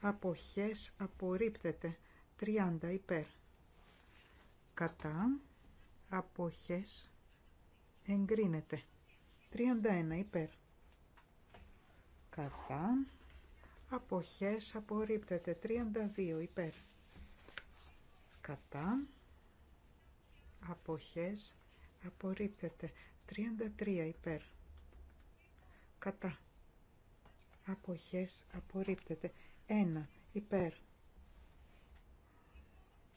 Speaker 2: Αποχές απορρίπτεται. 30. Υπέρ. Κατά. Αποχές εγκρίνεται. 31. Υπέρ. Κατά. Αποχές απορρίπτεται. 32. Υπέρ. Κατά αποχές απορρίπτεται 33 υπέρ κατά αποχές απορρίπτεται 1 υπέρ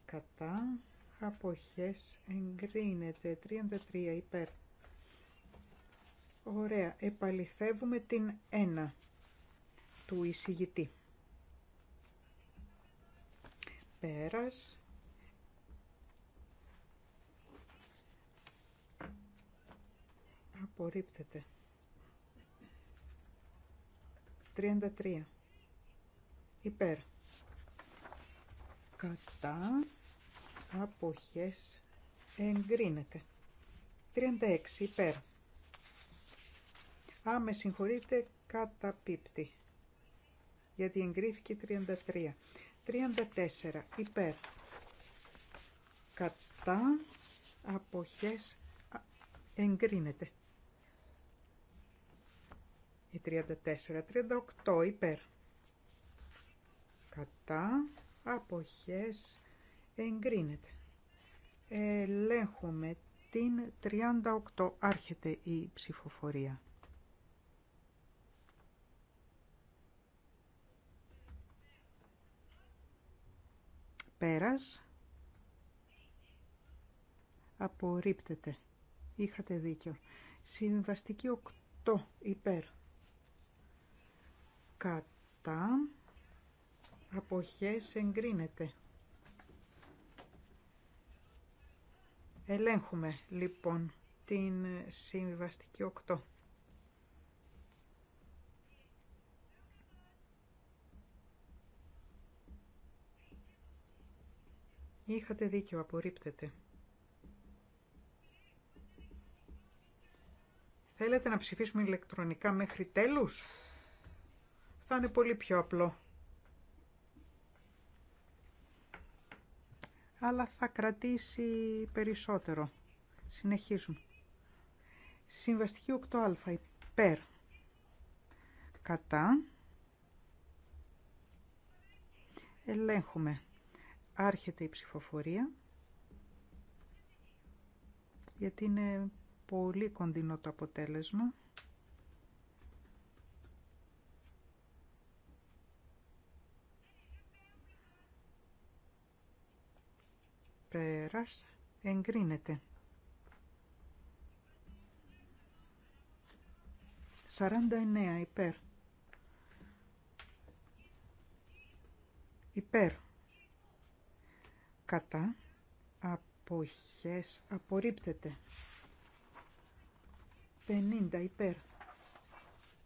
Speaker 2: κατά αποχές εγκρίνεται 33 υπέρ Ωραία, επαληθεύουμε την 1 του εισηγητή. Πέρας απορρίπτεται. 33. Υπέρ. Κατά αποχές εγκρίνεται. 36. Υπέρ. άμε με συγχωρείτε, πίπτη. Γιατί εγκρίθηκε 33. 34. Υπέρ. Κατά αποχές εγκρίνεται. Η 34. 38 υπέρ. Κατά αποχές εγκρίνεται. Ελέγχουμε την 38. Άρχεται η ψηφοφορία. Πέρας. Απορρίπτεται. Είχατε δίκιο. Συμβαστική 8 υπέρ κατά αποχές εγκρίνεται. Ελέγχουμε λοιπόν την συμβιβαστική 8. Είχατε δίκιο, απορρίπτεται. Θέλετε να ψηφίσουμε ηλεκτρονικά μέχρι τέλους θα είναι πολύ πιο απλό. Αλλά θα κρατήσει περισσότερο. Συνεχίζουμε. Συμβαστική 8α υπέρ. Κατά. Ελέγχουμε. Άρχεται η ψηφοφορία. Γιατί είναι πολύ κοντινό το αποτέλεσμα. πέρας εγκρίνεται. 49 υπέρ. Υπέρ. Κατά. Αποχές απορρίπτεται. 50 υπέρ.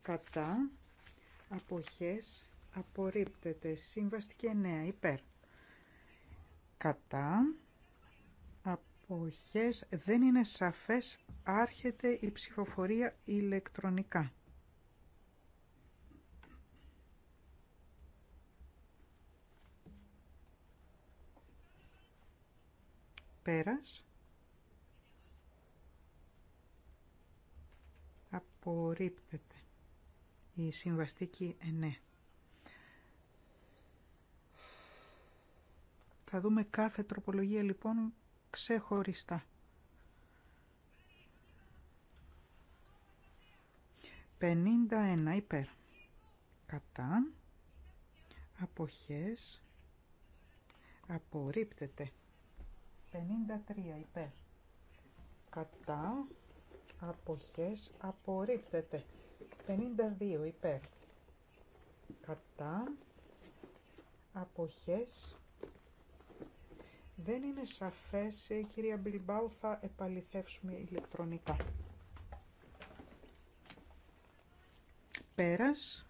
Speaker 2: Κατά. Αποχές απορρίπτεται. Συμβαστική 9 υπέρ. Κατά. Οχές. δεν είναι σαφές άρχεται η ψηφοφορία ηλεκτρονικά. Πέρας. Απορρίπτεται η συμβαστική ενέ Θα δούμε κάθε τροπολογία λοιπόν ξεχωριστά. 51 υπέρ. Κατά. Αποχές. Απορρίπτεται. 53 υπέρ. Κατά. Αποχές. Απορρίπτεται. 52 υπέρ. Κατά. Αποχές δεν είναι σαφές, ε, κυρία Μπιλμπάου, θα επαληθεύσουμε ηλεκτρονικά. Πέρας.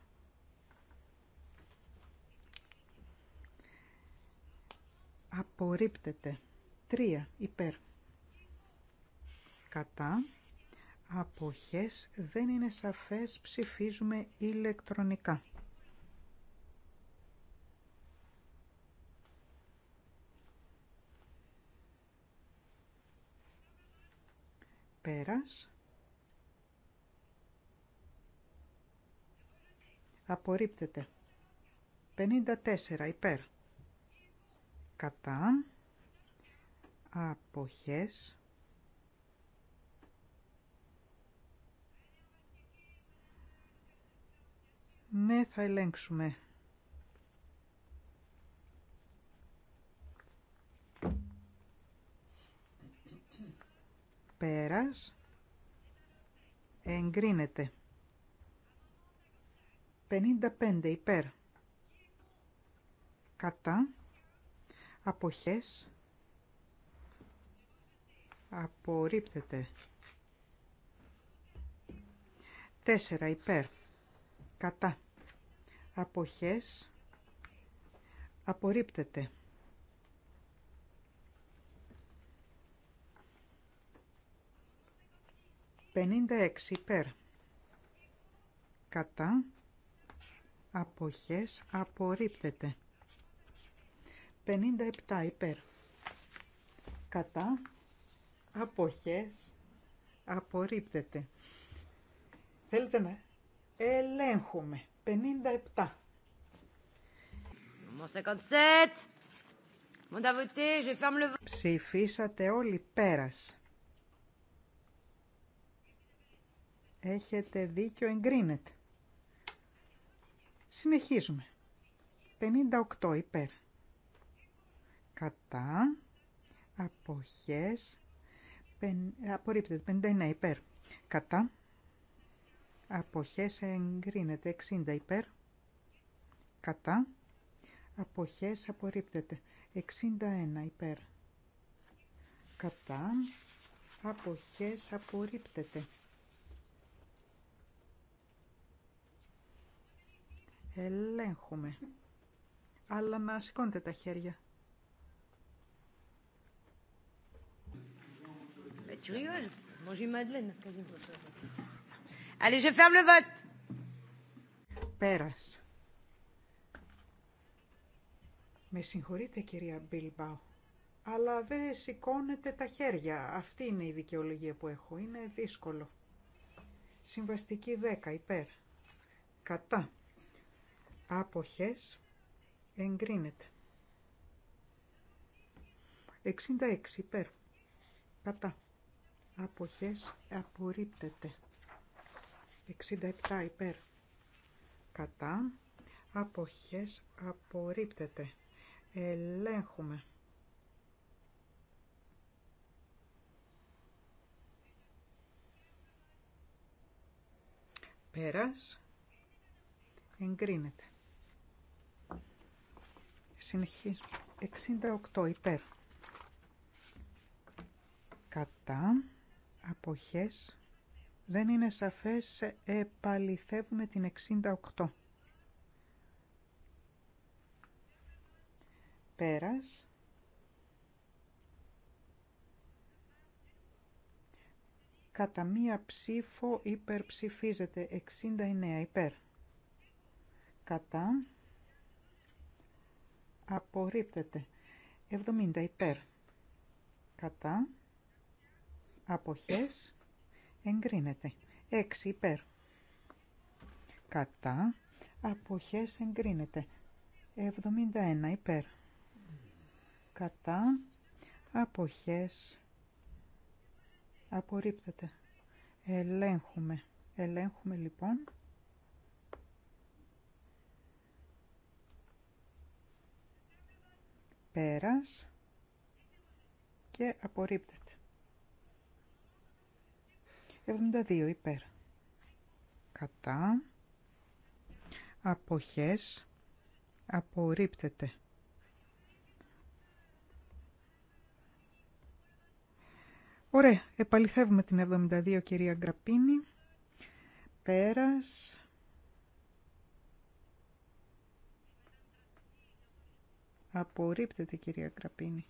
Speaker 2: Απορρίπτεται. Τρία υπέρ. Κατά. Αποχές δεν είναι σαφές, ψηφίζουμε ηλεκτρονικά. Πέρας. Απορρίπτεται. 54 υπέρ. Κατά. Αποχές. Ναι, θα ελέγξουμε. πέρας εγκρίνεται 55 υπέρ κατά αποχές απορρίπτεται 4 υπέρ κατά αποχές απορρίπτεται 56 υπέρ. Κατά. Αποχές απορρίπτεται. 57 υπέρ. Κατά. Αποχές απορρίπτεται. Θέλετε να ελέγχουμε. 57. Ψηφίσατε όλοι πέρας. Έχετε δίκιο, εγκρίνεται. Συνεχίζουμε. 58 υπέρ. Κατά. Αποχές. απορρίπτεται. 59 υπέρ. Κατά. Αποχές εγκρίνεται. 60 υπέρ. Κατά. Αποχές απορρίπτεται. 61 υπέρ. Κατά. Αποχές απορρίπτεται. Ελέγχουμε. Αλλά να σηκώνετε τα χέρια. tu rigoles. Πέρας. Με συγχωρείτε κυρία Μπιλμπάου, αλλά δεν σηκώνετε τα χέρια. Αυτή είναι η δικαιολογία που έχω. Είναι δύσκολο. Συμβαστική 10 υπέρ. Κατά. Άποχες. Εγκρίνεται. 66 υπέρ. Κατά. Άποχες. Απορρίπτεται. 67 υπέρ. Κατά. Άποχες. Απορρίπτεται. Ελέγχουμε. πέρας εγκρίνεται. Συνεχίζουμε. 68 υπέρ. Κατά. Αποχές. Δεν είναι σαφές. Επαληθεύουμε την 68. Πέρας. Κατά μία ψήφο υπερψηφίζεται. 69 υπέρ. Κατά απορρίπτεται 70 υπέρ κατά αποχές εγκρίνεται 6 υπέρ κατά αποχές εγκρίνεται 71 υπέρ κατά αποχές απορρίπτεται ελέγχουμε ελέγχουμε λοιπόν Πέρας. Και απορρίπτεται. 72 υπέρ. Κατά. Αποχές. Απορρίπτεται. Ωραία, επαληθεύουμε την 72 κυρία Γκραπίνη. Πέρας. Απορρίπτεται κυρία Κραπίνη.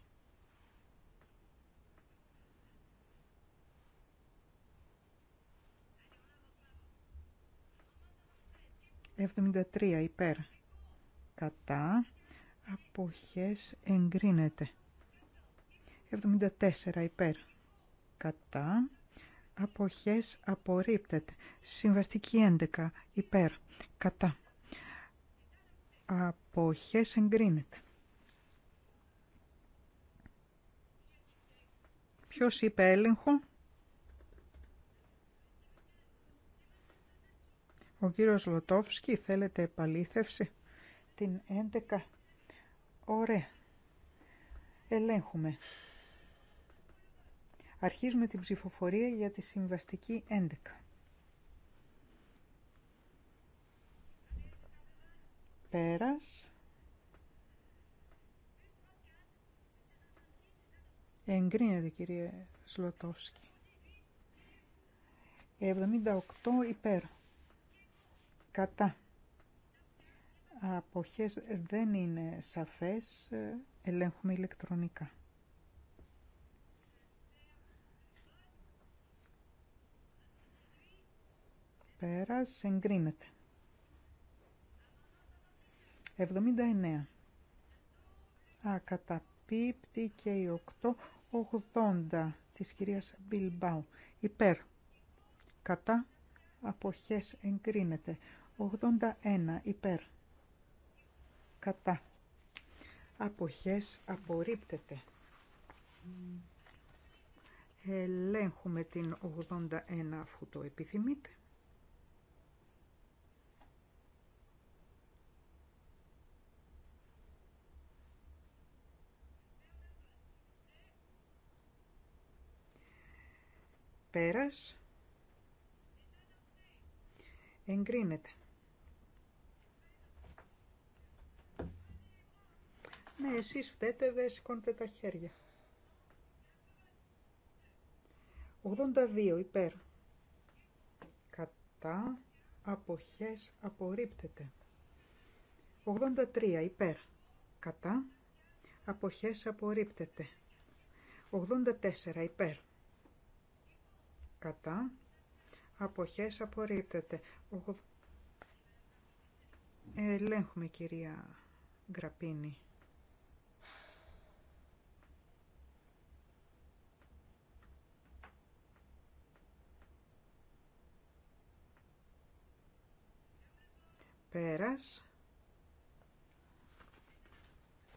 Speaker 2: «73 υπέρ» κατά αποχές εγκρίνεται. 74 υπέρ κατά αποχές απορρίπτεται. Συμβαστική 11 υπέρ κατά αποχές εγκρίνεται. Ποιος είπε έλεγχο. Ο κύριος Λοτόφσκι θέλετε επαλήθευση την 11. Ωραία. Ελέγχουμε. Αρχίζουμε την ψηφοφορία για τη συμβαστική 11. Πέρας. Εγκρίνεται κύριε Σλοτοσκι. 78 υπέρ. Κατά. Αποχές δεν είναι σαφές. Ελέγχουμε ηλεκτρονικά. Πέρας εγκρίνεται. 79. Α, καταπίπτει και η οκτώ... 80 της κυρίας Μπιλμπάου. Υπέρ. Κατά. Αποχές εγκρίνεται. 81 υπέρ. Κατά. Αποχές απορρίπτεται. Ελέγχουμε την 81 αφού το επιθυμείτε. Πέρας. Εγκρίνεται. Ναι, εσείς φταίτε, δεν σηκώνετε τα χέρια. 82 υπέρ. Κατά αποχές απορρίπτεται. 83 υπέρ. Κατά αποχές απορρίπτεται. 84 υπέρ κατά αποχές απορρίπτεται. Ελέγχουμε κυρία Γκραπίνη. Πέρας.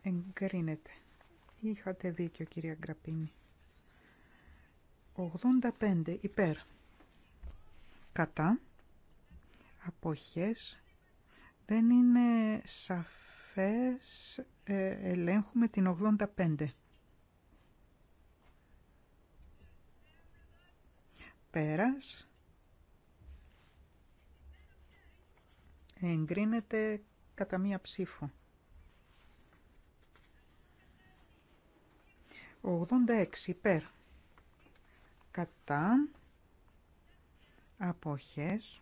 Speaker 2: Εγκρίνεται. Είχατε δίκιο κυρία Γκραπίνη. 85 υπέρ κατά αποχές δεν είναι σαφές ε, ελέγχουμε την 85 πέρας εγκρίνεται κατά μία ψήφο 86 υπέρ κατά αποχές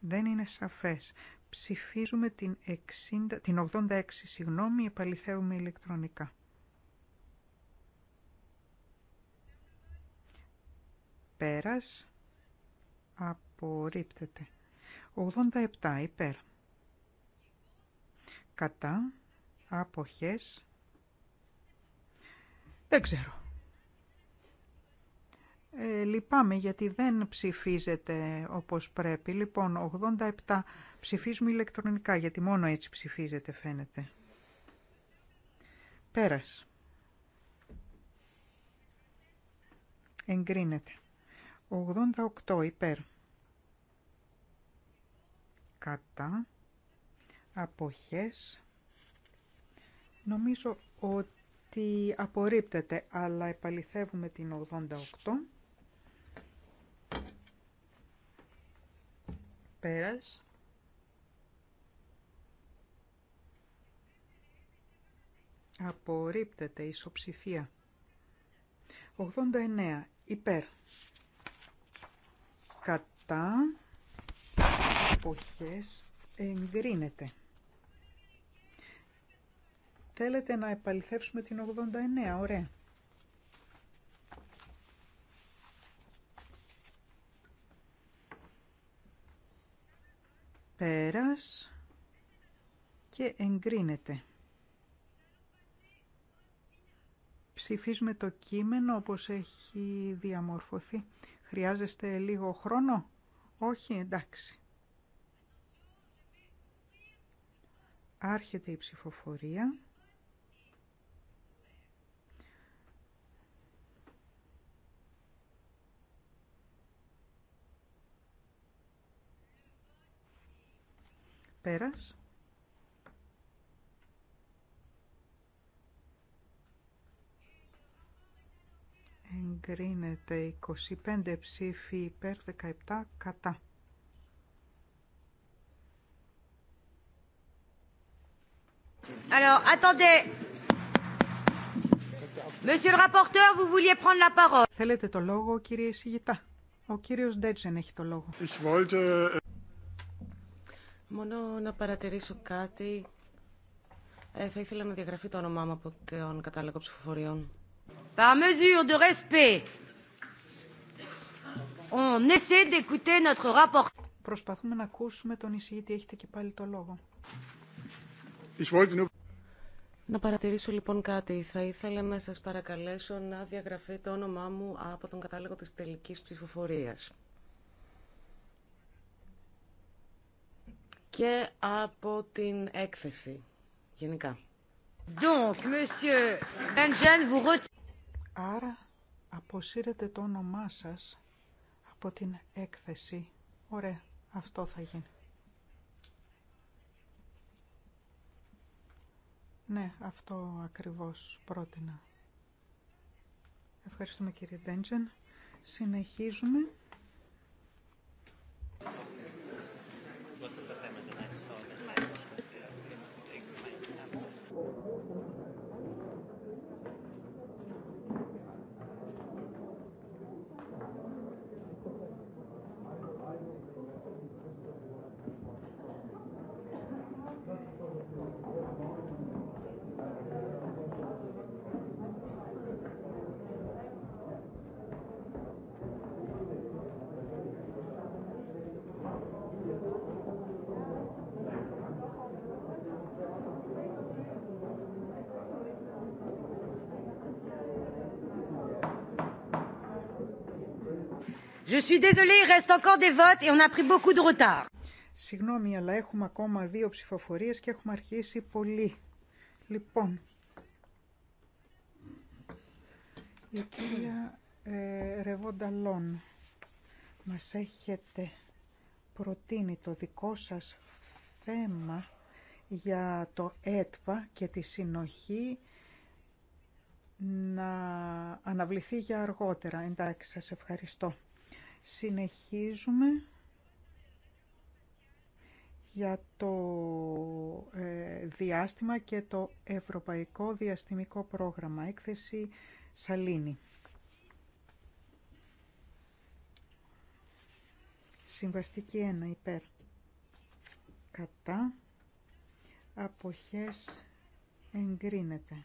Speaker 2: δεν είναι σαφές. Ψηφίζουμε την, 60, την 86, συγγνώμη, επαληθεύουμε ηλεκτρονικά. Πέρας, απορρίπτεται. 87 υπέρ. Κατά, αποχές, δεν ξέρω. Ε, λυπάμαι γιατί δεν ψηφίζεται όπως πρέπει. Λοιπόν, 87 ψηφίζουμε ηλεκτρονικά γιατί μόνο έτσι ψηφίζεται φαίνεται. Πέρας. Εγκρίνεται. 88 υπέρ. Κατά. Αποχές. Νομίζω ότι απορρίπτεται, αλλά επαληθεύουμε την 88. πέρας. Απορρίπτεται η ισοψηφία. 89. Υπέρ. Κατά. Εποχές. Εγκρίνεται. Θέλετε να επαληθεύσουμε την 89. Ωραία. Πέρας και εγκρίνεται. Ψηφίζουμε το κείμενο όπως έχει διαμορφωθεί. Χρειάζεστε λίγο χρόνο. Όχι, εντάξει. Άρχεται η ψηφοφορία. Πέρας. Εγκρίνεται 25 ψήφοι υπέρ 17 κατά.
Speaker 1: Alors, attendez.
Speaker 2: Monsieur le rapporteur, vous vouliez prendre la parole. Θέλετε το λόγο, κύριε Σιγητά. Ο κύριος Ντέτζεν έχει το λόγο. Ich wollte...
Speaker 3: Μόνο να παρατηρήσω κάτι. Ε, θα ήθελα να διαγραφεί το όνομά μου από τον κατάλογο ψηφοφοριών. Par mesure de respect, on essaie d'écouter notre rapport. Προσπαθούμε να ακούσουμε τον εισηγητή. Έχετε και πάλι το λόγο. Να παρατηρήσω λοιπόν κάτι. Θα ήθελα να σας παρακαλέσω να διαγραφεί το όνομά μου από τον κατάλογο της τελικής ψηφοφορίας. και από την έκθεση γενικά. Donc, monsieur Άρα
Speaker 2: αποσύρετε το όνομά σας από την έκθεση. Ωραία, αυτό θα γίνει. Ναι, αυτό ακριβώς πρότεινα. Ευχαριστούμε κύριε Ντέντζεν. Συνεχίζουμε. Je Συγγνώμη, αλλά έχουμε ακόμα δύο ψηφοφορίες και έχουμε αρχίσει πολύ. Λοιπόν, η κυρία ε, Ρεβονταλόν, μας έχετε προτείνει το δικό σας θέμα για το ΕΤΠΑ και τη συνοχή να αναβληθεί για αργότερα. Εντάξει, σας ευχαριστώ. Συνεχίζουμε για το ε, διάστημα και το Ευρωπαϊκό Διαστημικό Πρόγραμμα. Έκθεση Σαλίνη. Συμβαστική 1 υπέρ. Κατά. Αποχές εγκρίνεται.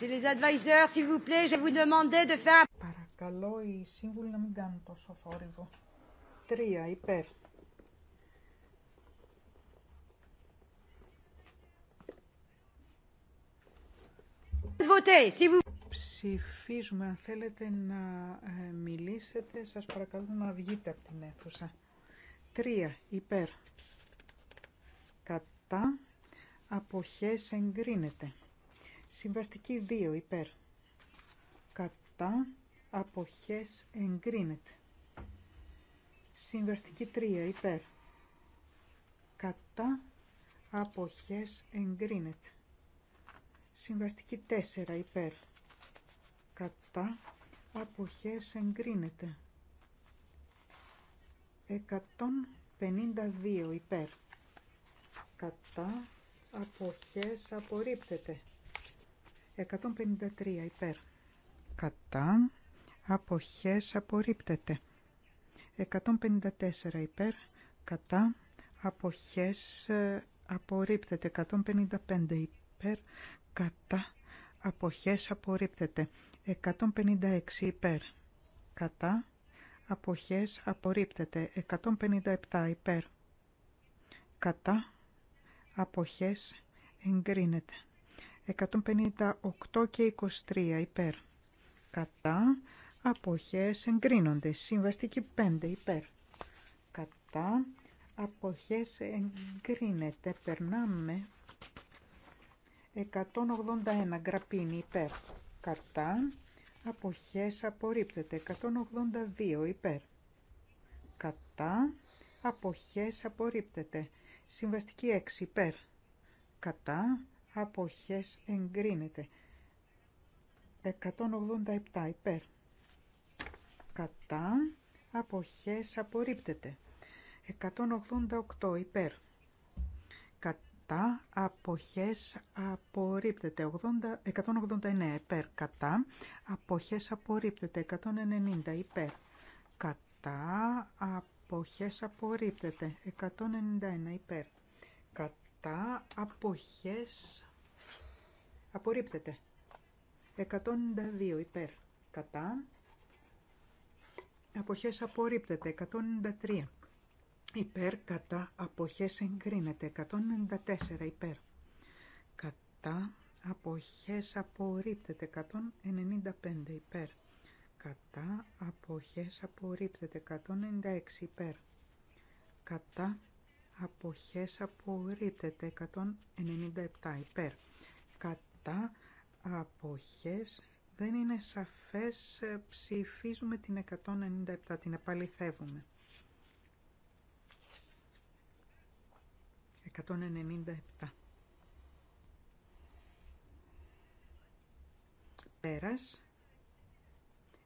Speaker 1: Chez les advisors, s'il vous plaît, je vous demandais de faire...
Speaker 2: Παρακαλώ οι σύμβουλοι να μην κάνουν τόσο θόρυβο. Τρία, υπέρ. Ψηφίζουμε. Αν θέλετε να ε, μιλήσετε, σας παρακαλώ να βγείτε από την αίθουσα. Τρία, υπέρ. Κατά. Αποχές εγκρίνεται. Συμβαστική 2 υπέρ. Κατά αποχές εγκρίνεται. Συμβαστική 3 υπέρ. Κατά αποχές εγκρίνεται. Συμβαστική 4 υπέρ. Κατά αποχές εγκρίνεται. 152 υπέρ. Κατά αποχές απορρίπτεται. 153 υπέρ. Κατά. Αποχές απορρίπτεται. 154 υπέρ. Κατά. Αποχές απορρίπτεται. 155 υπέρ. Κατά. Αποχές απορρίπτεται. 156 υπέρ. Κατά. Αποχές απορρίπτεται. 157 υπέρ. Κατά. Αποχές εγκρίνεται. 158 και 23 υπέρ. Κατά αποχές εγκρίνονται. Συμβαστική 5 υπέρ. Κατά αποχές εγκρίνεται. Περνάμε 181 γραπίνη υπέρ. Κατά αποχές απορρίπτεται. 182 υπέρ. Κατά αποχές απορρίπτεται. Συμβαστική 6 υπέρ. Κατά αποχές εγκρίνεται. 187 υπέρ. Κατά αποχές απορρίπτεται. 188 υπέρ. Κατά αποχές απορρίπτεται. 80, 189 υπέρ. Κατά αποχές απορρίπτεται. 190 υπέρ. Κατά αποχές απορρίπτεται. 191 υπέρ κατά αποχές απορρίπτεται 192 υπέρ κατά αποχές απορρίπτεται 193 υπέρ κατά αποχές εγκρίνεται 194 υπέρ κατά αποχές απορρίπτεται 195 υπέρ κατά αποχές απορρίπτεται 196 υπέρ κατά αποχές απορρίπτεται 197 υπέρ κατά αποχές δεν είναι σαφές ε, ψηφίζουμε την 197 την επαληθεύουμε 197 πέρας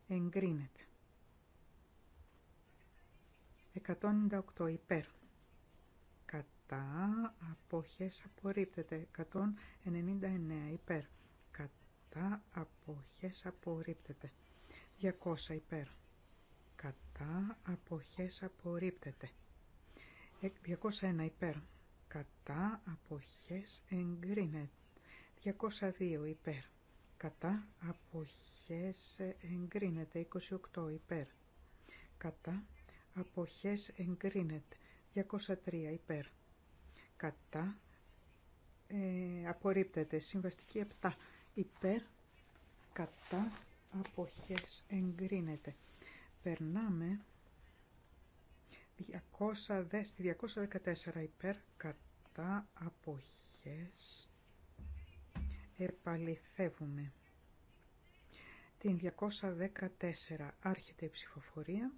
Speaker 2: εγκρίνεται 198 υπέρ κατά αποχές απορρίπτεται 199 υπέρ κατά αποχές απορρίπτεται 200 υπέρ κατά αποχές απορρίπτεται 201 υπέρ κατά αποχές εγκρίνεται 202 υπέρ κατά αποχές εγκρίνεται 28 υπέρ κατά αποχές εγκρίνεται 203 υπέρ κατά ε, απορρίπτεται. Συμβαστική 7 υπέρ κατά αποχές εγκρίνεται. Περνάμε 200, στη 214 υπέρ κατά αποχές επαληθεύουμε. Την 214 άρχεται η ψηφοφορία.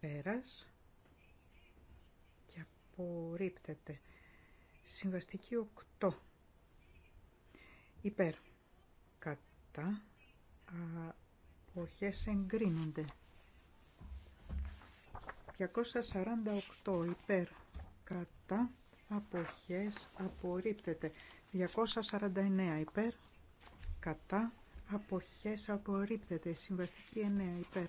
Speaker 2: Πέρας απορρίπτεται. Συμβαστική 8. Υπέρ. Κατά. Αποχές εγκρίνονται. 248 υπέρ. Κατά. Αποχές απορρίπτεται. 249 υπέρ. Κατά. Αποχές απορρίπτεται. Συμβαστική 9 υπέρ.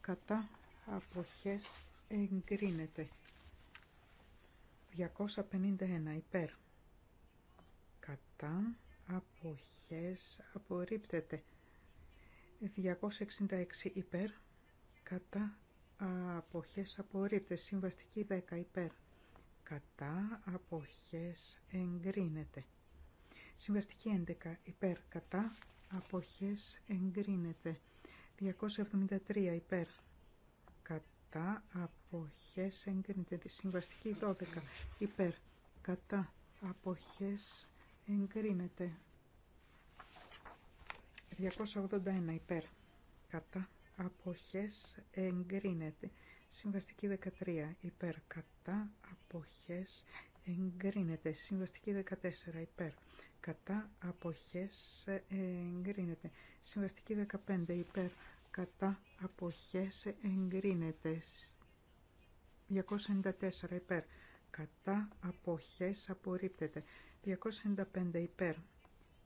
Speaker 2: Κατά. Αποχές εγκρίνεται. 251 υπέρ. Κατά αποχές απορρίπτεται. 266 υπέρ. Κατά αποχές απορρίπτεται. Συμβαστική 10 υπέρ. Κατά αποχές εγκρίνεται. Συμβαστική 11 υπέρ. Κατά αποχές εγκρίνεται. 273 υπέρ. Κατά αποχές αποχές εγκρίνεται. Τη συμβαστική 12 υπέρ κατά αποχές εγκρίνεται. 281 υπέρ κατά αποχές εγκρίνεται. Συμβαστική 13 υπέρ κατά αποχές εγκρίνεται. Συμβαστική 14 υπέρ κατά αποχές εγκρίνεται. Συμβαστική 15 υπέρ κατά αποχές εγκρίνεται. 294 υπέρ. Κατά αποχές απορρίπτεται. 295 υπέρ.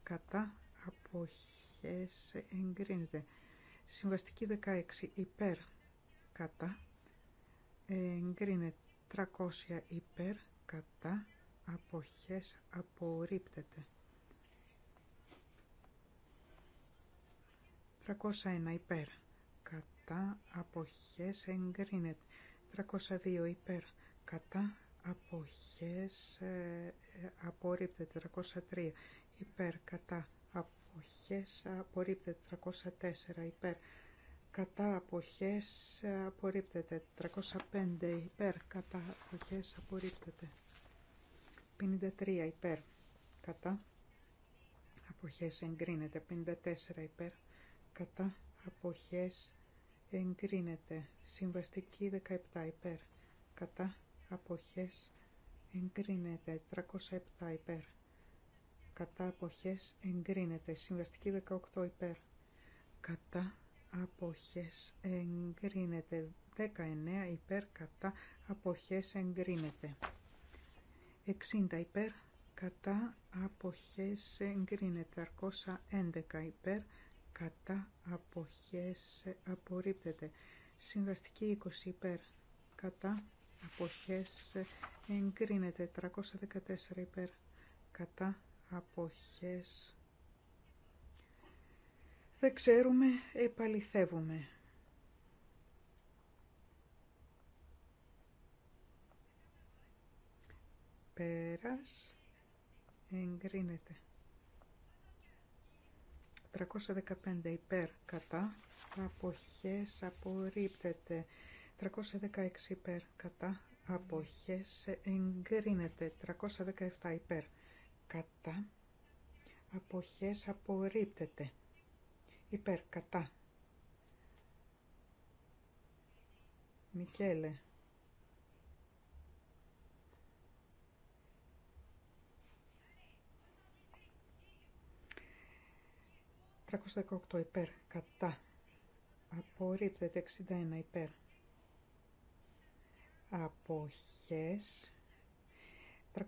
Speaker 2: Κατά αποχές εγκρίνεται. Συμβαστική 16 υπέρ. Κατά εγκρίνεται. 300 υπέρ. Κατά αποχές απορρίπτεται. 301 υπέρ. Κατά αποχές εγκρίνεται. 302 ε, υπέρ κατά αποχές απορρίπτεται 403 υπέρ κατά αποχές απορρίπτεται 404 υπέρ κατά αποχές απορρίπτεται 305 υπέρ κατά αποχές απορρίπτεται 53 υπέρ κατά αποχές εγκρίνεται 54 υπέρ κατά αποχές εγκρίνεται. Συμβαστική 17 υπέρ. Κατά αποχές εγκρίνεται. 307 υπέρ. Κατά αποχές εγκρίνεται. Συμβαστική 18 υπέρ. Κατά αποχές εγκρίνεται. 19 υπέρ. Κατά αποχές εγκρίνεται. 60 υπέρ. Κατά αποχές εγκρίνεται. 311 υπέρ κατά αποχές απορρίπτεται. Συμβαστική 20 υπέρ κατά αποχές εγκρίνεται. 314 υπέρ κατά αποχές δεν ξέρουμε, επαληθεύουμε. Πέρας εγκρίνεται. 315 υπέρ κατά αποχές απορρίπτεται 316 υπέρ κατά αποχές εγκρίνεται 317 υπέρ κατά αποχές απορρίπτεται υπέρ κατά Μικέλε 318 υπέρ, κατά, απορρίπτεται 61 υπέρ. Αποχές, 319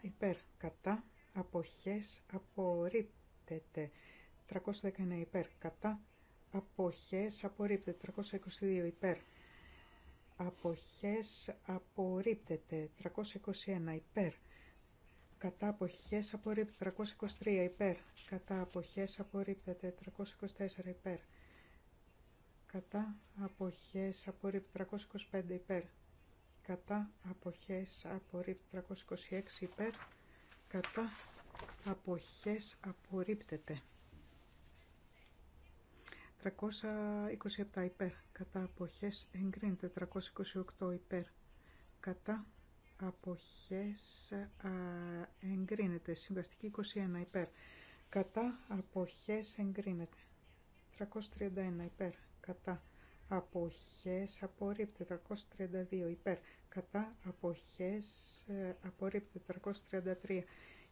Speaker 2: υπέρ, κατά, αποχές, απορρίπτεται 319 υπέρ, κατά, αποχές, απορρίπτεται 322 υπέρ. Αποχές απορρίπτεται 321 υπέρ κατά αποχές απορρίπτεται 323 υπέρ κατά αποχές απορρίπτεται 324 υπέρ κατά αποχές απορρίπτεται 325 υπέρ κατά αποχές απορρίπτεται 326 υπέρ κατά αποχές απορρίπτεται 327 υπέρ κατά αποχές εγκρίνεται 328 υπέρ κατά αποχές α, εγκρίνεται. Συμβαστική 21 υπέρ. Κατά αποχές εγκρίνεται. 331 υπέρ. Κατά αποχές απορρίπτεται. 332 υπέρ. Κατά αποχές ε, απορρίπτεται. 333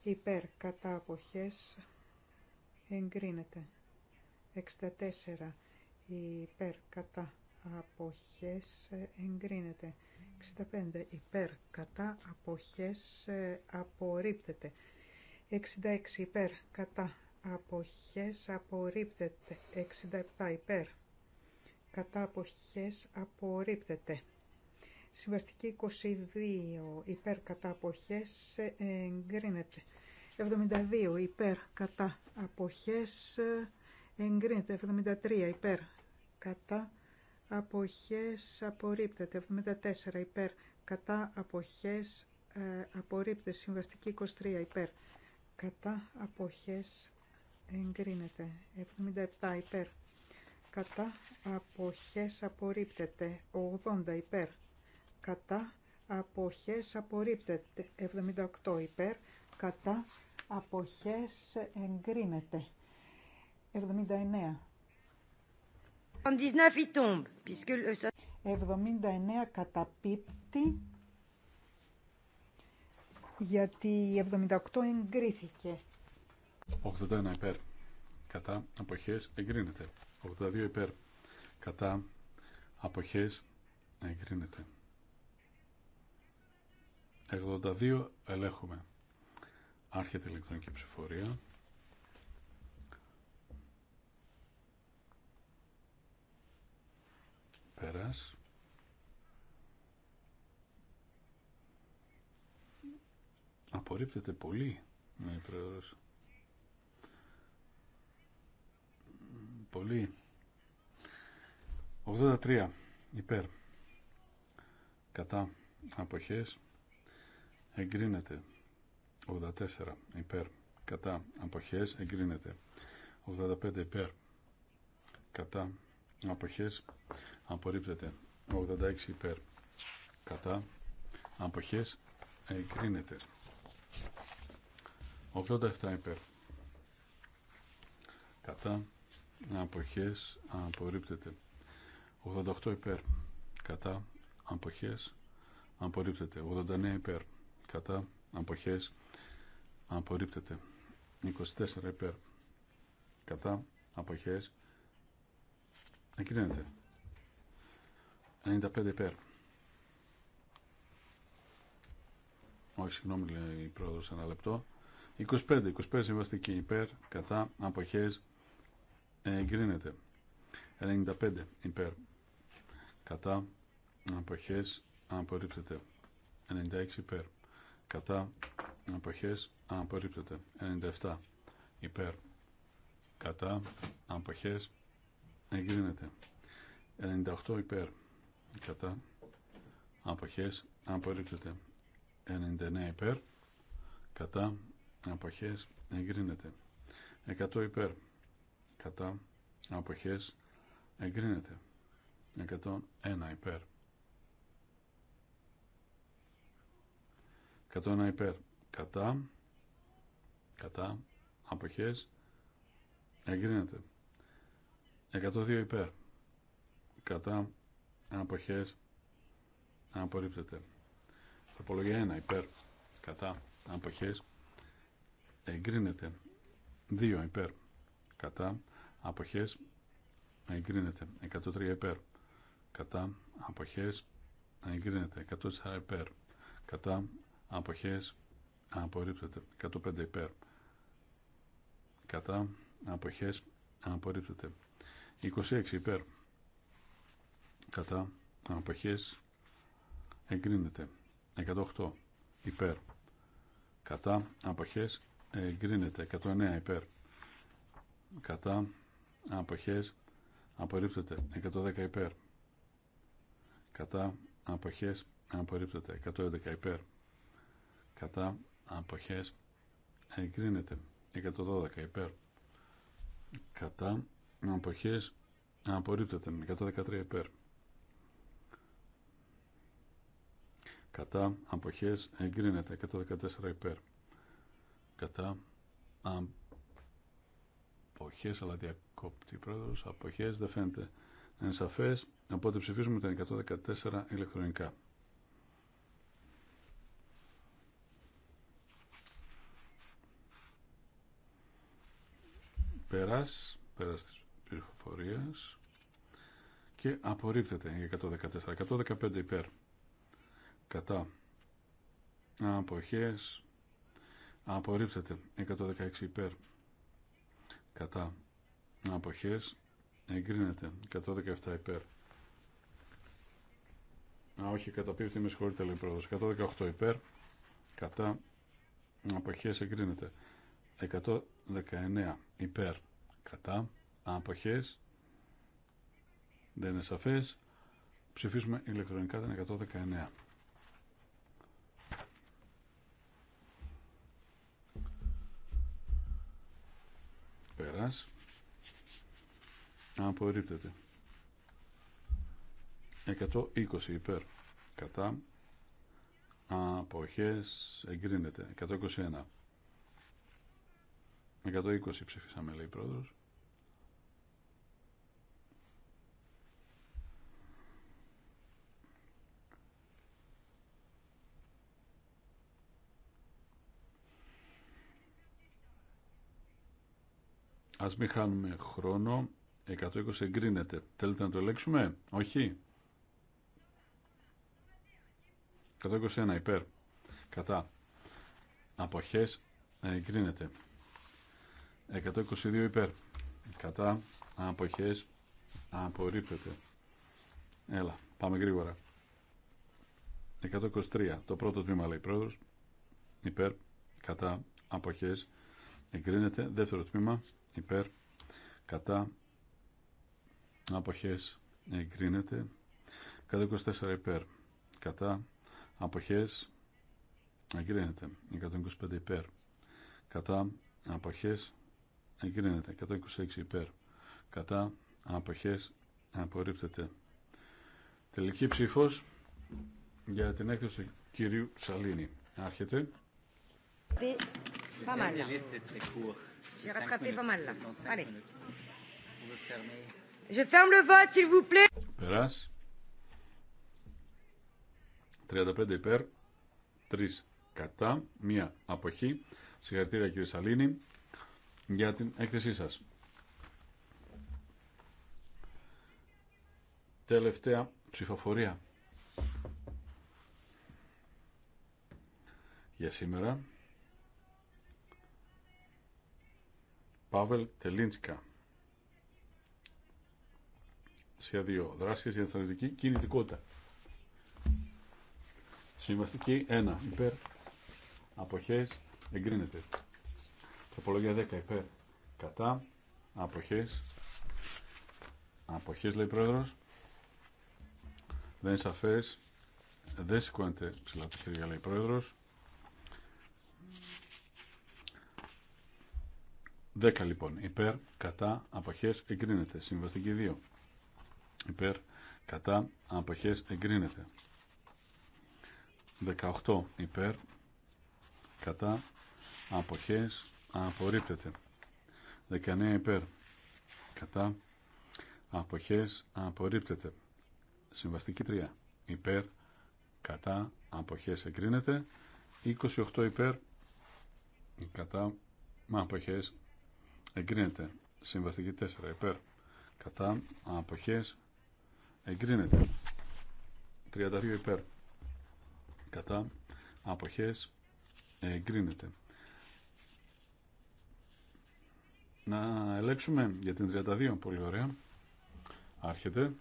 Speaker 2: υπέρ. Κατά αποχές εγκρίνεται. 64 υπέρ. Κατά αποχές εγκρίνεται. 65 ε, υπέρ κατά αποχές απορρίπτεται. 66 υπέρ κατά αποχές απορρίπτεται. 67 υπέρ κατά αποχές απορρίπτεται. Συμβαστική 22 υπέρ κατά αποχές ε, εγκρίνεται. 72 υπέρ κατά αποχές ε, εγκρίνεται. 73 υπέρ κατά αποχές απορρίπτεται. 74 υπέρ κατά αποχές ε, απορρίπτεται. Συμβαστική 23 υπέρ κατά αποχές εγκρίνεται. 77 υπέρ κατά αποχές απορρίπτεται. 80 υπέρ κατά αποχές απορρίπτεται. 78 υπέρ κατά αποχές εγκρίνεται. 79 79 καταπίπτει γιατί η 78 εγκρίθηκε.
Speaker 4: 81 υπέρ. Κατά αποχές εγκρίνεται. 82 υπέρ. Κατά αποχές εγκρίνεται. 82 ελέγχουμε. Άρχεται ηλεκτρονική ψηφορία. Πέρας. Απορρίπτεται πολύ, ναι, πρόεδρος. Πολύ. 83 υπέρ. Κατά αποχές εγκρίνεται. 84 υπέρ. Κατά αποχές εγκρίνεται. 85 υπέρ. Κατά αποχές απορρίπτεται 86 υπέρ κατά αποχές εγκρίνεται 87 υπέρ κατά αποχές απορρίπτεται 88 υπέρ κατά αποχές απορρίπτεται 89 υπέρ κατά αποχές απορρίπτεται 24 υπέρ κατά αποχές εγκρίνεται 95 υπέρ. Όχι, συγγνώμη, λέει η πρόεδρος ένα λεπτό. 25, 25 συμβαστική υπέρ, κατά, αποχές, εγκρίνεται. 95 υπέρ, κατά, αποχές, απορρίπτεται. 96 υπέρ, κατά, αποχές, απορρίπτεται. 97 υπέρ, κατά, αποχές, εγκρίνεται. 98 υπέρ, κατά αποχές απορρίπτεται 99 υπέρ κατά αποχές εγκρίνεται 100 υπέρ κατά αποχές εγκρίνεται 101 υπέρ 101 υπέρ κατά κατά αποχές εγκρίνεται 102 υπέρ κατά αποχές απορρίπτεται. Τροπολογία 1 υπέρ κατά αποχές εγκρίνεται. 2 υπέρ κατά αποχές εγκρίνεται. 103 υπέρ κατά αποχές εγκρίνεται. 104 υπέρ κατά αποχές απορρίπτεται. 105 υπέρ κατά αποχές απορρίπτεται. 26 υπέρ κατά αποχές εγκρίνεται 108 υπέρ κατά αποχές εγκρίνεται 109 υπέρ κατά αποχές απορρίπτεται 110 υπέρ κατά αποχές απορρίπτεται 111 υπέρ κατά αποχές εγκρίνεται 112 υπέρ κατά αποχές απορρίπτεται 113 υπέρ κατά αποχές εγκρίνεται 114 υπέρ κατά αποχές αλλά διακόπτη πρόεδρος αποχές δεν φαίνεται είναι οπότε ψηφίζουμε τα 114 ηλεκτρονικά περάς πέρας της πληροφορίας και απορρίπτεται 114 115 υπέρ κατά αποχές απορρίπτεται 116 υπέρ κατά αποχές εγκρίνεται 117 υπέρ Α, όχι, καταπίπτει, με συγχωρείτε, λέει πρόεδρος. 118 υπέρ, κατά, αποχές εγκρίνεται. 119 υπέρ, κατά, αποχές, δεν είναι σαφές. Ψηφίζουμε ηλεκτρονικά την 119. Πέρας. Απορρίπτεται. 120 υπέρ. Κατά. Αποχές. Εγκρίνεται. 121. 120 ψηφίσαμε λέει πρόεδρος. Ας μην χάνουμε χρόνο. 120 εγκρίνεται. Θέλετε να το ελέγξουμε. Όχι. 121 υπέρ. Κατά. Αποχές ε, εγκρίνεται. 122 υπέρ. Κατά. Αποχές απορρίπτεται. Έλα. Πάμε γρήγορα. 123. Το πρώτο τμήμα λέει πρόεδρος. Υπέρ. Κατά. Αποχές εγκρίνεται. Δεύτερο τμήμα υπέρ κατά αποχές εγκρίνεται 124 υπέρ κατά αποχές εγκρίνεται 125 υπέρ κατά αποχές εγκρίνεται 126 υπέρ κατά αποχές απορρίπτεται τελική ψήφος για την έκθεση του κυρίου Σαλίνη άρχεται Πάμε J'ai rattrapé pas mal là. Allez. Je ferme le 35 υπέρ, 3 κατά, μία αποχή. Συγχαρητήρια κύριε Σαλίνη για την έκθεσή σας. Τελευταία ψηφοφορία για σήμερα. Πάβελ Τελίντσκα. Σχέδιο δράσεις για στρατιωτική κινητικότητα. Συμβαστική 1. Υπέρ. Αποχές. Εγκρίνεται. Τροπολογία 10. Υπέρ. Κατά. Αποχές. Αποχές λέει πρόεδρος. Δεν είναι σαφές. Δεν σηκώνεται ψηλά τα χέρια λέει πρόεδρος. 10 λοιπόν. Υπέρ, κατά, αποχές, εγκρίνεται. Συμβαστική 2. Υπέρ, κατά, αποχές, εγκρίνεται. 18. Υπέρ, κατά, αποχές, απορρίπτεται. 19. Υπέρ, κατά, αποχές, απορρίπτεται. Συμβαστική 3. Υπέρ, κατά, αποχές, εγκρίνεται. 28. Υπέρ, κατά, αποχές, εγκρίνεται. Συμβαστική 4 υπέρ κατά Αποχέ. εγκρίνεται. 32 υπέρ κατά αποχέ, εγκρίνεται. Να ελέξουμε για την 32, πολύ ωραία. Άρχεται.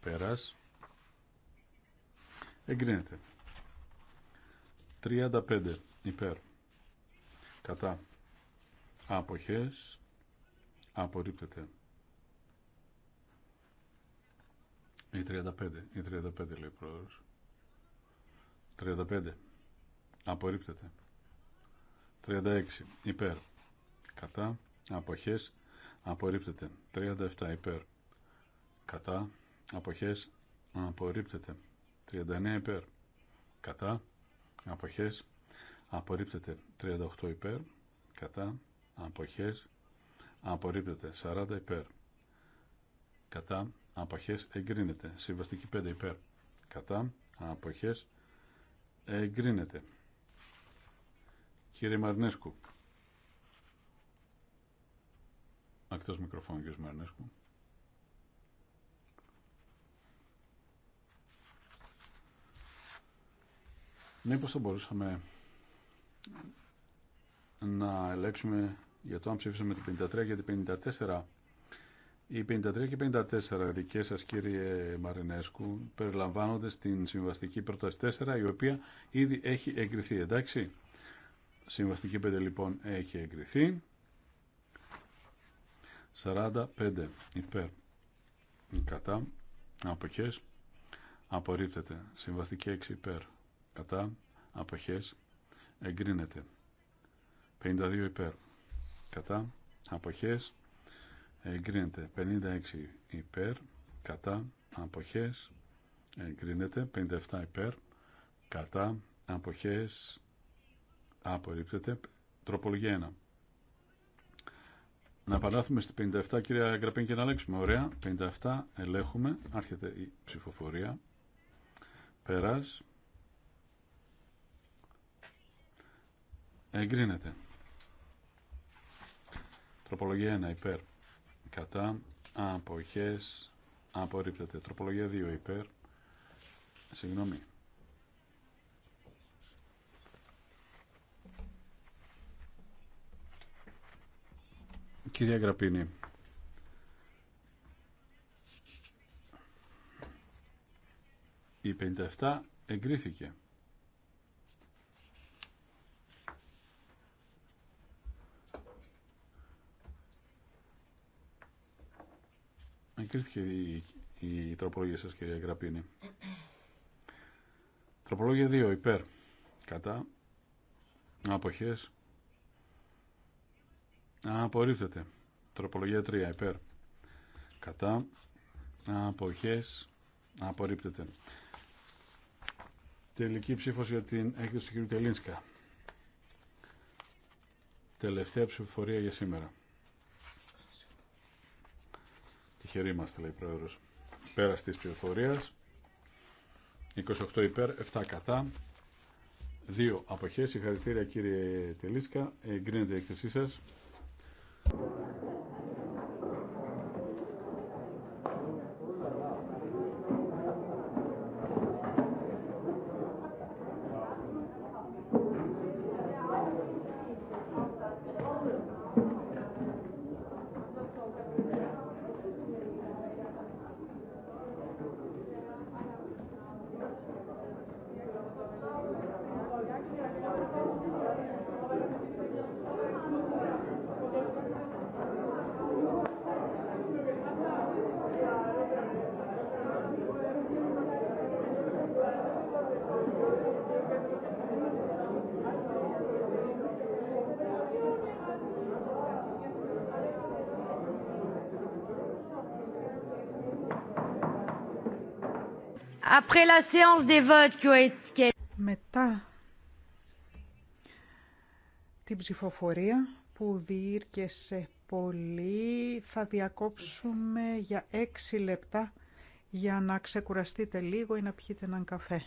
Speaker 4: Πέρας. Εγκρίνεται. 35 υπέρ. Κατά. Αποχές. Απορρίπτεται. Ή 35. Ή 35 λέει πρόεδρος. 35. Απορρίπτεται. 36. Υπέρ. Κατά. Αποχές. Απορρίπτεται. 37. Υπέρ. Κατά. Αποχές. Απορρίπτεται. 39 υπέρ. Κατά. Αποχές. Απορρίπτεται 38 υπέρ. Κατά. Αποχές. Απορρίπτεται 40 υπέρ. Κατά. Αποχές. Εγκρίνεται. Συμβαστική 5 υπέρ. Κατά. Αποχές. Εγκρίνεται. Κύριε Μαρνέσκου. Ακτός μικροφώνου κύριος Μαρνέσκου. Μήπως θα μπορούσαμε να ελέγξουμε για το αν ψήφισαμε την 53 και την 54. Οι 53 και 54 δικές σας κύριε Μαρινέσκου περιλαμβάνονται στην συμβαστική πρόταση 4 η οποία ήδη έχει εγκριθεί, εντάξει. Συμβαστική 5 λοιπόν έχει εγκριθεί. 45 υπέρ κατά αποχές απορρίπτεται. Συμβαστική 6 υπέρ κατά αποχές εγκρίνεται 52 υπέρ κατά αποχές εγκρίνεται 56 υπέρ κατά αποχές εγκρίνεται 57 υπέρ κατά αποχές απορρίπτεται τροπολογία 1 να παράθουμε στη 57 κυρία Γκραπέν και να λέξουμε ωραία 57 ελέγχουμε άρχεται η ψηφοφορία πέρας εγκρίνεται. Τροπολογία 1 υπέρ κατά αποχές απορρίπτεται. Τροπολογία 2 υπέρ συγγνώμη. Κυρία Γραπίνη, η 57 εγκρίθηκε. κρίθηκε η, η τροπολογία σας κυρία Γραπίνη. Τροπολογία 2 υπέρ. Κατά. Αποχές. Απορρίπτεται. Τροπολογία 3 υπέρ. Κατά. Αποχές. Απορρίπτεται. Τελική ψήφος για την έκδοση του κ. Τελίνσκα. Τελευταία ψηφοφορία για σήμερα. χερί μας, λέει πρόεδρος. Πέρας της πληροφορίας. 28 υπέρ, 7 κατά. 2 αποχές. Συγχαρητήρια κύριε Τελίσκα. Εγκρίνεται η έκθεσή σας.
Speaker 2: Μετά την ψηφοφορία που διήρκεσε πολύ, θα διακόψουμε για έξι λεπτά για να ξεκουραστείτε λίγο ή να πιείτε έναν καφέ.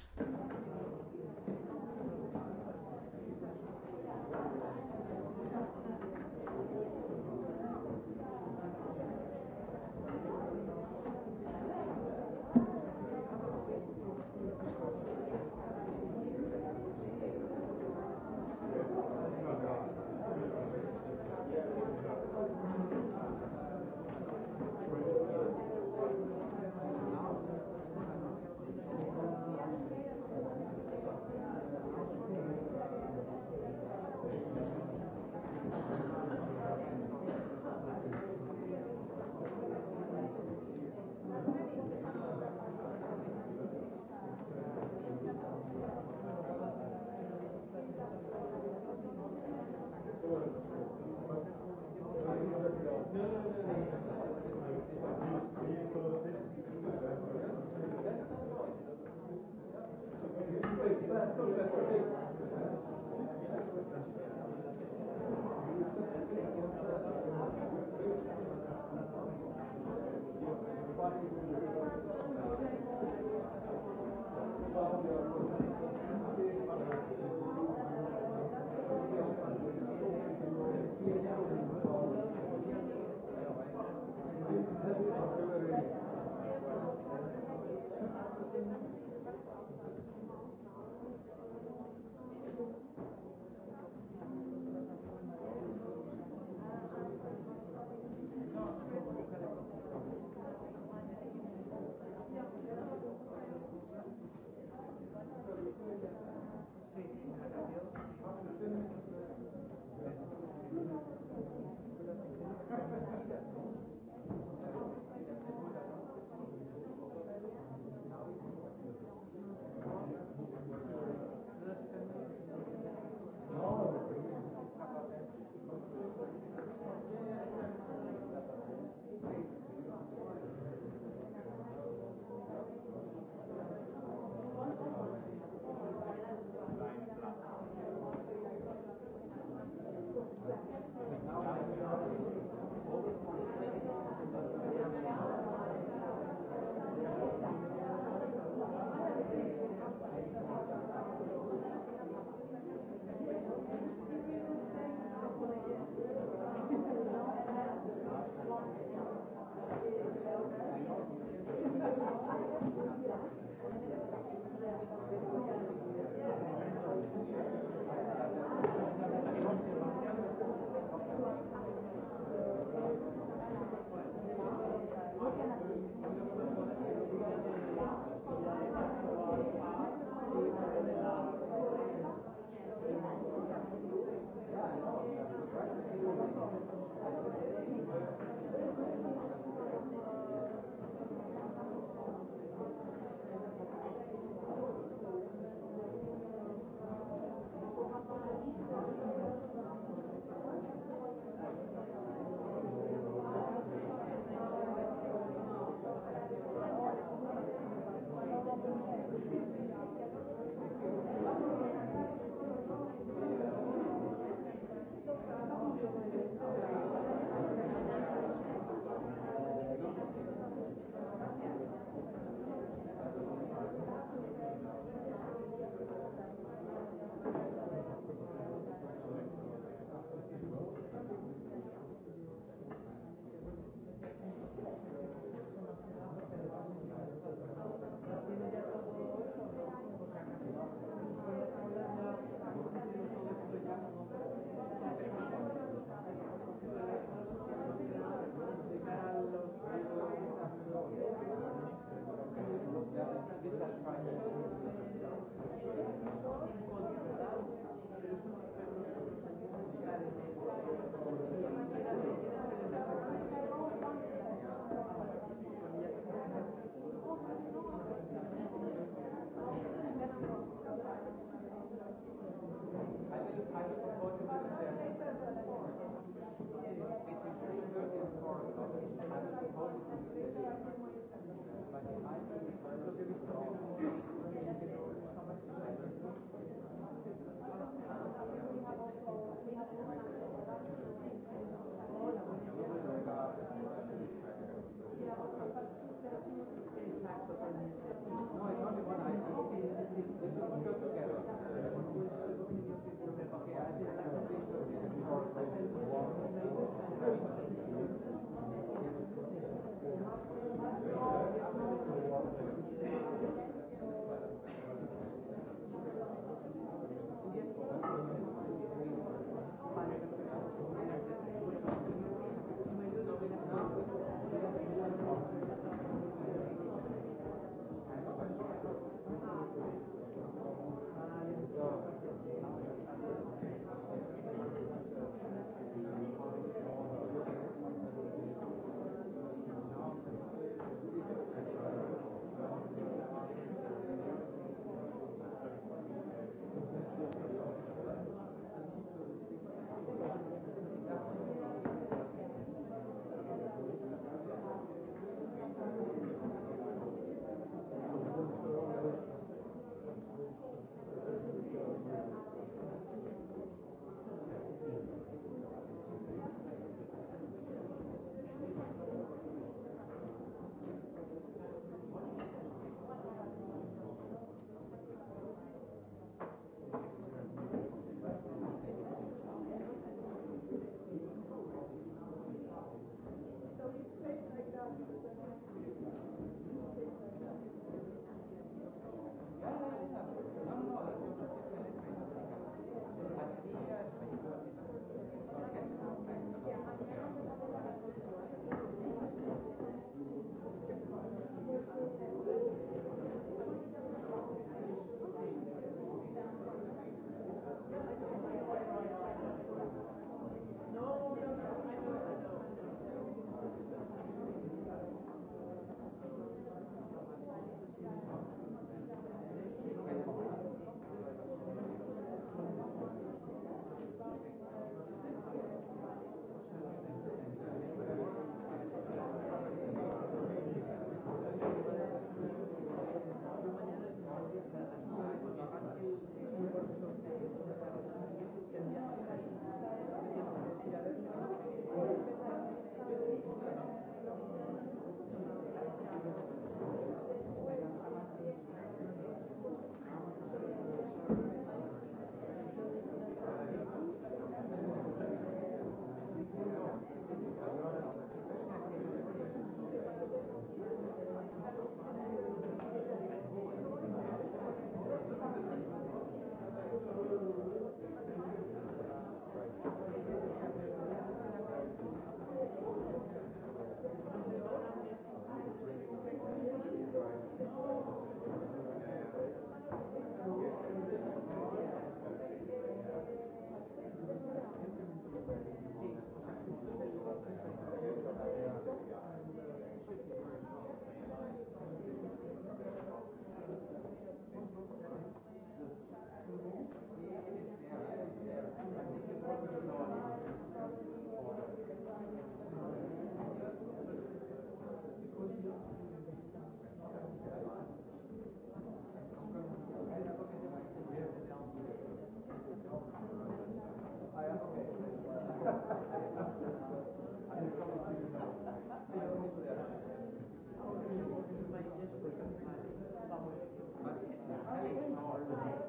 Speaker 5: Υπότιτλοι Authorwave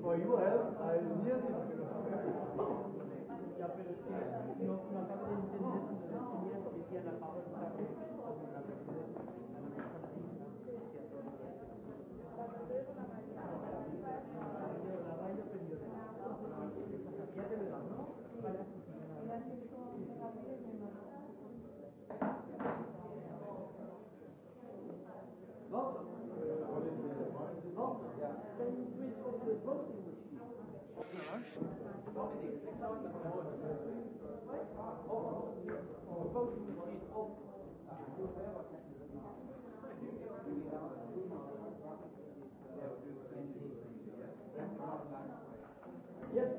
Speaker 5: For your help, I nearly Yes.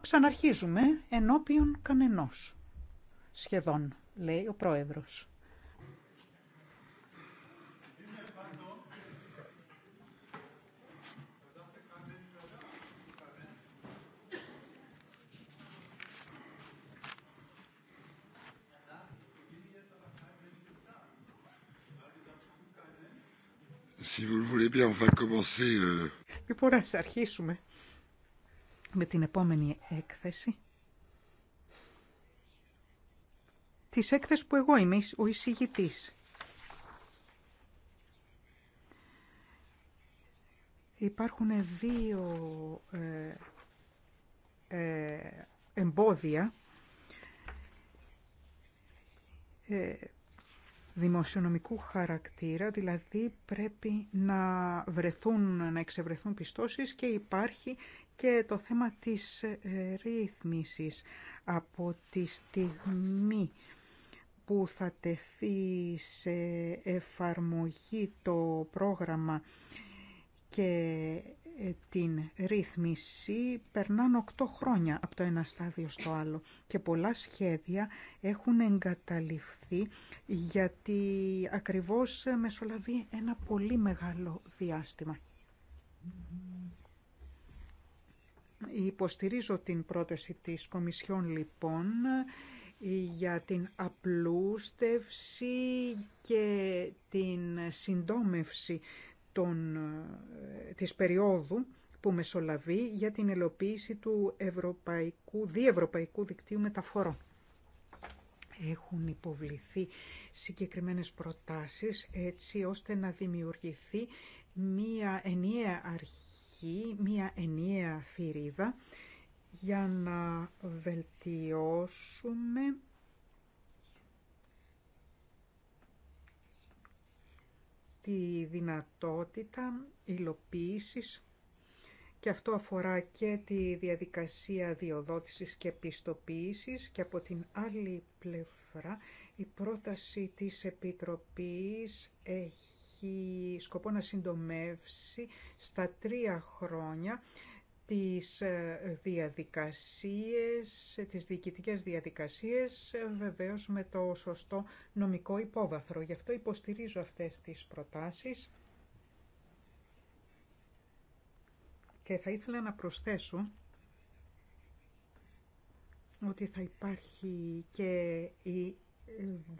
Speaker 2: Ξαναρχίζουμε ενώπιον κανενός. Σχεδόν, λέει ο πρόεδρος.
Speaker 8: si να le euh.
Speaker 2: λοιπόν, αρχίσουμε με την επόμενη έκθεση. Τη έκθεση που εγώ είμαι ο εισηγητής. Υπάρχουν δύο ε, ε, εμπόδια ε, δημοσιονομικού χαρακτήρα, δηλαδή πρέπει να βρεθούν, να εξευρεθούν πιστώσεις και υπάρχει και το θέμα της ε, ρύθμισης από τη στιγμή που θα τεθεί σε εφαρμογή το πρόγραμμα και ε, την ρύθμιση περνάνε 8 χρόνια από το ένα στάδιο στο άλλο και πολλά σχέδια έχουν εγκαταλειφθεί γιατί ακριβώς μεσολαβεί ένα πολύ μεγάλο διάστημα. Υποστηρίζω την πρόταση της Κομισιόν λοιπόν για την απλούστευση και την συντόμευση των, ε, της περίοδου που μεσολαβεί για την ελοποίηση του ευρωπαϊκού, διευρωπαϊκού δικτύου μεταφορών. Έχουν υποβληθεί συγκεκριμένες προτάσεις έτσι ώστε να δημιουργηθεί μία ενιαία αρχή, μία ενιαία θηρίδα για να βελτιώσουμε η δυνατότητα υλοποίησης και αυτό αφορά και τη διαδικασία διοδότησης και πιστοποίησης και από την άλλη πλευρά η πρόταση της Επιτροπής έχει σκοπό να συντομεύσει στα τρία χρόνια τις ε, διαδικασίες, τις διοικητικές διαδικασίες ε, βεβαίως με το σωστό νομικό υπόβαθρο. Γι' αυτό υποστηρίζω αυτές τις προτάσεις και θα ήθελα να προσθέσω ότι θα υπάρχει και η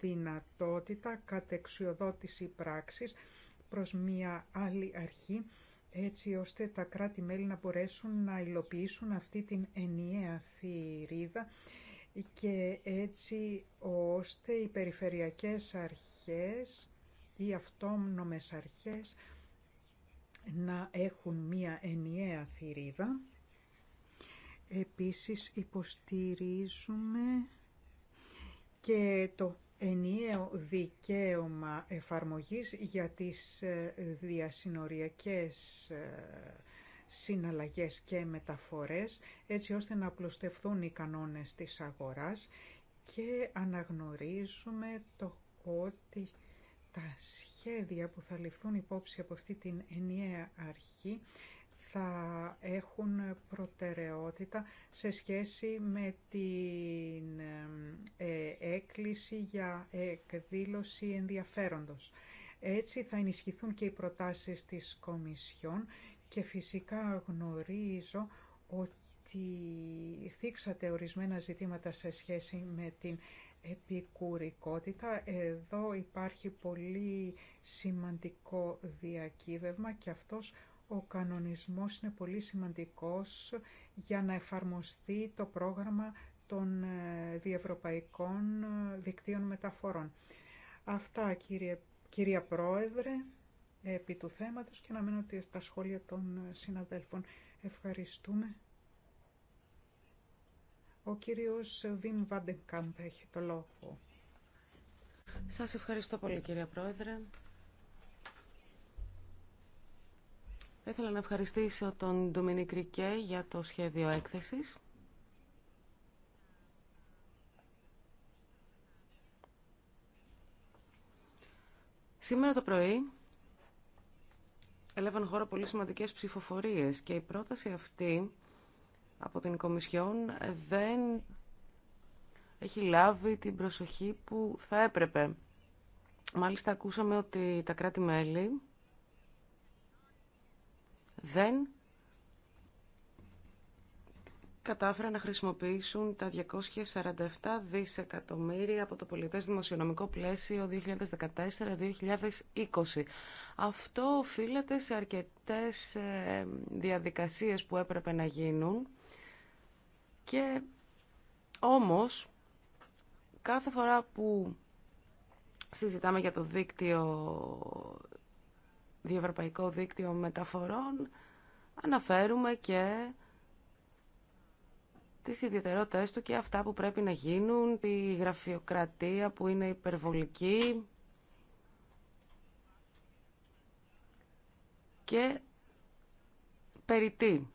Speaker 2: δυνατότητα κατεξιοδότηση πράξης προς μία άλλη αρχή έτσι ώστε τα κράτη-μέλη να μπορέσουν να υλοποιήσουν αυτή την ενιαία θηρίδα και έτσι ώστε οι περιφερειακές αρχές ή αυτόνομες αρχές να έχουν μία ενιαία θηρίδα. Επίσης υποστηρίζουμε και το ενιαίο δικαίωμα εφαρμογής για τις ε, διασυνοριακές ε, συναλλαγές και μεταφορές, έτσι ώστε να απλουστευτούν οι κανόνες της αγοράς και αναγνωρίζουμε το ότι τα σχέδια που θα ληφθούν υπόψη από αυτή την ενιαία αρχή θα έχουν προτεραιότητα σε σχέση με την ε, έκκληση για εκδήλωση ενδιαφέροντος. Έτσι θα ενισχυθούν και οι προτάσεις της Κομισιόν και φυσικά γνωρίζω ότι θίξατε ορισμένα ζητήματα σε σχέση με την επικουρικότητα. Εδώ υπάρχει πολύ σημαντικό διακύβευμα και αυτός ο κανονισμός είναι πολύ σημαντικός για να εφαρμοστεί το πρόγραμμα των ε, διευρωπαϊκών ε, δικτύων μεταφορών. Αυτά κύριε, κυρία Πρόεδρε επί του θέματος και να μείνω στα σχόλια των ε, συναδέλφων. Ευχαριστούμε. Ο κύριος Βιμ
Speaker 3: Βαντεγκάμπ έχει το λόγο. Σας ευχαριστώ πολύ κυρία Πρόεδρε. Θα ήθελα να ευχαριστήσω τον Ντομινίκ Ρικέ για το σχέδιο έκθεσης. Σήμερα το πρωί έλαβαν χώρα πολύ σημαντικές ψηφοφορίες και η πρόταση αυτή από την Κομισιόν δεν έχει λάβει την προσοχή που θα έπρεπε. Μάλιστα ακούσαμε ότι τα κράτη-μέλη δεν κατάφεραν να χρησιμοποιήσουν τα 247 δισεκατομμύρια από το πολιτές δημοσιονομικό πλαίσιο 2014-2020. Αυτό οφείλεται σε αρκετές ε, διαδικασίες που έπρεπε να γίνουν και όμως κάθε φορά που συζητάμε για το δίκτυο διευρωπαϊκό δίκτυο μεταφορών αναφέρουμε και τις ιδιαιτερότητες του και αυτά που πρέπει να γίνουν, τη γραφειοκρατία που είναι υπερβολική και περιττή,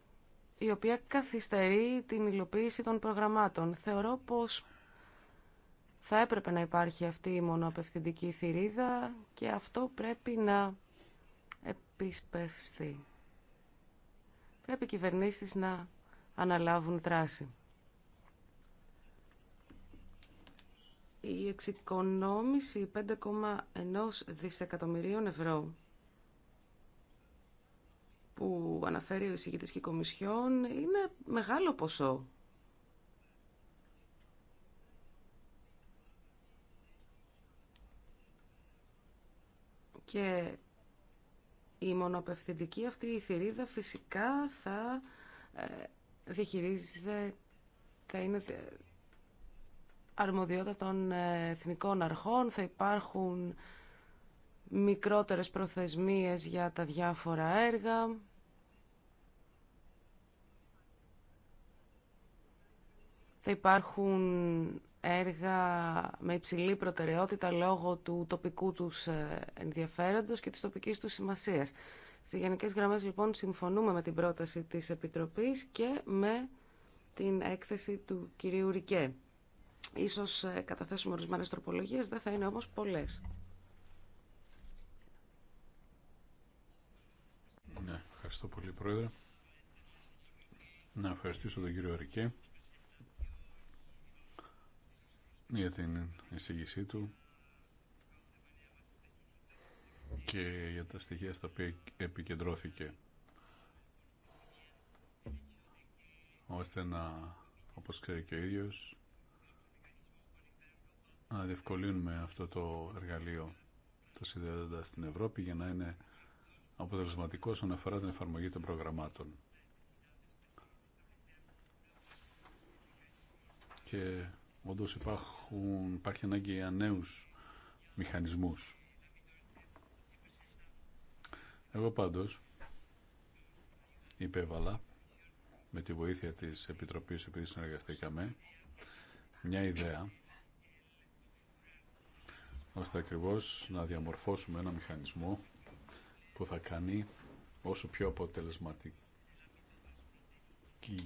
Speaker 3: η οποία καθυστερεί την υλοποίηση των προγραμμάτων. Θεωρώ πως θα έπρεπε να υπάρχει αυτή η μονοαπευθυντική θηρίδα και αυτό πρέπει να επισπευστεί. Πρέπει οι κυβερνήσεις να αναλάβουν δράση. Η εξοικονόμηση 5,1 δισεκατομμυρίων ευρώ που αναφέρει ο εισηγητής και Κομισιόν είναι μεγάλο ποσό. Και η μονοπευθυντική αυτή η θηρίδα φυσικά θα ε, διαχειρίζεται, θα είναι αρμοδιότητα των ε, εθνικών αρχών, θα υπάρχουν μικρότερες προθεσμίες για τα διάφορα έργα. Θα υπάρχουν έργα με υψηλή προτεραιότητα λόγω του τοπικού τους ε, ενδιαφέροντος και της τοπικής τους σημασίας. Σε γενικές γραμμές λοιπόν συμφωνούμε με την πρόταση της Επιτροπής και με την έκθεση του κυρίου Ρικέ. Ίσως ε, καταθέσουμε ορισμένες τροπολογίες, δεν θα είναι όμως πολλές.
Speaker 4: Ναι, ευχαριστώ πολύ Πρόεδρε. Να ευχαριστήσω τον κύριο Ρικέ για την εισήγησή του και για τα στοιχεία στα οποία επικεντρώθηκε ώστε να, όπως ξέρει και ο ίδιος, να διευκολύνουμε αυτό το εργαλείο το συνδέοντα στην Ευρώπη για να είναι αποτελεσματικό όσον αφορά την εφαρμογή των προγραμμάτων. Και Όντως υπάρχουν, υπάρχει ανάγκη για νέους μηχανισμούς. Εγώ πάντως υπέβαλα με τη βοήθεια της Επιτροπής επειδή συνεργαστήκαμε μια ιδέα ώστε ακριβώς να διαμορφώσουμε ένα μηχανισμό που θα κάνει όσο πιο αποτελεσματική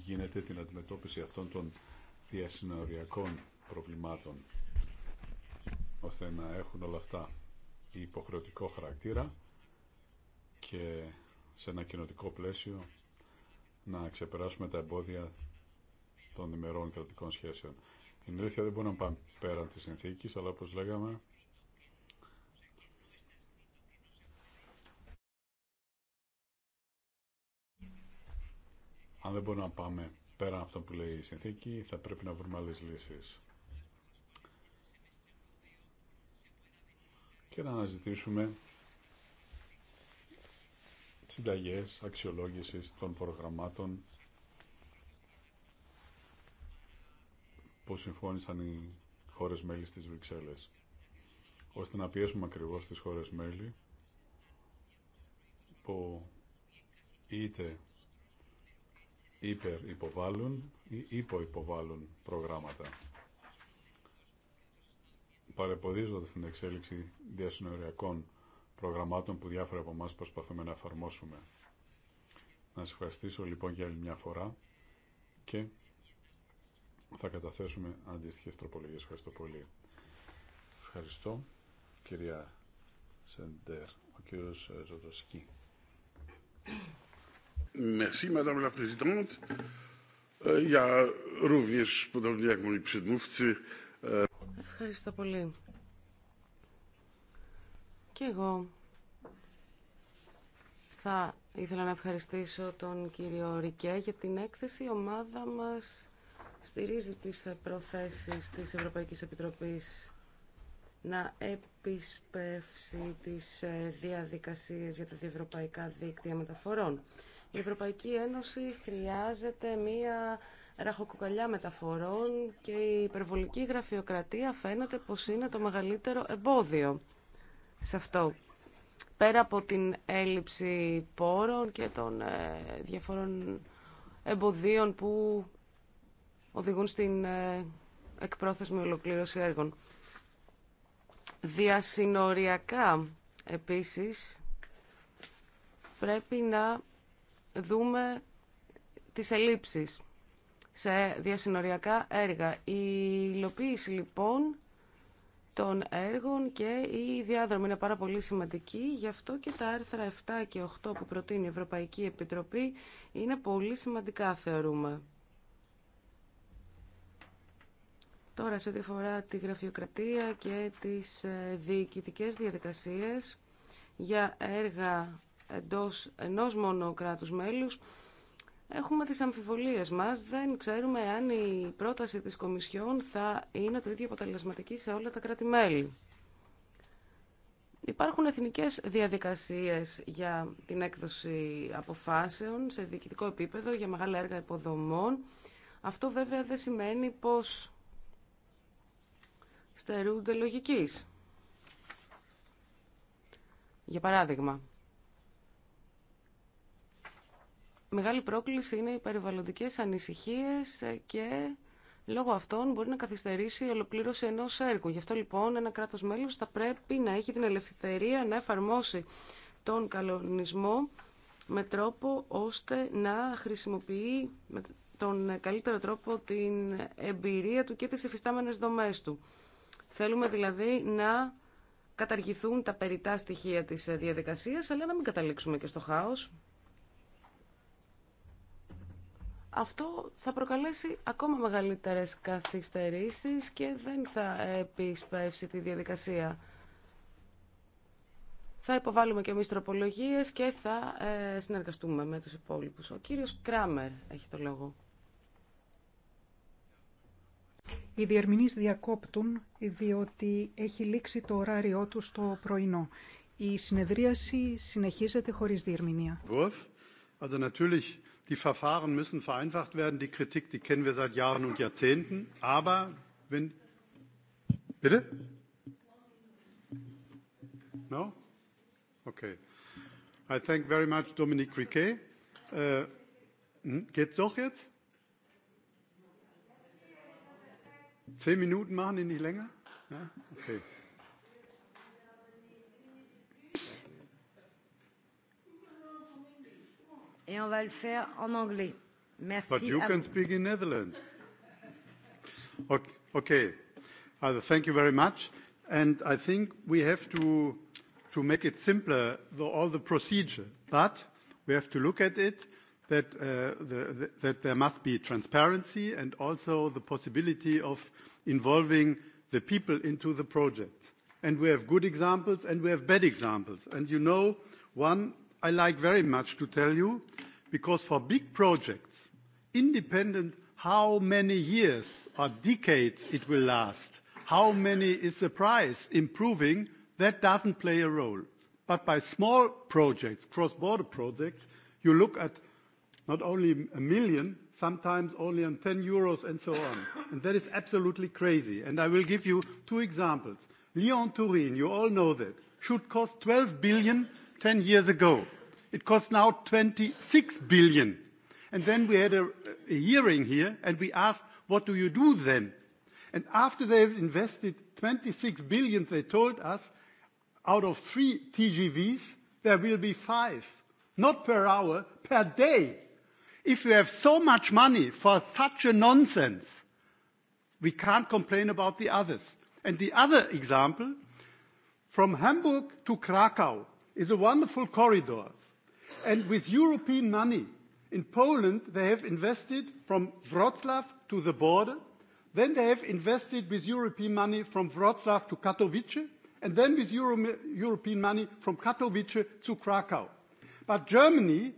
Speaker 4: γίνεται την αντιμετώπιση αυτών των διασυνοριακών προβλημάτων ώστε να έχουν όλα αυτά υποχρεωτικό χαρακτήρα και σε ένα κοινοτικό πλαίσιο να ξεπεράσουμε τα εμπόδια των ημερών κρατικών σχέσεων. Η αλήθεια δεν μπορούμε να πάμε πέραν της συνθήκης, αλλά όπως λέγαμε, αν δεν μπορούμε να πάμε πέρα από αυτό που λέει η συνθήκη, θα πρέπει να βρούμε άλλες λύσεις. Και να αναζητήσουμε συνταγές αξιολόγησης των προγραμμάτων που συμφώνησαν οι χώρες μέλη στις Βρυξέλλες ώστε να πιέσουμε ακριβώς τις χώρες μέλη που είτε υπερ-υποβάλλουν ή υπο-υποβάλλουν προγράμματα Παρεποδίζοντα την εξέλιξη διασυνοριακών προγραμμάτων που διάφορα από εμάς προσπαθούμε να εφαρμόσουμε. Να σας ευχαριστήσω λοιπόν για άλλη μια φορά και θα καταθέσουμε αντίστοιχες τροπολογίες. Ευχαριστώ πολύ. Ευχαριστώ κυρία Σεντέρ, ο κύριος Ζωτοσκή.
Speaker 3: Ευχαριστώ πολύ. Και εγώ θα ήθελα να ευχαριστήσω τον κύριο Ρικέ για την έκθεση. Η ομάδα μας στηρίζει τις προθέσεις της Ευρωπαϊκής Επιτροπής να επισπεύσει τις ε, διαδικασίες για τα διευρωπαϊκά δίκτυα μεταφορών. Η Ευρωπαϊκή Ένωση χρειάζεται μία ραχοκοκαλιά μεταφορών και η υπερβολική γραφειοκρατία φαίνεται πως είναι το μεγαλύτερο εμπόδιο σε αυτό. Πέρα από την έλλειψη πόρων και των ε, διαφορών εμποδίων που οδηγούν στην ε, εκπρόθεσμη ολοκλήρωση έργων. Διασυνοριακά, επίσης, πρέπει να δούμε τις ελλείψεις σε διασυνοριακά έργα. Η υλοποίηση λοιπόν των έργων και η διάδρομη είναι πάρα πολύ σημαντική, γι' αυτό και τα άρθρα 7 και 8 που προτείνει η Ευρωπαϊκή Επιτροπή είναι πολύ σημαντικά θεωρούμε. Τώρα σε ό,τι αφορά τη γραφειοκρατία και τις ε, διοικητικές διαδικασίες για έργα εντός ενός μόνο κράτους μέλους, έχουμε τις αμφιβολίες μας. Δεν ξέρουμε αν η πρόταση της Κομισιόν θα είναι το ίδιο αποτελεσματική σε όλα τα κράτη-μέλη. Υπάρχουν εθνικές διαδικασίες για την έκδοση αποφάσεων σε διοικητικό επίπεδο για μεγάλα έργα υποδομών. Αυτό βέβαια δεν σημαίνει πως στερούνται λογικής. Για παράδειγμα, Μεγάλη πρόκληση είναι οι περιβαλλοντικές ανησυχίες και λόγω αυτών μπορεί να καθυστερήσει η ολοκλήρωση ενός έργου. Γι' αυτό λοιπόν ένα κράτος μέλος θα πρέπει να έχει την ελευθερία να εφαρμόσει τον καλονισμό με τρόπο ώστε να χρησιμοποιεί με τον καλύτερο τρόπο την εμπειρία του και τις εφιστάμενες δομές του. Θέλουμε δηλαδή να καταργηθούν τα περιτά στοιχεία της διαδικασίας, αλλά να μην καταλήξουμε και στο χάος αυτό θα προκαλέσει ακόμα μεγαλύτερες καθυστερήσεις και δεν θα επισπεύσει τη διαδικασία. Θα υποβάλουμε και εμείς τροπολογίες και θα ε, συνεργαστούμε με τους υπόλοιπους. Ο κύριος Κράμερ έχει το λόγο.
Speaker 2: Οι διερμηνείς διακόπτουν διότι έχει λήξει το ωράριό του το πρωινό. Η συνεδρίαση συνεχίζεται χωρίς διερμηνία.
Speaker 9: Also natürlich Die Verfahren müssen vereinfacht werden. Die Kritik, die kennen wir seit Jahren und Jahrzehnten. Aber wenn. Bitte? No? Okay. I thank very much Dominique Riquet. Äh, geht's doch jetzt? Zehn Minuten machen die nicht länger? Ja? Okay.
Speaker 1: et on va le faire en anglais. But you can
Speaker 9: speak in Netherlands. Okay. Thank you very much. And I think we have to to make it simpler, all the procedure. But we have to look at it that the that there must be transparency and also the possibility of involving the people into the project. And we have good examples and we have bad examples. And you know, one I like very much to tell you, because for big projects, independent how many years or decades it will last, how many is the price improving, that doesn't play a role. But by small projects, cross-border projects, you look at not only a million, sometimes only on 10 euros and so on. And that is absolutely crazy. And I will give you two examples. Lyon-Turin, you all know that, should cost 12 billion 10 years ago. It costs now 26 billion. And then we had a hearing here and we asked, what do you do then? And after they've invested 26 billion, they told us, out of three TGVs, there will be five. Not per hour, per day. If you have so much money for such a nonsense, we can't complain about the others. And the other example, from Hamburg to Krakow, is a wonderful corridor. And with European money, in Poland they have invested from Wroclaw to the border, then they have invested with European money from Wroclaw to Katowice, and then with European money from Katowice to Krakow. But Germany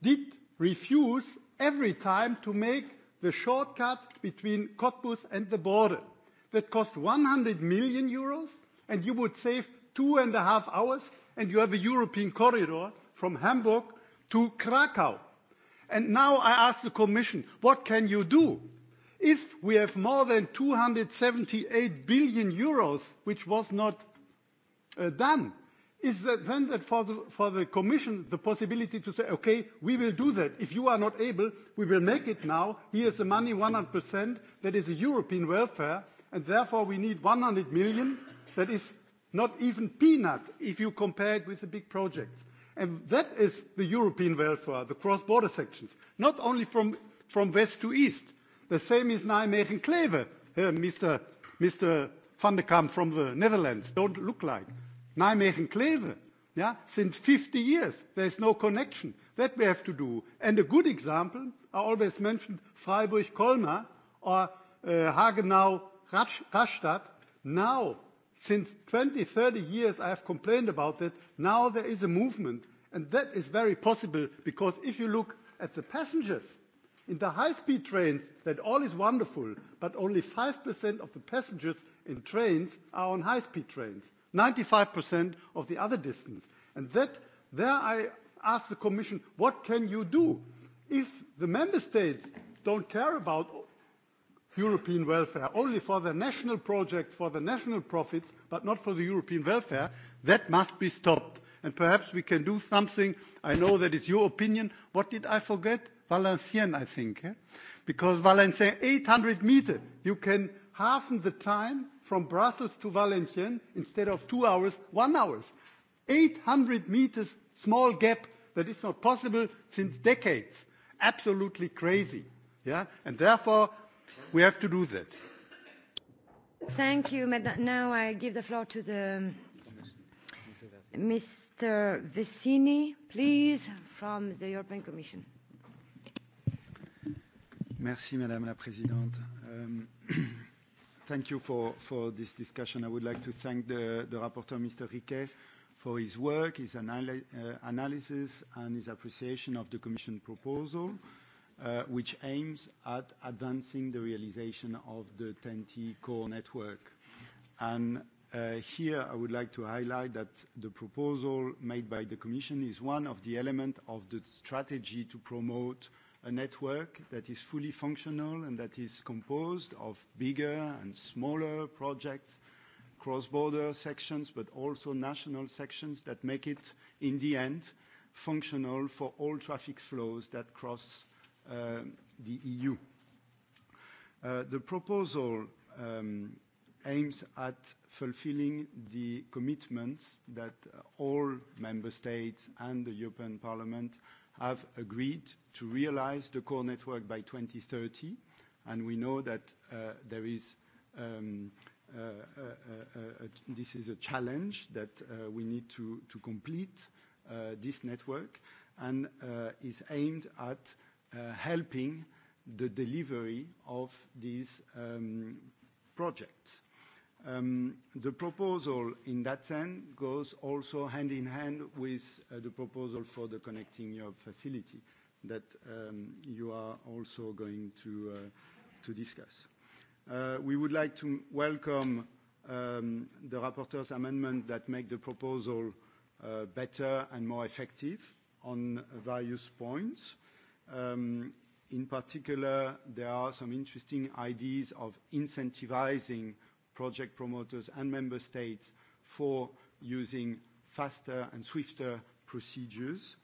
Speaker 9: did refuse every time to make the shortcut between Cottbus and the border. That cost 100 million euros, and you would save two and a half hours and you have a European corridor from Hamburg to Krakow. And now I ask the Commission, what can you do? If we have more than 278 billion euros, which was not done, is that then that for the, for the Commission the possibility to say, okay, we will do that. If you are not able, we will make it now. here is the money, 100%. That is a European welfare, and therefore we need 100 million. That is not even peanut if you compare it with the big projects. And that is the European welfare, the cross-border sections, not only from from west to east. The same is Nijmegen-Kleve, Mr. Mr. van der Kamp from the Netherlands, don't look like. Nijmegen-Kleve, yeah, since 50 years, there is no connection. That we have to do. And a good example, I always mentioned freiburg kolmar or Hagenau-Rastatt. Now Since 20, 30 years I have complained about that. Now there is a movement. And that is very possible because if you look at the passengers in the high-speed trains, that all is wonderful, but only 5% of the passengers in trains are on high-speed trains, 95% of the other distance. And that, there I ask the Commission, what can you do? If the member states don't care about European welfare only for the national project, for the national profit, but not for the European welfare, that must be stopped. And perhaps we can do something. I know that is your opinion. What did I forget? Valenciennes, I think. Because Valenciennes, 800 meters. You can halve the time from Brussels to Valenciennes instead of two hours, one hour. 800 meters, small gap. That is not possible since decades. Absolutely crazy. Yeah? And therefore, We have to do that.
Speaker 1: Thank you. Now I give the floor to the Mr. Vecini, please, from the European Commission.
Speaker 7: Merci, Madame la Présidente. Thank you for, for this discussion. I would like to thank the, the rapporteur, Mr. Riquet, for his work, his analysis, and his appreciation of the Commission proposal which aims at advancing the realization of the TEN-T core network. And here I would like to highlight that the proposal made by the Commission is one of the elements of the strategy to promote a network that is fully functional and that is composed of bigger and smaller projects, cross-border sections, but also national sections that make it, in the end, functional for all traffic flows that cross the EU. The proposal aims at fulfilling the commitments that all member states and the European Parliament have agreed to realize the core network by 2030, and we know that there is this is a challenge that we need to complete this network and is aimed at helping the delivery of these projects. The proposal in that sense goes also hand in hand with the proposal for the Connecting Europe facility that you are also going to discuss. We would like to welcome the rapporteur's amendment that make the proposal better and more effective on various points. In particular, there are some interesting ideas of incentivizing project promoters and member states for using faster and swifter procedures.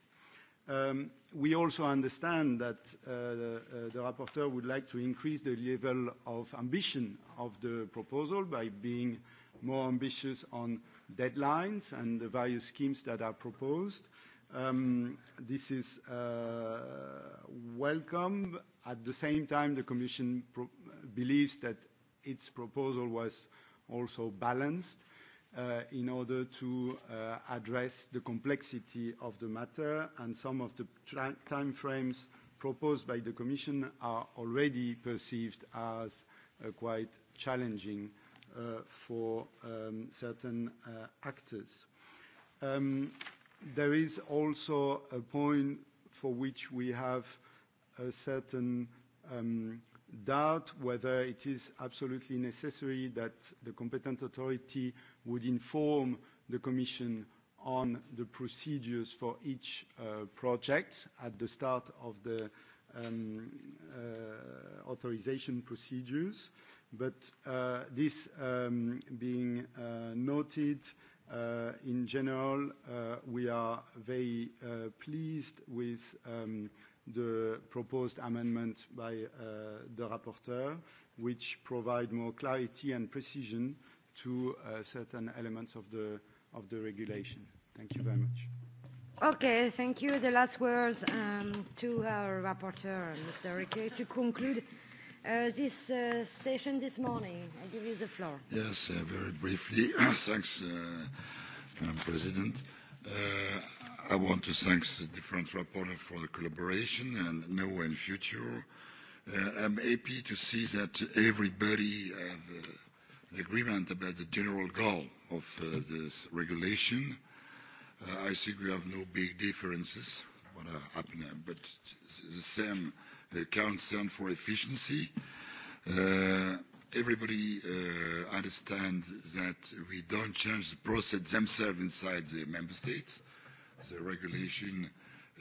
Speaker 7: We also understand that the rapporteur would like to increase the level of ambition of the proposal by being more ambitious on deadlines and the various schemes that are proposed. This is welcome. At the same time, the Commission believes that its proposal was also balanced in order to address the complexity of the matter, and some of the time frames proposed by the Commission are already perceived as quite challenging for certain actors. There is also a point for which we have a certain doubt whether it is absolutely necessary that the competent authority would inform the Commission on the procedures for each project at the start of the authorization procedures. But this being noted, In general, we are very pleased with the proposed amendment by the rapporteur, which provide more clarity and precision to certain elements of the of the regulation. Thank you very much.
Speaker 1: Okay, thank you. The last words to our rapporteur, Mr. Riquet, to conclude this session this morning. I give you the
Speaker 2: floor.
Speaker 8: Yes, very briefly. Thanks, Madam President. I want to thank the different rapporteurs for the collaboration and now in future. I'm happy to see that everybody have an agreement about the general goal of this regulation. I think we have no big differences, what but the same the concern for efficiency. Everybody understands that we don't change the process themselves inside the member states. The regulation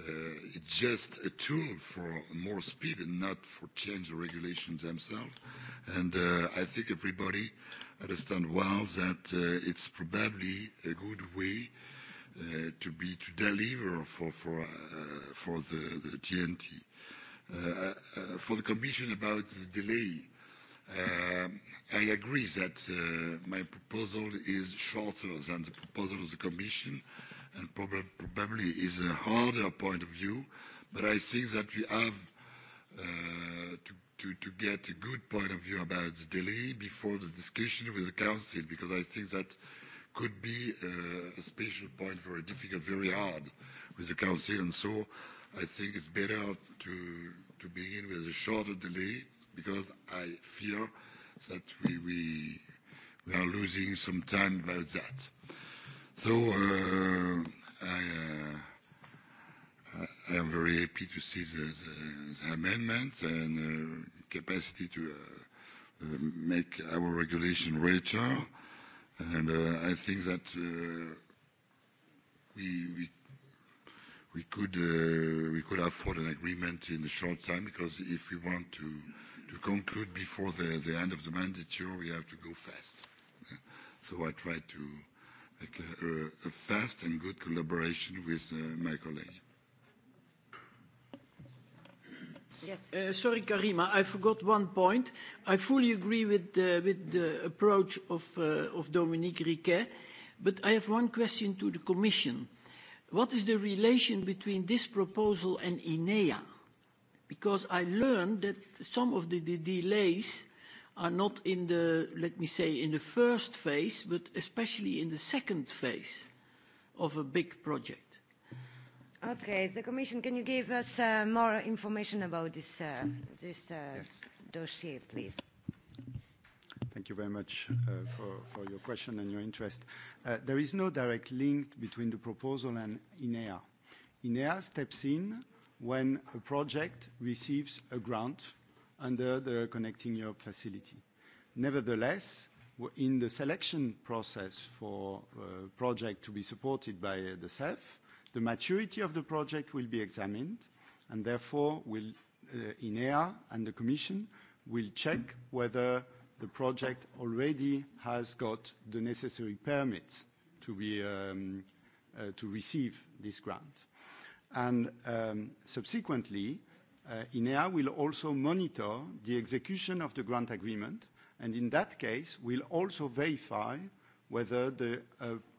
Speaker 8: is just a tool for more speed and not for change the regulations themselves. And I think everybody understands well that it's probably a good way to be to deliver for for for the TNT for the Commission about the delay, I agree that my proposal is shorter than the proposal of the Commission and probably is a harder point of view, but I think that we have to to to get a good point of view about the delay before the discussion with the Council, because I think that could be a special point, for a difficult, very hard with the Council, and so I think it's better to to begin with a shorter delay because I fear that we we we are losing some time about that. So I I am very happy to see the the amendments and capacity to make our regulation richer, and I think that we we we could we could afford an agreement in a short time because if we want to to conclude before the the end of the mandature we have to go fast. So I try to make a, fast and good collaboration with my colleague.
Speaker 3: Sorry, Karima, I forgot one point. I fully agree with the, with the approach of, of Dominique Riquet, but I have one question to the Commission What is the relation between this proposal and INEA? Because I learned that some of the delays are not in the, let me say, in the first phase, but especially in the second phase of a big project.
Speaker 1: Okay, the Commission, can you give us more information about this dossier, please?
Speaker 7: Thank you very much for your question and your interest. There is no direct link between the proposal and INEA. INEA steps in when a project receives a grant under the Connecting Europe facility. Nevertheless, in the selection process for a project to be supported by the CEF, the maturity of the project will be examined, and therefore INEA and the Commission will check whether the project already has got the necessary permits to receive this grant. And subsequently, INEA will also monitor the execution of the grant agreement, and in that case, will also verify whether the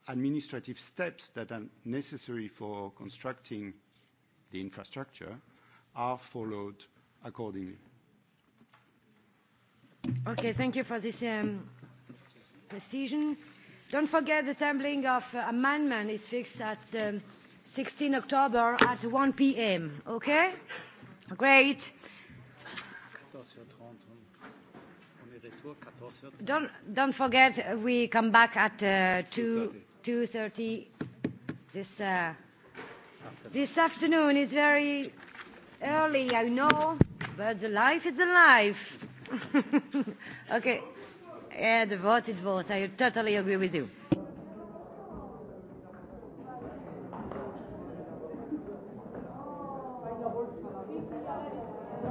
Speaker 7: administrative steps that are necessary for constructing the infrastructure are followed accordingly.
Speaker 1: Okay, thank you for this um, precision. Don't forget the tabling of amendment is fixed at um, 16 October at 1 p.m. Okay? Great. Don't, don't forget we come back at uh, 2, 2.30 this, uh, this afternoon. It's very early, I know, but the life is the life. Okay. Yeah, the voted vote. I totally agree with you.